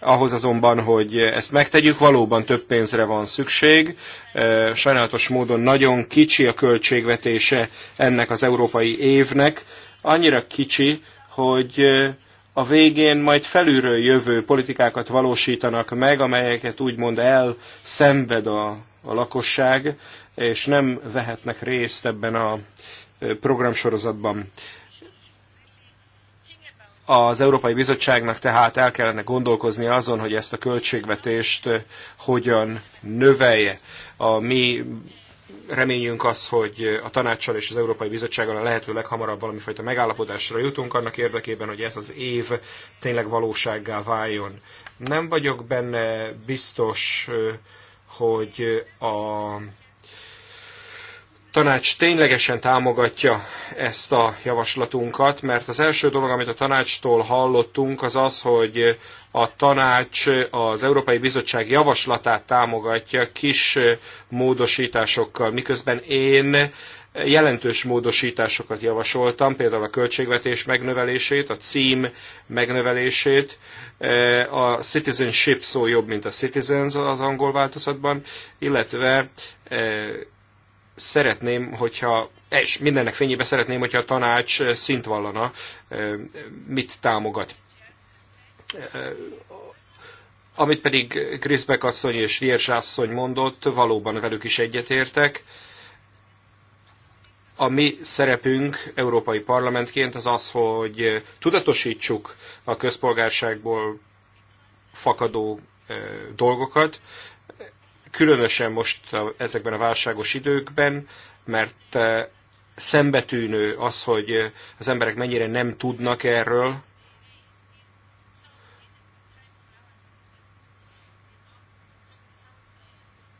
Ahhoz azonban, hogy ezt megtegyük, valóban több pénzre van szükség. Sajnálatos módon nagyon kicsi a költségvetése ennek az európai évnek. Annyira kicsi, hogy a végén majd felülről jövő politikákat valósítanak meg, amelyeket úgymond el szenved a, a lakosság, és nem vehetnek részt ebben a programsorozatban. Az Európai Bizottságnak tehát el kellene gondolkozni azon, hogy ezt a költségvetést eh, hogyan növelje. A mi reményünk az, hogy a tanácssal és az Európai Bizottsággal a lehető leghamarabb valamifajta megállapodásra jutunk, annak érdekében, hogy ez az év tényleg valósággá váljon. Nem vagyok benne biztos, eh, hogy a tanács ténylegesen támogatja ezt a javaslatunkat, mert az első dolog, amit a tanácstól hallottunk, az az, hogy a tanács az Európai Bizottság javaslatát támogatja kis módosításokkal, miközben én jelentős módosításokat javasoltam, például a költségvetés megnövelését, a cím megnövelését, a citizenship szó jobb, mint a citizens az angol változatban, illetve szeretném, hogyha, és mindennek fényében szeretném, hogyha a tanács szint vallana, mit támogat. Amit pedig Kriszbek asszony és Viers asszony mondott, valóban velük is egyetértek. A mi szerepünk Európai Parlamentként az az, hogy tudatosítsuk a közpolgárságból fakadó dolgokat, különösen most a, ezekben a válságos időkben, mert eh, szembetűnő az, hogy eh, az emberek mennyire nem tudnak erről,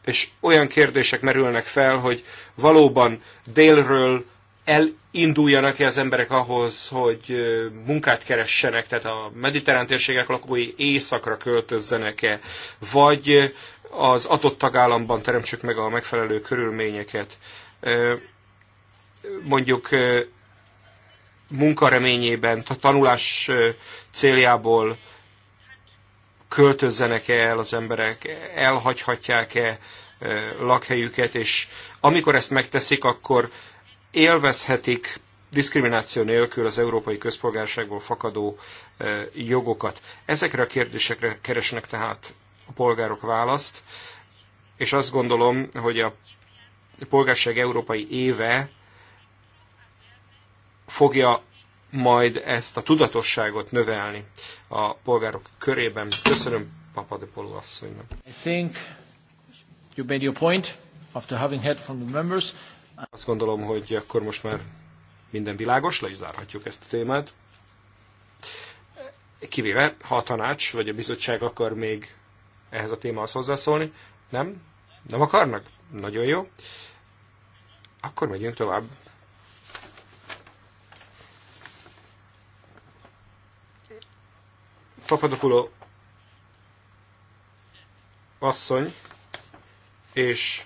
és olyan kérdések merülnek fel, hogy valóban délről elinduljanak-e az emberek ahhoz, hogy eh, munkát keressenek, tehát a mediterrán térségek lakói éjszakra költözzenek-e, vagy az adott tagállamban teremtsük meg a megfelelő körülményeket. Mondjuk munkareményében, a tanulás céljából költözzenek-e el az emberek, elhagyhatják-e lakhelyüket, és amikor ezt megteszik, akkor élvezhetik diszkrimináció nélkül az európai közpolgárságból fakadó jogokat. Ezekre a kérdésekre keresnek tehát a polgárok választ, és azt gondolom, hogy a polgárság európai éve fogja majd ezt a tudatosságot növelni a polgárok körében. Köszönöm Papa Polo asszonynak. I think you made your point after having heard from the members. Azt gondolom, hogy akkor most már minden világos, le is zárhatjuk ezt a témát. Kivéve, ha a tanács vagy a bizottság akar még ehhez a témához hozzászólni? Nem? Nem akarnak? Nagyon jó. Akkor megyünk tovább. Papadopuló asszony és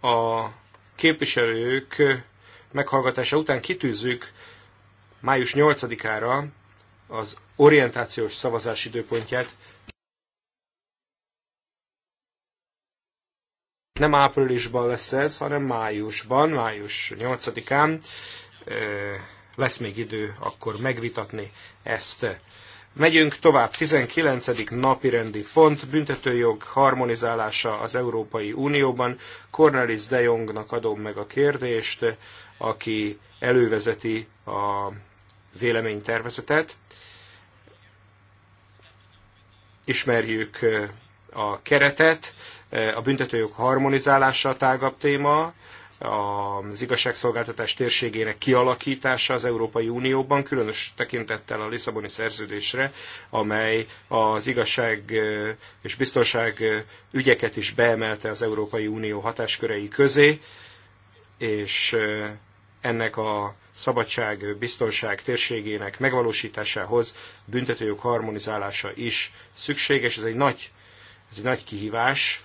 a képviselők meghallgatása után kitűzzük május 8-ára az orientációs szavazás időpontját nem áprilisban lesz ez, hanem májusban, május 8-án lesz még idő akkor megvitatni ezt. Megyünk tovább. 19. napi rendi pont, büntetőjog harmonizálása az Európai Unióban. Cornelis de Jongnak adom meg a kérdést, aki elővezeti a véleménytervezetet. Ismerjük a keretet, eh, a büntetőjog harmonizálása tágabb téma, az igazságszolgáltatás térségének kialakítása az Európai Unióban, különös tekintettel a Lisszaboni szerződésre, amely az igazság eh, és biztonság eh, ügyeket is beemelte az Európai Unió hatáskörei közé, és ennek a szabadság, biztonság térségének megvalósításához büntetőjog harmonizálása is szükséges. Ez egy nagy ez egy nagy kihívás,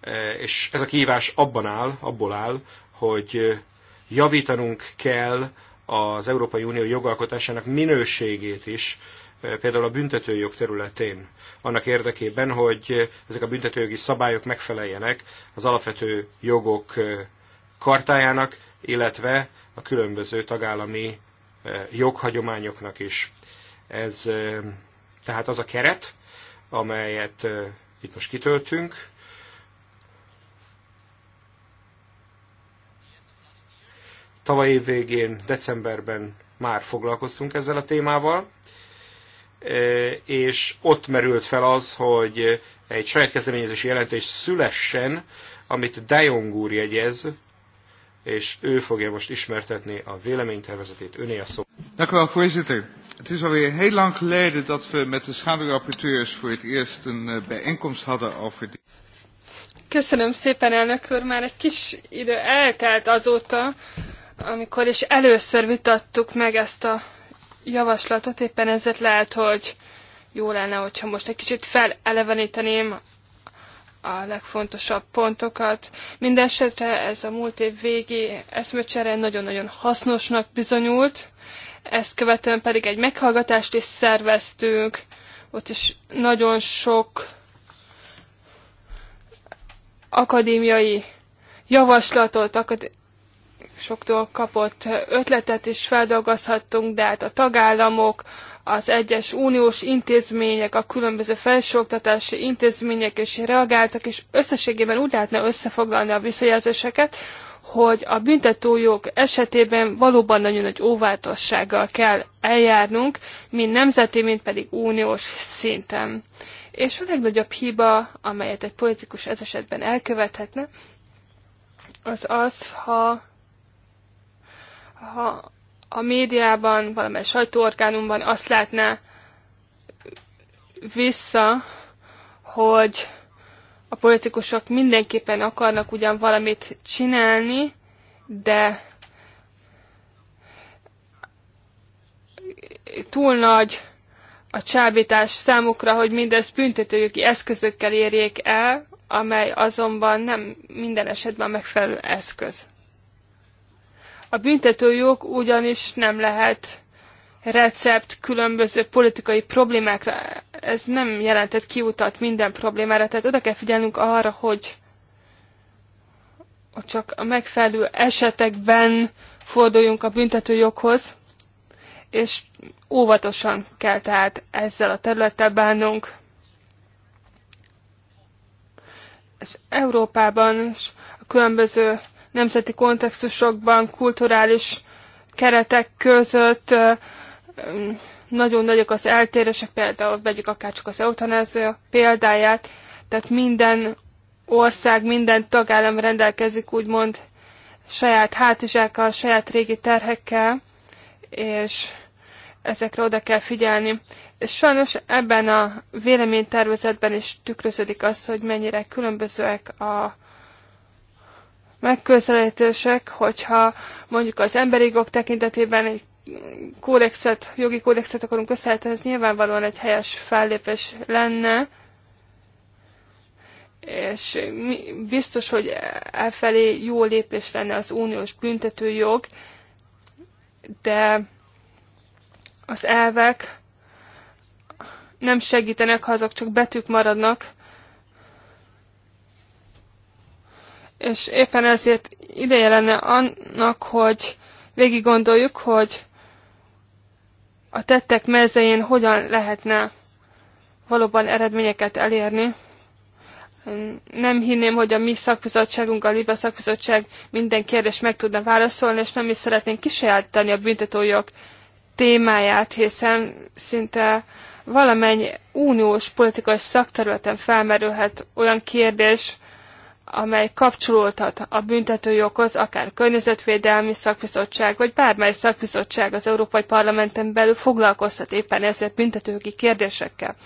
e, és ez a kihívás abban áll, abból áll, hogy javítanunk kell az Európai Unió jogalkotásának minőségét is, e, például a büntetőjog területén, annak érdekében, hogy ezek a büntetőjogi szabályok megfeleljenek az alapvető jogok e, kartájának, illetve a különböző tagállami joghagyományoknak is. Ez tehát az a keret, amelyet itt most kitöltünk, tavaly év végén, decemberben már foglalkoztunk ezzel a témával, és ott merült fel az, hogy egy saját kezdeményezési jelentés szülessen, amit Dajong úr jegyez, és ő fogja most ismertetni a véleménytervezetét. Öné a szó. Köszönöm, Het is alweer heel lang geleden dat we met de schaduwrapporteurs voor het eerst een eh, bijeenkomst hadden over dit. Köszönöm szépen, elnök úr. Már egy kis idő eltelt azóta, amikor is először vitattuk meg ezt a javaslatot, éppen ezért lehet, hogy jó lenne, hogyha most egy kicsit feleleveníteném a legfontosabb pontokat. Mindenesetre ez a múlt év végi eszmecsere nagyon-nagyon hasznosnak bizonyult, ezt követően pedig egy meghallgatást is szerveztünk, ott is nagyon sok akadémiai javaslatot, akad... soktól kapott ötletet is feldolgozhattunk, de hát a tagállamok, az egyes uniós intézmények, a különböző felsőoktatási intézmények is reagáltak, és összességében úgy lehetne összefoglalni a visszajelzéseket, hogy a büntetőjog esetében valóban nagyon nagy óvatossággal kell eljárnunk, mind nemzeti, mind pedig uniós szinten. És a legnagyobb hiba, amelyet egy politikus ez esetben elkövethetne, az az, ha, ha a médiában, valamely sajtóorgánumban azt látná vissza, hogy a politikusok mindenképpen akarnak ugyan valamit csinálni, de túl nagy a csábítás számukra, hogy mindezt büntetőjogi eszközökkel érjék el, amely azonban nem minden esetben megfelelő eszköz. A büntetőjog ugyanis nem lehet recept különböző politikai problémákra ez nem jelentett kiutat minden problémára, tehát oda kell figyelnünk arra, hogy csak a megfelelő esetekben forduljunk a büntetőjoghoz, és óvatosan kell tehát ezzel a területtel bánnunk. És Európában és a különböző nemzeti kontextusokban, kulturális keretek között nagyon nagyok az eltérések, például vegyük akár csak az eutanázia példáját, tehát minden ország, minden tagállam rendelkezik úgymond saját hátizsákkal, saját régi terhekkel, és ezekre oda kell figyelni. És sajnos ebben a véleménytervezetben is tükröződik az, hogy mennyire különbözőek a megközelítések, hogyha mondjuk az emberi jogok tekintetében egy kódexet, jogi kódexet akarunk összeállítani, ez nyilvánvalóan egy helyes fellépés lenne, és biztos, hogy elfelé jó lépés lenne az uniós büntetőjog, de az elvek nem segítenek, ha azok csak betűk maradnak, és éppen ezért ideje lenne annak, hogy végig gondoljuk, hogy a tettek mezején hogyan lehetne valóban eredményeket elérni. Nem hinném, hogy a mi szakbizottságunk, a Liba szakbizottság minden kérdést meg tudna válaszolni, és nem is szeretnénk kisajátítani a büntetőjog témáját, hiszen szinte valamennyi uniós politikai szakterületen felmerülhet olyan kérdés, amely kapcsolódhat a büntetőjoghoz, akár a környezetvédelmi szakbizottság, vagy bármely szakbizottság az Európai Parlamenten belül foglalkozhat éppen ezért büntetőjogi kérdésekkel.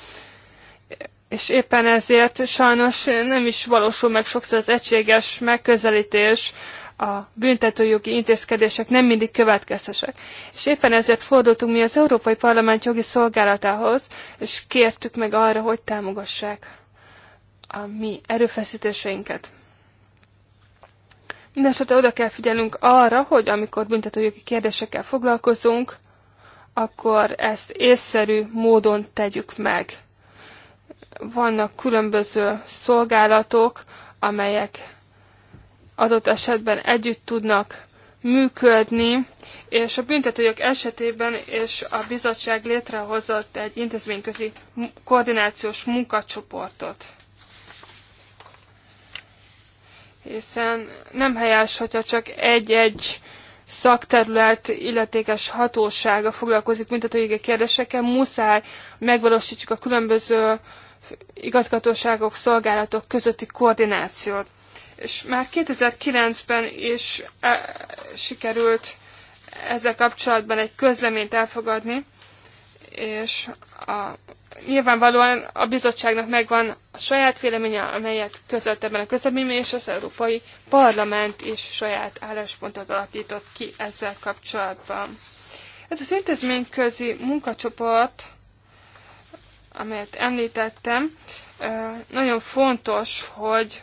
És éppen ezért sajnos nem is valósul meg sokszor az egységes megközelítés, a büntetőjogi intézkedések nem mindig következtesek. És éppen ezért fordultunk mi az Európai Parlament jogi szolgálatához, és kértük meg arra, hogy támogassák a mi erőfeszítéseinket. Mindenesetre oda kell figyelnünk arra, hogy amikor büntetőjogi kérdésekkel foglalkozunk, akkor ezt észszerű módon tegyük meg. Vannak különböző szolgálatok, amelyek adott esetben együtt tudnak működni, és a büntetőjog esetében és a bizottság létrehozott egy intézményközi koordinációs munkacsoportot hiszen nem helyes, hogyha csak egy-egy szakterület illetékes hatósága foglalkozik büntetőjogi kérdésekkel, muszáj megvalósítsuk a különböző igazgatóságok, szolgálatok közötti koordinációt. És már 2009-ben is e, sikerült ezzel kapcsolatban egy közleményt elfogadni, és a nyilvánvalóan a bizottságnak megvan a saját véleménye, amelyet közölt ebben a közleményben, és az Európai Parlament is saját álláspontot alapított ki ezzel kapcsolatban. Ez az intézményközi munkacsoport, amelyet említettem, nagyon fontos, hogy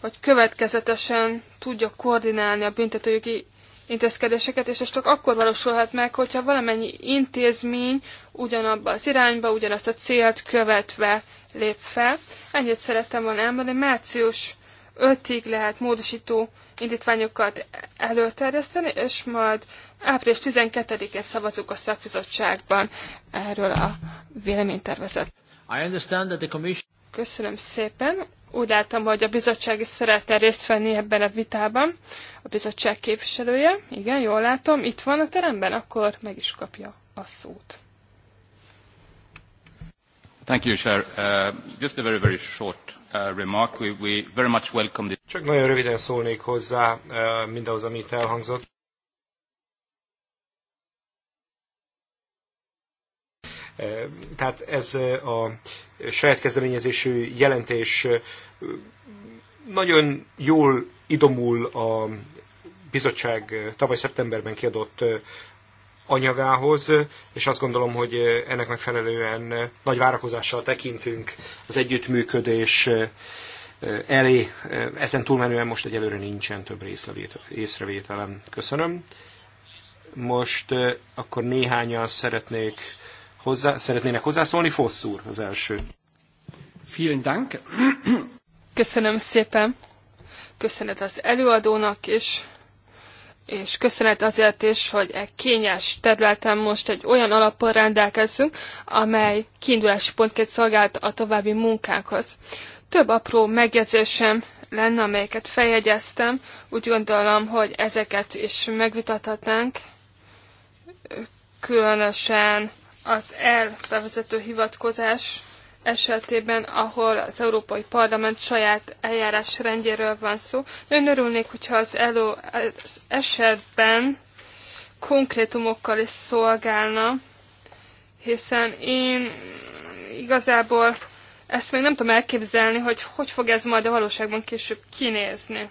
hogy következetesen tudja koordinálni a büntetőjogi intézkedéseket, és ez csak akkor valósulhat meg, hogyha valamennyi intézmény ugyanabba az irányba, ugyanazt a célt követve lép fel. Ennyit szerettem volna elmondani. Március 5-ig lehet módosító indítványokat előterjeszteni, és majd április 12-én szavazunk a szakbizottságban erről a véleménytervezet. Commission... Köszönöm szépen úgy látom, hogy a bizottság is szeretne részt venni ebben a vitában. A bizottság képviselője, igen, jól látom, itt van a teremben, akkor meg is kapja a szót. Thank you, Chair. Uh, just a very, very short uh, remark. We, we very much welcome the... Csak nagyon röviden szólnék hozzá uh, mindahhoz, amit elhangzott. Tehát ez a saját kezdeményezésű jelentés nagyon jól idomul a bizottság tavaly szeptemberben kiadott anyagához, és azt gondolom, hogy ennek megfelelően nagy várakozással tekintünk az együttműködés elé. Ezen túlmenően most egyelőre nincsen több észrevételem. Köszönöm. Most akkor néhányan szeretnék hozzá, szeretnének hozzászólni. Fossz úr az első. Vielen Dank. Köszönöm szépen. Köszönet az előadónak is, és köszönet azért is, hogy egy kényes területen most egy olyan alapon rendelkezünk, amely kiindulási pontként szolgált a további munkánkhoz. Több apró megjegyzésem lenne, amelyeket feljegyeztem. Úgy gondolom, hogy ezeket is megvitathatnánk, különösen az bevezető hivatkozás esetében, ahol az Európai Parlament saját eljárás rendjéről van szó. Ön örülnék, hogyha az, elő, az esetben konkrétumokkal is szolgálna, hiszen én igazából ezt még nem tudom elképzelni, hogy hogy fog ez majd a valóságban később kinézni.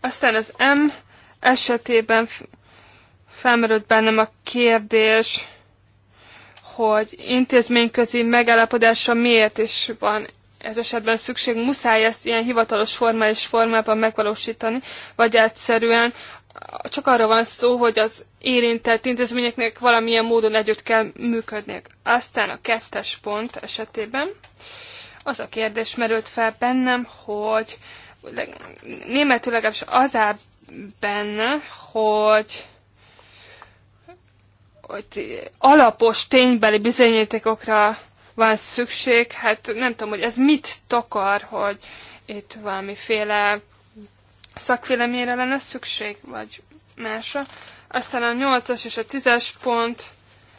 Aztán az M esetében felmerült bennem a kérdés, hogy intézményközi megállapodásra miért is van ez esetben szükség, muszáj ezt ilyen hivatalos formális formában megvalósítani, vagy egyszerűen csak arra van szó, hogy az érintett intézményeknek valamilyen módon együtt kell működniük. Aztán a kettes pont esetében az a kérdés merült fel bennem, hogy németül legalábbis az áll benne, hogy alapos ténybeli bizonyítékokra van szükség, hát nem tudom, hogy ez mit takar, hogy itt valamiféle szakvéleményre lenne szükség, vagy másra. Aztán a 8-as és a 10-es pont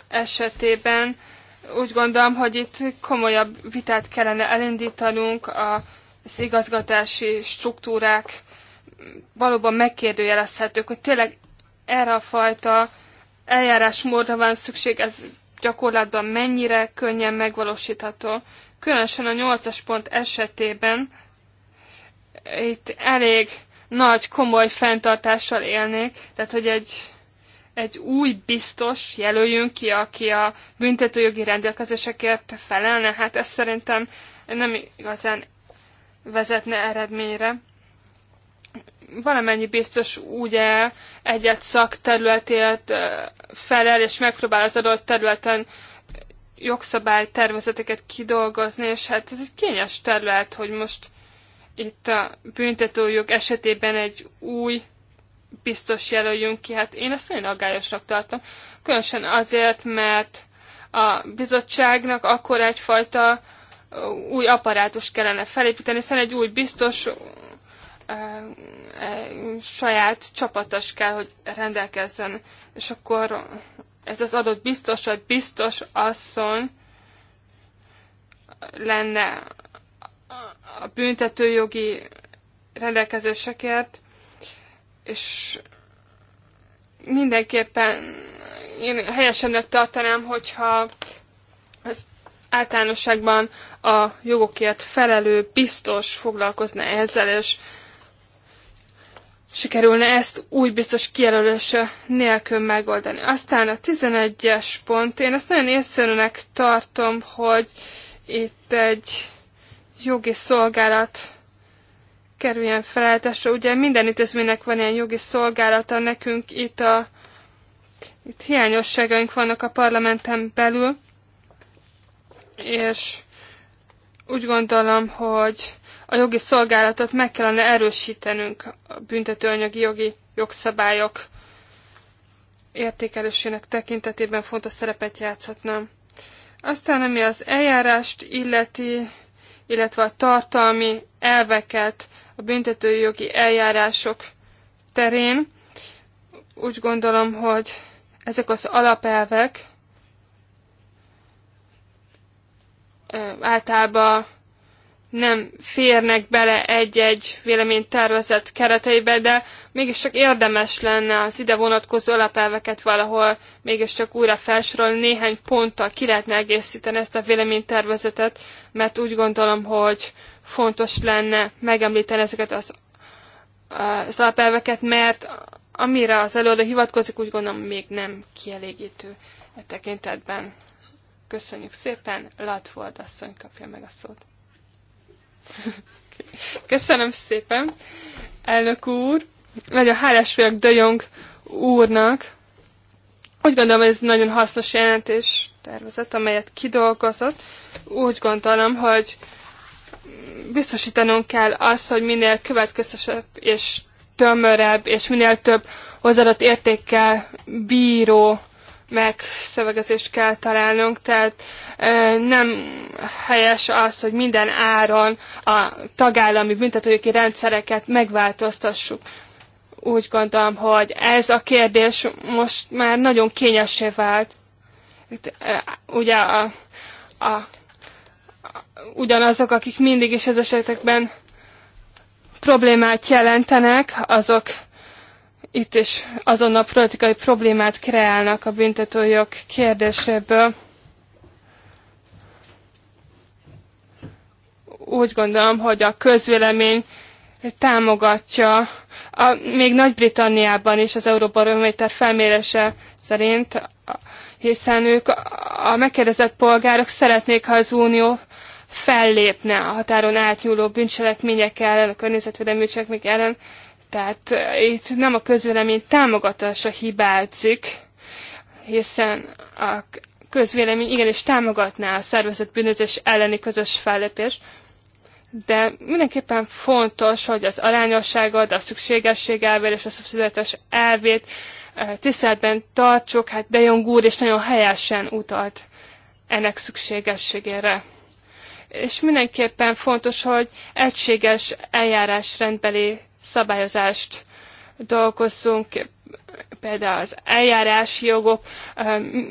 esetében úgy gondolom, hogy itt komolyabb vitát kellene elindítanunk az igazgatási struktúrák valóban megkérdőjelezhetők, hogy tényleg erre a fajta eljárásmódra van szükség, ez gyakorlatban mennyire könnyen megvalósítható. Különösen a nyolcas pont esetében itt elég nagy, komoly fenntartással élnék, tehát hogy egy, egy új biztos jelöljünk ki, aki a büntetőjogi rendelkezésekért felelne, hát ez szerintem nem igazán vezetne eredményre valamennyi biztos ugye egyet szakterületét felel, és megpróbál az adott területen jogszabály tervezeteket kidolgozni, és hát ez egy kényes terület, hogy most itt a büntetőjog esetében egy új biztos jelöljünk ki. Hát én ezt nagyon aggályosnak tartom. Különösen azért, mert a bizottságnak akkor egyfajta új apparátus kellene felépíteni, hiszen egy új biztos saját csapatos kell, hogy rendelkezzen. És akkor ez az adott biztos vagy biztos asszony lenne a büntetőjogi rendelkezésekért, és mindenképpen én helyesebbnek tartanám, hogyha az általánosságban a jogokért felelő biztos foglalkozna ezzel, és sikerülne ezt úgy biztos kijelölése nélkül megoldani. Aztán a 11-es pont, én ezt nagyon észszerűnek tartom, hogy itt egy jogi szolgálat kerüljen felállításra. Ugye minden intézménynek van ilyen jogi szolgálata, nekünk itt a itt hiányosságaink vannak a parlamenten belül, és úgy gondolom, hogy a jogi szolgálatot meg kellene erősítenünk a büntetőanyagi jogi jogszabályok értékelésének tekintetében fontos szerepet játszhatnám. Aztán ami az eljárást illeti, illetve a tartalmi elveket a jogi eljárások terén, úgy gondolom, hogy ezek az alapelvek általában nem férnek bele egy-egy véleménytervezet kereteibe, de mégiscsak érdemes lenne az ide vonatkozó alapelveket valahol mégiscsak újra felsorolni, néhány ponttal ki lehetne egészíteni ezt a véleménytervezetet, mert úgy gondolom, hogy fontos lenne megemlíteni ezeket az, az alapelveket, mert amire az előadó hivatkozik, úgy gondolom még nem kielégítő e tekintetben. Köszönjük szépen, Latford asszony kapja meg a szót. Köszönöm szépen, elnök úr. Nagyon hálás vagyok Döjong úrnak. Úgy gondolom, hogy ez nagyon hasznos jelentés tervezet, amelyet kidolgozott. Úgy gondolom, hogy biztosítanunk kell azt, hogy minél következősebb és tömörebb, és minél több hozzáadott értékkel bíró megszövegezést kell találnunk, tehát nem helyes az, hogy minden áron a tagállami büntetőjogi rendszereket megváltoztassuk. Úgy gondolom, hogy ez a kérdés most már nagyon kényessé vált. Ugye a, a, ugyanazok, akik mindig is ez esetekben problémát jelentenek, azok itt is azonnal politikai problémát kreálnak a büntetőjog kérdéséből. Úgy gondolom, hogy a közvélemény támogatja a, még Nagy-Britanniában is az Euróbarométer felmérése szerint, hiszen ők a megkérdezett polgárok szeretnék, ha az Unió fellépne a határon átnyúló bűncselekmények ellen, a környezetvédelmi bűncselekmények ellen, tehát itt nem a közvélemény támogatása hibázik, hiszen a közvélemény igenis támogatná a szervezett bűnözés elleni közös fellépés, de mindenképpen fontos, hogy az arányosságot, a szükségesség elvét és a szubszidatás elvét tiszteletben tartsuk, hát De Jong úr is nagyon helyesen utalt ennek szükségességére. És mindenképpen fontos, hogy egységes eljárás rendbeli szabályozást dolgozzunk, például az eljárási jogok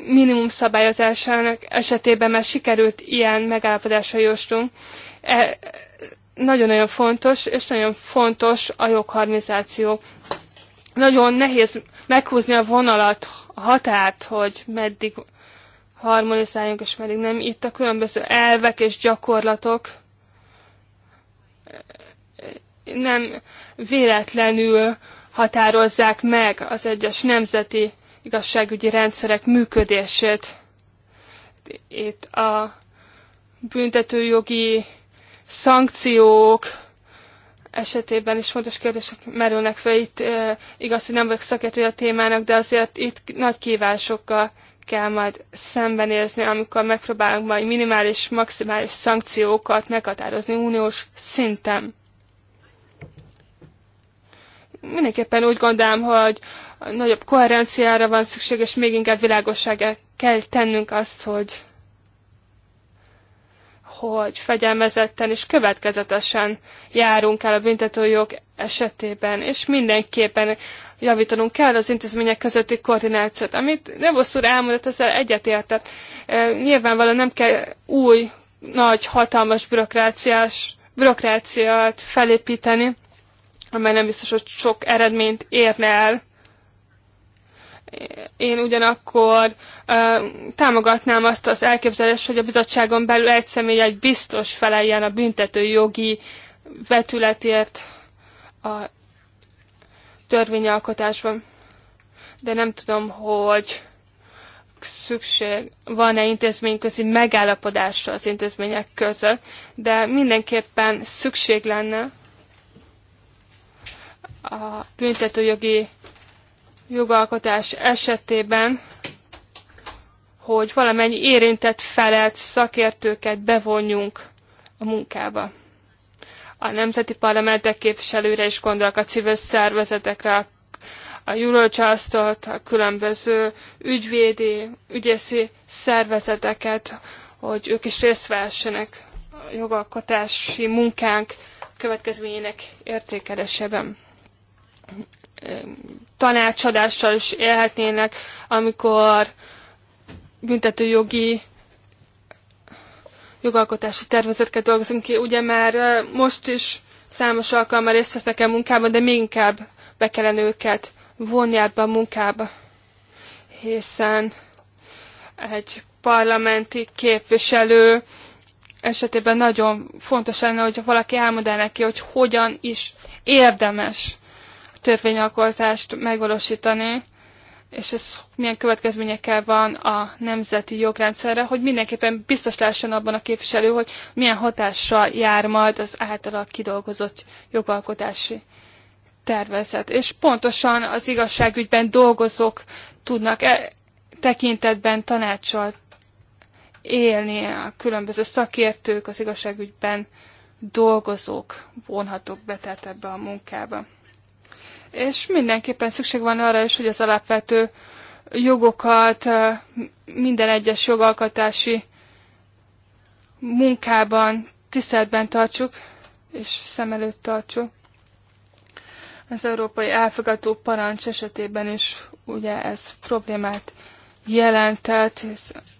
minimum szabályozásának esetében már sikerült ilyen megállapodásra justunk. E, nagyon-nagyon fontos, és nagyon fontos a jogharmonizáció. Nagyon nehéz meghúzni a vonalat, a határt, hogy meddig harmonizáljunk, és meddig nem. Itt a különböző elvek és gyakorlatok nem véletlenül határozzák meg az egyes nemzeti igazságügyi rendszerek működését. Itt a büntetőjogi szankciók esetében is fontos kérdések merülnek fel. Itt e, igaz, hogy nem vagyok szakértője a témának, de azért itt nagy kívásokkal kell majd szembenézni, amikor megpróbálunk majd minimális, maximális szankciókat meghatározni uniós szinten mindenképpen úgy gondolom, hogy nagyobb koherenciára van szükség, és még inkább világosságra kell tennünk azt, hogy hogy fegyelmezetten és következetesen járunk el a büntetőjog esetében, és mindenképpen javítanunk kell az intézmények közötti koordinációt. Amit nem hosszúr elmondott, ezzel egyetértett. Nyilvánvalóan nem kell új, nagy, hatalmas bürokráciás, bürokráciát felépíteni, amely nem biztos, hogy sok eredményt érne el. Én ugyanakkor uh, támogatnám azt az elképzelést, hogy a bizottságon belül egy személy egy biztos feleljen a büntető jogi vetületért a törvényalkotásban. De nem tudom, hogy szükség van-e intézményközi megállapodásra az intézmények között, de mindenképpen szükség lenne a büntetőjogi jogalkotás esetében, hogy valamennyi érintett felett szakértőket bevonjunk a munkába. A nemzeti parlamentek képviselőre is gondolok, a civil szervezetekre, a a a különböző ügyvédi, ügyészi szervezeteket, hogy ők is részt vehessenek a jogalkotási munkánk következményének értékelésében tanácsadással is élhetnének, amikor büntetőjogi jogalkotási tervezetket dolgozunk ki. Ugye már most is számos alkalommal részt veszek el munkában, de még inkább be kellene őket vonni ebbe a munkába, hiszen egy parlamenti képviselő esetében nagyon fontos lenne, hogyha valaki elmondaná neki, hogy hogyan is érdemes törvényalkotást megvalósítani, és ez milyen következményekkel van a nemzeti jogrendszerre, hogy mindenképpen biztos lásson abban a képviselő, hogy milyen hatással jár majd az általa kidolgozott jogalkotási tervezet. És pontosan az igazságügyben dolgozók tudnak e tekintetben tanácsol élni a különböző szakértők, az igazságügyben dolgozók vonhatók be tehát ebbe a munkába és mindenképpen szükség van arra is, hogy az alapvető jogokat minden egyes jogalkotási munkában tiszteletben tartsuk, és szem előtt tartsuk. Az európai elfogadó parancs esetében is ugye ez problémát jelentett,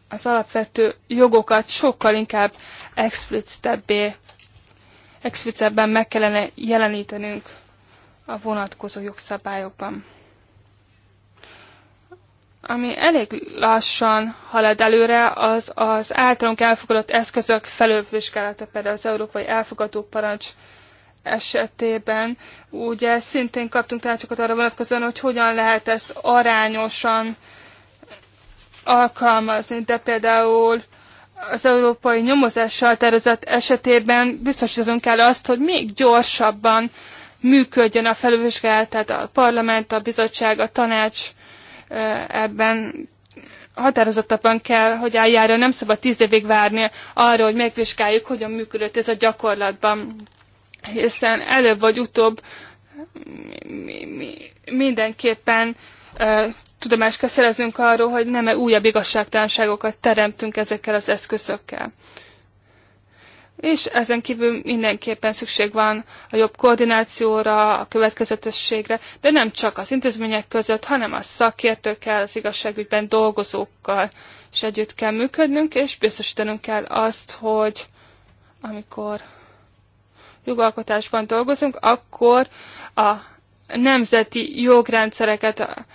az alapvető jogokat sokkal inkább explicitebbé, explicitebben meg kellene jelenítenünk a vonatkozó jogszabályokban. Ami elég lassan halad előre, az az általunk elfogadott eszközök felülvizsgálata, például az Európai Elfogadó Parancs esetében. Ugye szintén kaptunk tanácsokat arra vonatkozóan, hogy hogyan lehet ezt arányosan alkalmazni, de például az európai nyomozással tervezett esetében biztosítanunk kell azt, hogy még gyorsabban működjön a felülvizsgálat, tehát a parlament, a bizottság, a tanács ebben határozottabban kell, hogy eljárjon, nem szabad tíz évig várni arra, hogy megvizsgáljuk, hogyan működött ez a gyakorlatban. Hiszen előbb vagy utóbb mindenképpen tudomást kell szereznünk arról, hogy nem -e újabb igazságtalanságokat teremtünk ezekkel az eszközökkel és ezen kívül mindenképpen szükség van a jobb koordinációra, a következetességre, de nem csak az intézmények között, hanem a szakértőkkel, az igazságügyben dolgozókkal is együtt kell működnünk, és biztosítanunk kell azt, hogy amikor jogalkotásban dolgozunk, akkor a nemzeti jogrendszereket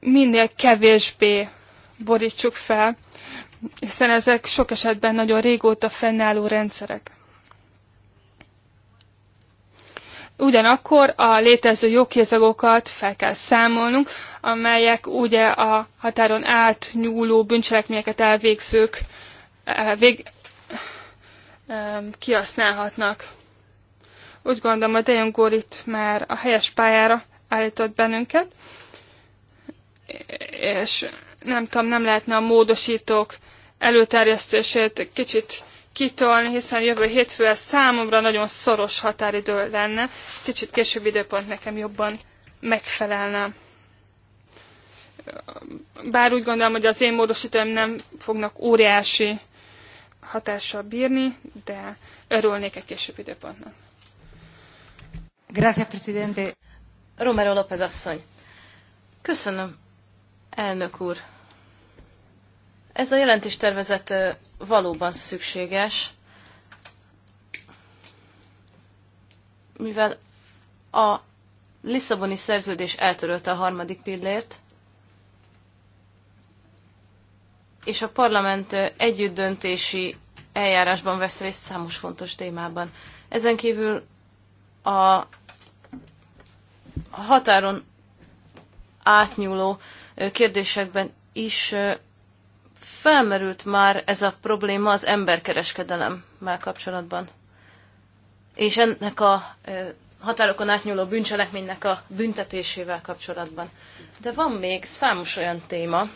minél kevésbé borítsuk fel, hiszen ezek sok esetben nagyon régóta fennálló rendszerek. Ugyanakkor a létező jogkézagokat fel kell számolnunk, amelyek ugye a határon átnyúló bűncselekményeket elvégzők vég, kihasználhatnak. Úgy gondolom, a Dejan Gorit már a helyes pályára állított bennünket, és nem tudom, nem lehetne a módosítók előterjesztését kicsit kitolni, hiszen jövő hétfő ez számomra nagyon szoros határidő lenne. Kicsit később időpont nekem jobban megfelelne. Bár úgy gondolom, hogy az én módosítóim nem fognak óriási hatással bírni, de örülnék egy később időpontnak. Gracias, presidente. Romero López asszony. Köszönöm, elnök úr. Ez a jelentéstervezet valóban szükséges, mivel a Lisszaboni szerződés eltörölte a harmadik pillért, és a parlament együttdöntési eljárásban vesz részt számos fontos témában. Ezen kívül a határon átnyúló kérdésekben is felmerült már ez a probléma az emberkereskedelemmel kapcsolatban. És ennek a határokon átnyúló bűncselekménynek a büntetésével kapcsolatban. De van még számos olyan téma,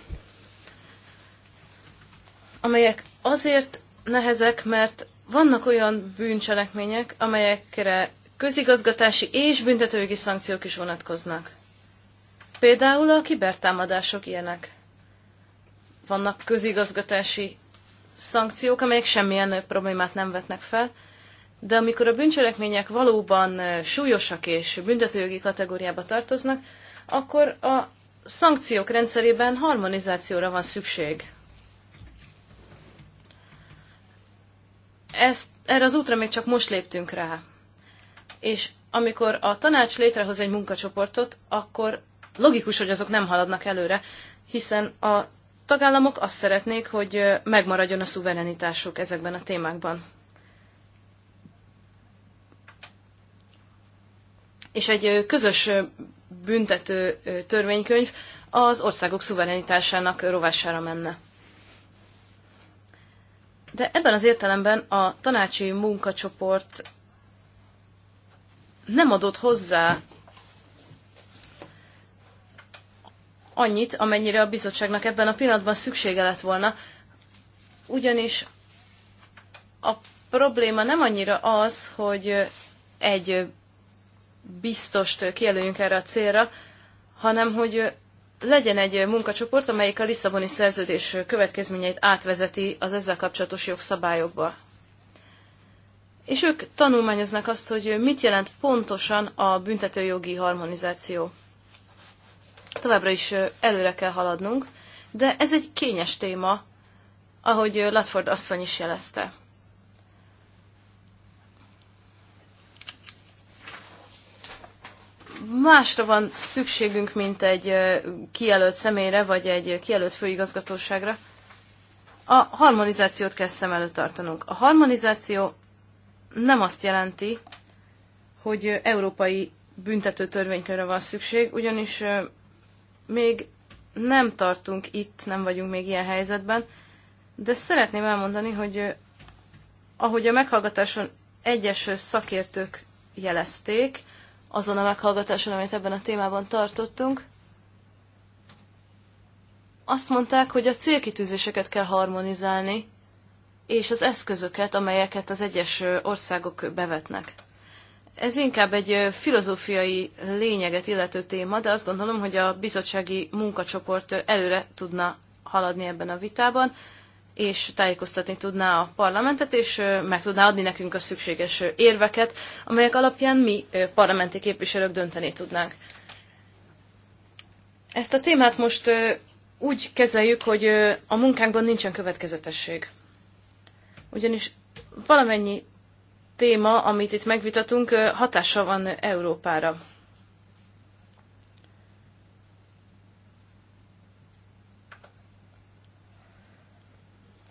amelyek azért nehezek, mert vannak olyan bűncselekmények, amelyekre közigazgatási és büntetőjogi szankciók is vonatkoznak. Például a kibertámadások ilyenek vannak közigazgatási szankciók, amelyek semmilyen problémát nem vetnek fel, de amikor a bűncselekmények valóban súlyosak és büntetőjogi kategóriába tartoznak, akkor a szankciók rendszerében harmonizációra van szükség. Ezt, erre az útra még csak most léptünk rá. És amikor a tanács létrehoz egy munkacsoportot, akkor logikus, hogy azok nem haladnak előre, hiszen a tagállamok azt szeretnék, hogy megmaradjon a szuverenitásuk ezekben a témákban. És egy közös büntető törvénykönyv az országok szuverenitásának rovására menne. De ebben az értelemben a tanácsi munkacsoport nem adott hozzá annyit, amennyire a bizottságnak ebben a pillanatban szüksége lett volna. Ugyanis a probléma nem annyira az, hogy egy biztost kijelöljünk erre a célra, hanem hogy legyen egy munkacsoport, amelyik a Lisszaboni szerződés következményeit átvezeti az ezzel kapcsolatos jogszabályokba. És ők tanulmányoznak azt, hogy mit jelent pontosan a büntetőjogi harmonizáció továbbra is előre kell haladnunk, de ez egy kényes téma, ahogy Latford asszony is jelezte. Másra van szükségünk, mint egy kijelölt személyre, vagy egy kijelölt főigazgatóságra. A harmonizációt kell szem előtt tartanunk. A harmonizáció nem azt jelenti, hogy európai büntető törvénykörre van szükség, ugyanis még nem tartunk itt, nem vagyunk még ilyen helyzetben, de szeretném elmondani, hogy ahogy a meghallgatáson egyes szakértők jelezték, azon a meghallgatáson, amit ebben a témában tartottunk, azt mondták, hogy a célkitűzéseket kell harmonizálni, és az eszközöket, amelyeket az egyes országok bevetnek. Ez inkább egy filozófiai lényeget illető téma, de azt gondolom, hogy a bizottsági munkacsoport előre tudna haladni ebben a vitában, és tájékoztatni tudná a parlamentet, és meg tudná adni nekünk a szükséges érveket, amelyek alapján mi parlamenti képviselők dönteni tudnánk. Ezt a témát most úgy kezeljük, hogy a munkánkban nincsen következetesség. Ugyanis valamennyi téma, amit itt megvitatunk, hatása van Európára.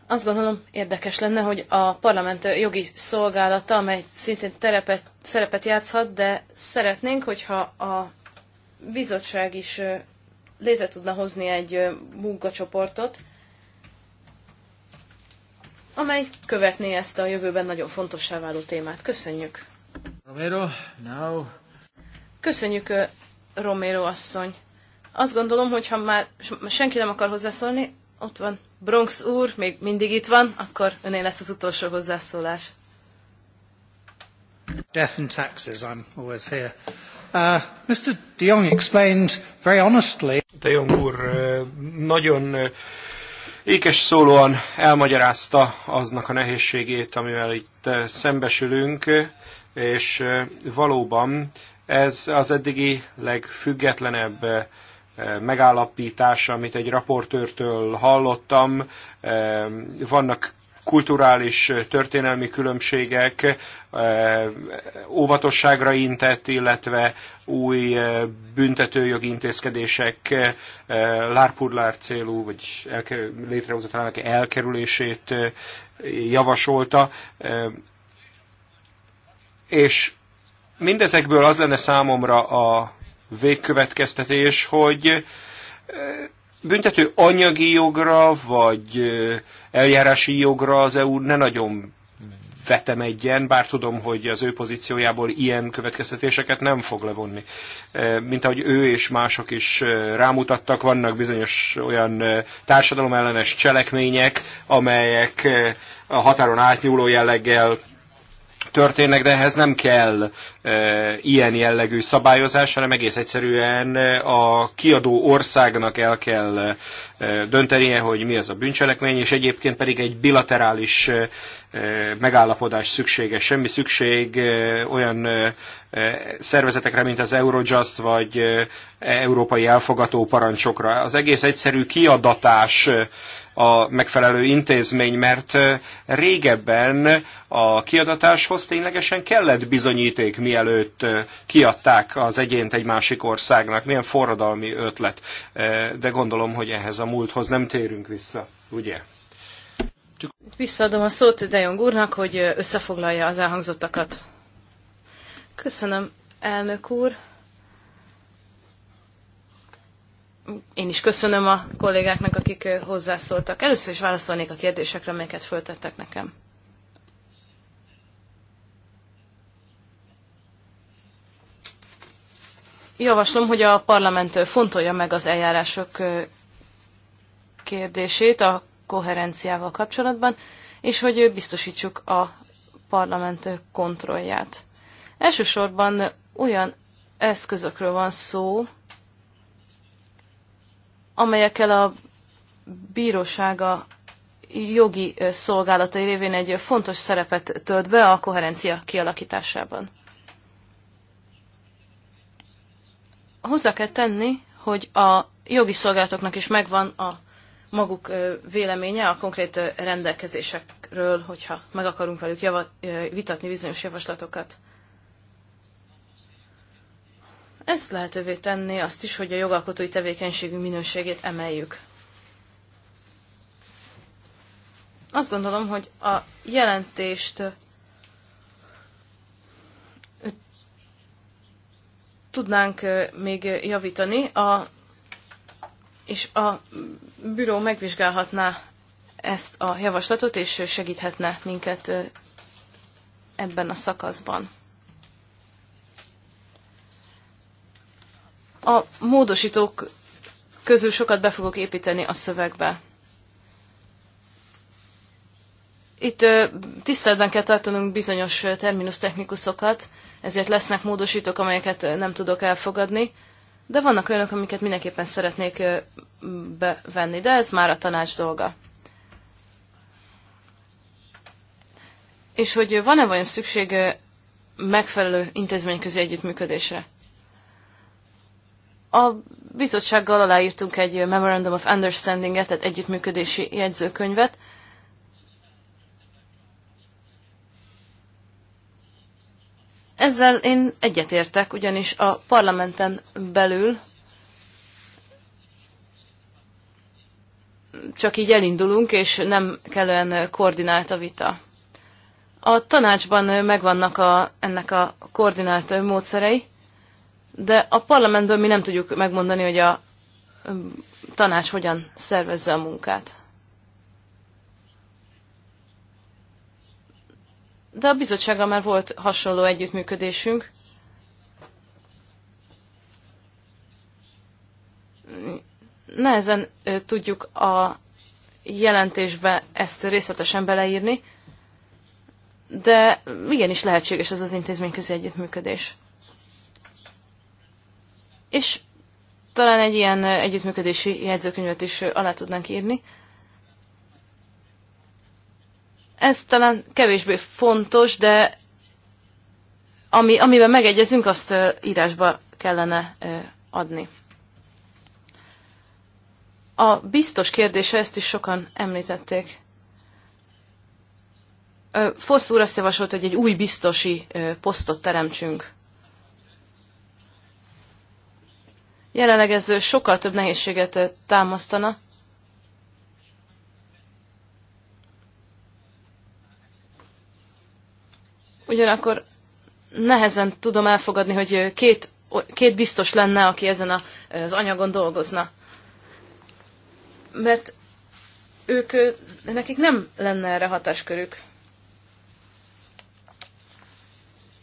Azt gondolom érdekes lenne, hogy a parlament jogi szolgálata, amely szintén terepet, szerepet játszhat, de szeretnénk, hogyha a bizottság is létre tudna hozni egy munkacsoportot, amely követné ezt a jövőben nagyon fontossá váló témát. Köszönjük! Romero, now. Köszönjük, Romero asszony. Azt gondolom, hogy ha már senki nem akar hozzászólni, ott van Bronx úr, még mindig itt van, akkor öné lesz az utolsó hozzászólás. Death and taxes, I'm always here. Uh, Mr. De Jong explained very honestly. De Jong úr nagyon ékes szólóan elmagyarázta aznak a nehézségét, amivel itt eh, szembesülünk, és eh, valóban ez az eddigi legfüggetlenebb eh, megállapítás, amit egy raportőrtől hallottam. Vannak kulturális, történelmi különbségek óvatosságra intett, illetve új büntetőjogi intézkedések lárpudlár célú, vagy létrehozatának elkerülését javasolta. És mindezekből az lenne számomra a végkövetkeztetés, hogy büntető anyagi jogra, vagy eljárási jogra az EU ne nagyon vetem egyen, bár tudom, hogy az ő pozíciójából ilyen következtetéseket nem fog levonni. Mint ahogy ő és mások is rámutattak, vannak bizonyos olyan társadalomellenes cselekmények, amelyek a határon átnyúló jelleggel történnek, de ehhez nem kell ilyen jellegű szabályozás, hanem egész egyszerűen a kiadó országnak el kell döntenie, hogy mi az a bűncselekmény, és egyébként pedig egy bilaterális megállapodás szükséges. Semmi szükség olyan szervezetekre, mint az Eurojust, vagy európai elfogató parancsokra. Az egész egyszerű kiadatás a megfelelő intézmény, mert régebben a kiadatáshoz ténylegesen kellett bizonyíték, mi mielőtt kiadták az egyént egy másik országnak. Milyen forradalmi ötlet. De gondolom, hogy ehhez a múlthoz nem térünk vissza, ugye? Visszaadom a szót Dejong úrnak, hogy összefoglalja az elhangzottakat. Köszönöm, elnök úr. Én is köszönöm a kollégáknak, akik hozzászóltak. Először is válaszolnék a kérdésekre, amelyeket föltettek nekem. javaslom, hogy a parlament fontolja meg az eljárások kérdését a koherenciával kapcsolatban, és hogy biztosítsuk a parlament kontrollját. Elsősorban olyan eszközökről van szó, amelyekkel a bírósága jogi szolgálatai révén egy fontos szerepet tölt be a koherencia kialakításában. hozzá kell tenni, hogy a jogi szolgálatoknak is megvan a maguk véleménye a konkrét rendelkezésekről, hogyha meg akarunk velük java, vitatni bizonyos javaslatokat. Ez lehetővé tenni azt is, hogy a jogalkotói tevékenységünk minőségét emeljük. Azt gondolom, hogy a jelentést tudnánk még javítani, a, és a büró megvizsgálhatná ezt a javaslatot, és segíthetne minket ebben a szakaszban. A módosítók közül sokat be fogok építeni a szövegbe. Itt tiszteletben kell tartanunk bizonyos terminus technikusokat, ezért lesznek módosítók, amelyeket nem tudok elfogadni, de vannak olyanok, amiket mindenképpen szeretnék bevenni, de ez már a tanács dolga. És hogy van-e vajon szükség megfelelő intézményközi együttműködésre? A bizottsággal aláírtunk egy Memorandum of Understanding-et, tehát együttműködési jegyzőkönyvet, Ezzel én egyetértek, ugyanis a parlamenten belül csak így elindulunk, és nem kellően koordinált a vita. A tanácsban megvannak a, ennek a koordinált módszerei, de a parlamentből mi nem tudjuk megmondani, hogy a mm, tanács hogyan szervezze a munkát. de a bizottsággal már volt hasonló együttműködésünk. Nehezen tudjuk a jelentésbe ezt részletesen beleírni, de igenis lehetséges ez az intézményközi együttműködés. És talán egy ilyen együttműködési jegyzőkönyvet is alá tudnánk írni, ez talán kevésbé fontos, de ami, amiben megegyezünk, azt írásba kellene adni. A biztos kérdése, ezt is sokan említették. Fosz úr azt javasolt, hogy egy új biztosi posztot teremtsünk. Jelenleg ez sokkal több nehézséget támasztana. Ugyanakkor nehezen tudom elfogadni, hogy két, két biztos lenne, aki ezen a, az anyagon dolgozna. Mert ők, nekik nem lenne erre hatáskörük.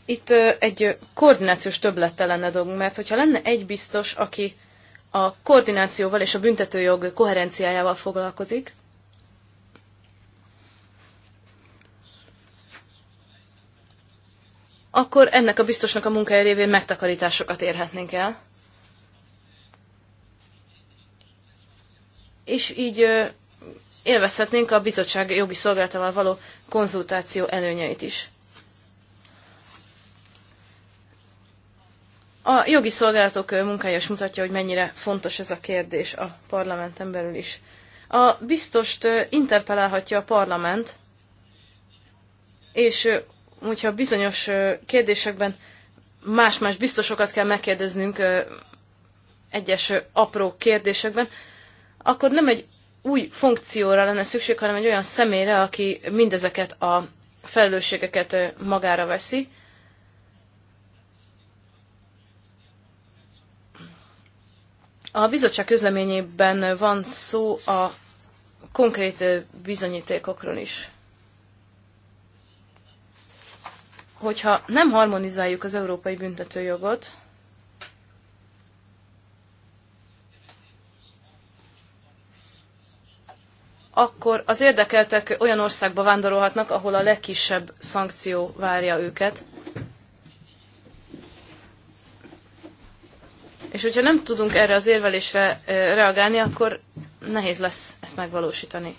Itt egy koordinációs többlettel lenne dolgunk, mert hogyha lenne egy biztos, aki a koordinációval és a büntetőjog koherenciájával foglalkozik, akkor ennek a biztosnak a munkája révén megtakarításokat érhetnénk el. És így élvezhetnénk a bizottság jogi szolgáltával való konzultáció előnyeit is. A jogi szolgálatok munkája is mutatja, hogy mennyire fontos ez a kérdés a parlamenten belül is. A biztost interpelálhatja a parlament, és hogyha bizonyos kérdésekben más-más biztosokat kell megkérdeznünk egyes apró kérdésekben, akkor nem egy új funkcióra lenne szükség, hanem egy olyan személyre, aki mindezeket a felelősségeket magára veszi. A bizottság közleményében van szó a konkrét bizonyítékokról is. hogyha nem harmonizáljuk az európai büntetőjogot, akkor az érdekeltek olyan országba vándorolhatnak, ahol a legkisebb szankció várja őket. És hogyha nem tudunk erre az érvelésre eh, reagálni, akkor nehéz lesz ezt megvalósítani.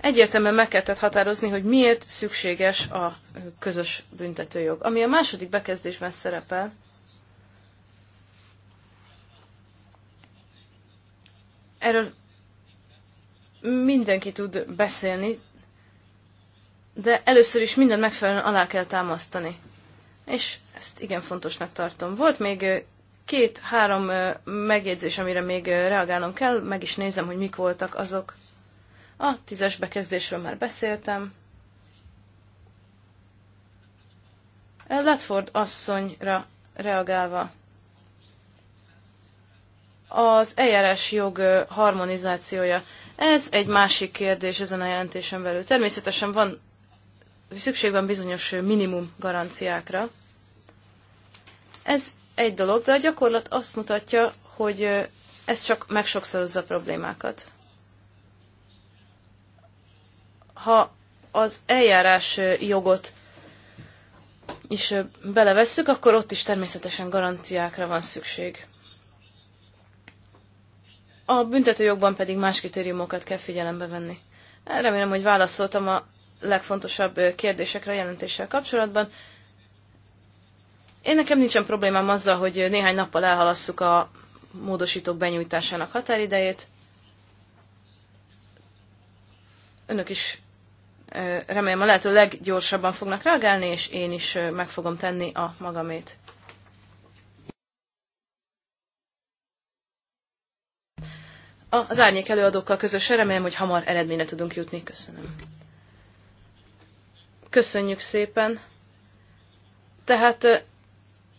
Egyértelműen meg kellett határozni, hogy miért szükséges a közös büntetőjog. Ami a második bekezdésben szerepel, erről mindenki tud beszélni, de először is mindent megfelelően alá kell támasztani. És ezt igen fontosnak tartom. Volt még két-három megjegyzés, amire még reagálnom kell, meg is nézem, hogy mik voltak azok. A tízes bekezdésről már beszéltem. Ledford asszonyra reagálva. Az eljárás jog harmonizációja. Ez egy másik kérdés ezen a jelentésen belül. Természetesen van szükség van bizonyos minimum garanciákra. Ez egy dolog, de a gyakorlat azt mutatja, hogy ez csak megsokszorozza problémákat ha az eljárás jogot is belevesszük, akkor ott is természetesen garanciákra van szükség. A büntetőjogban pedig más kritériumokat kell figyelembe venni. Remélem, hogy válaszoltam a legfontosabb kérdésekre a jelentéssel kapcsolatban. Én nekem nincsen problémám azzal, hogy néhány nappal elhalasszuk a módosítók benyújtásának határidejét. Önök is remélem a lehető leggyorsabban fognak reagálni, és én is meg fogom tenni a magamét. Az árnyék előadókkal közösen remélem, hogy hamar eredményre tudunk jutni. Köszönöm. Köszönjük szépen. Tehát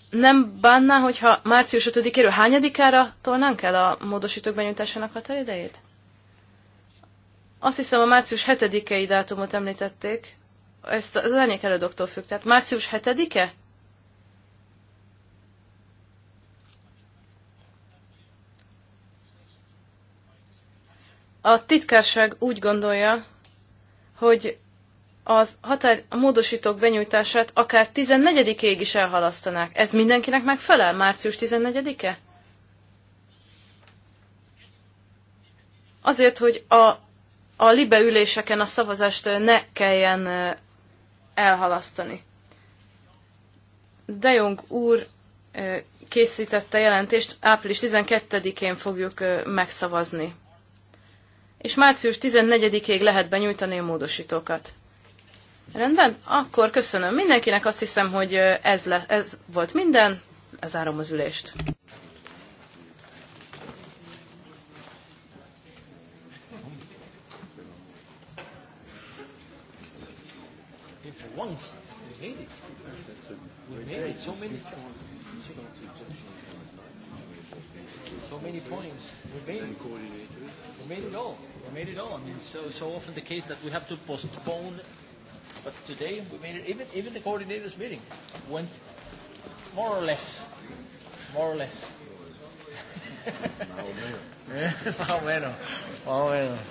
nem bánná, hogyha március 5-éről hányadikára tolnánk el a módosítók benyújtásának határidejét? Azt hiszem a március 7-i dátumot említették. Ezt az árnyék elődoktól függ. Tehát március 7-e? A titkárság úgy gondolja, hogy az határ a módosítók benyújtását akár 14-ig is elhalasztanák. Ez mindenkinek megfelel? Március 14-e? Azért, hogy a a libe üléseken a szavazást ne kelljen elhalasztani. De Jong úr készítette jelentést, április 12-én fogjuk megszavazni. És március 14-ig lehet benyújtani a módosítókat. Rendben? Akkor köszönöm mindenkinek, azt hiszem, hogy ez, le, ez volt minden, lezárom az ülést. once. We made it. We made it. So many. So many points. We made it. We made it all. We made it all. I mean, so so often the case that we have to postpone. But today we made it. Even even the coordinators' meeting went more or less, more or less. Más o menos. Más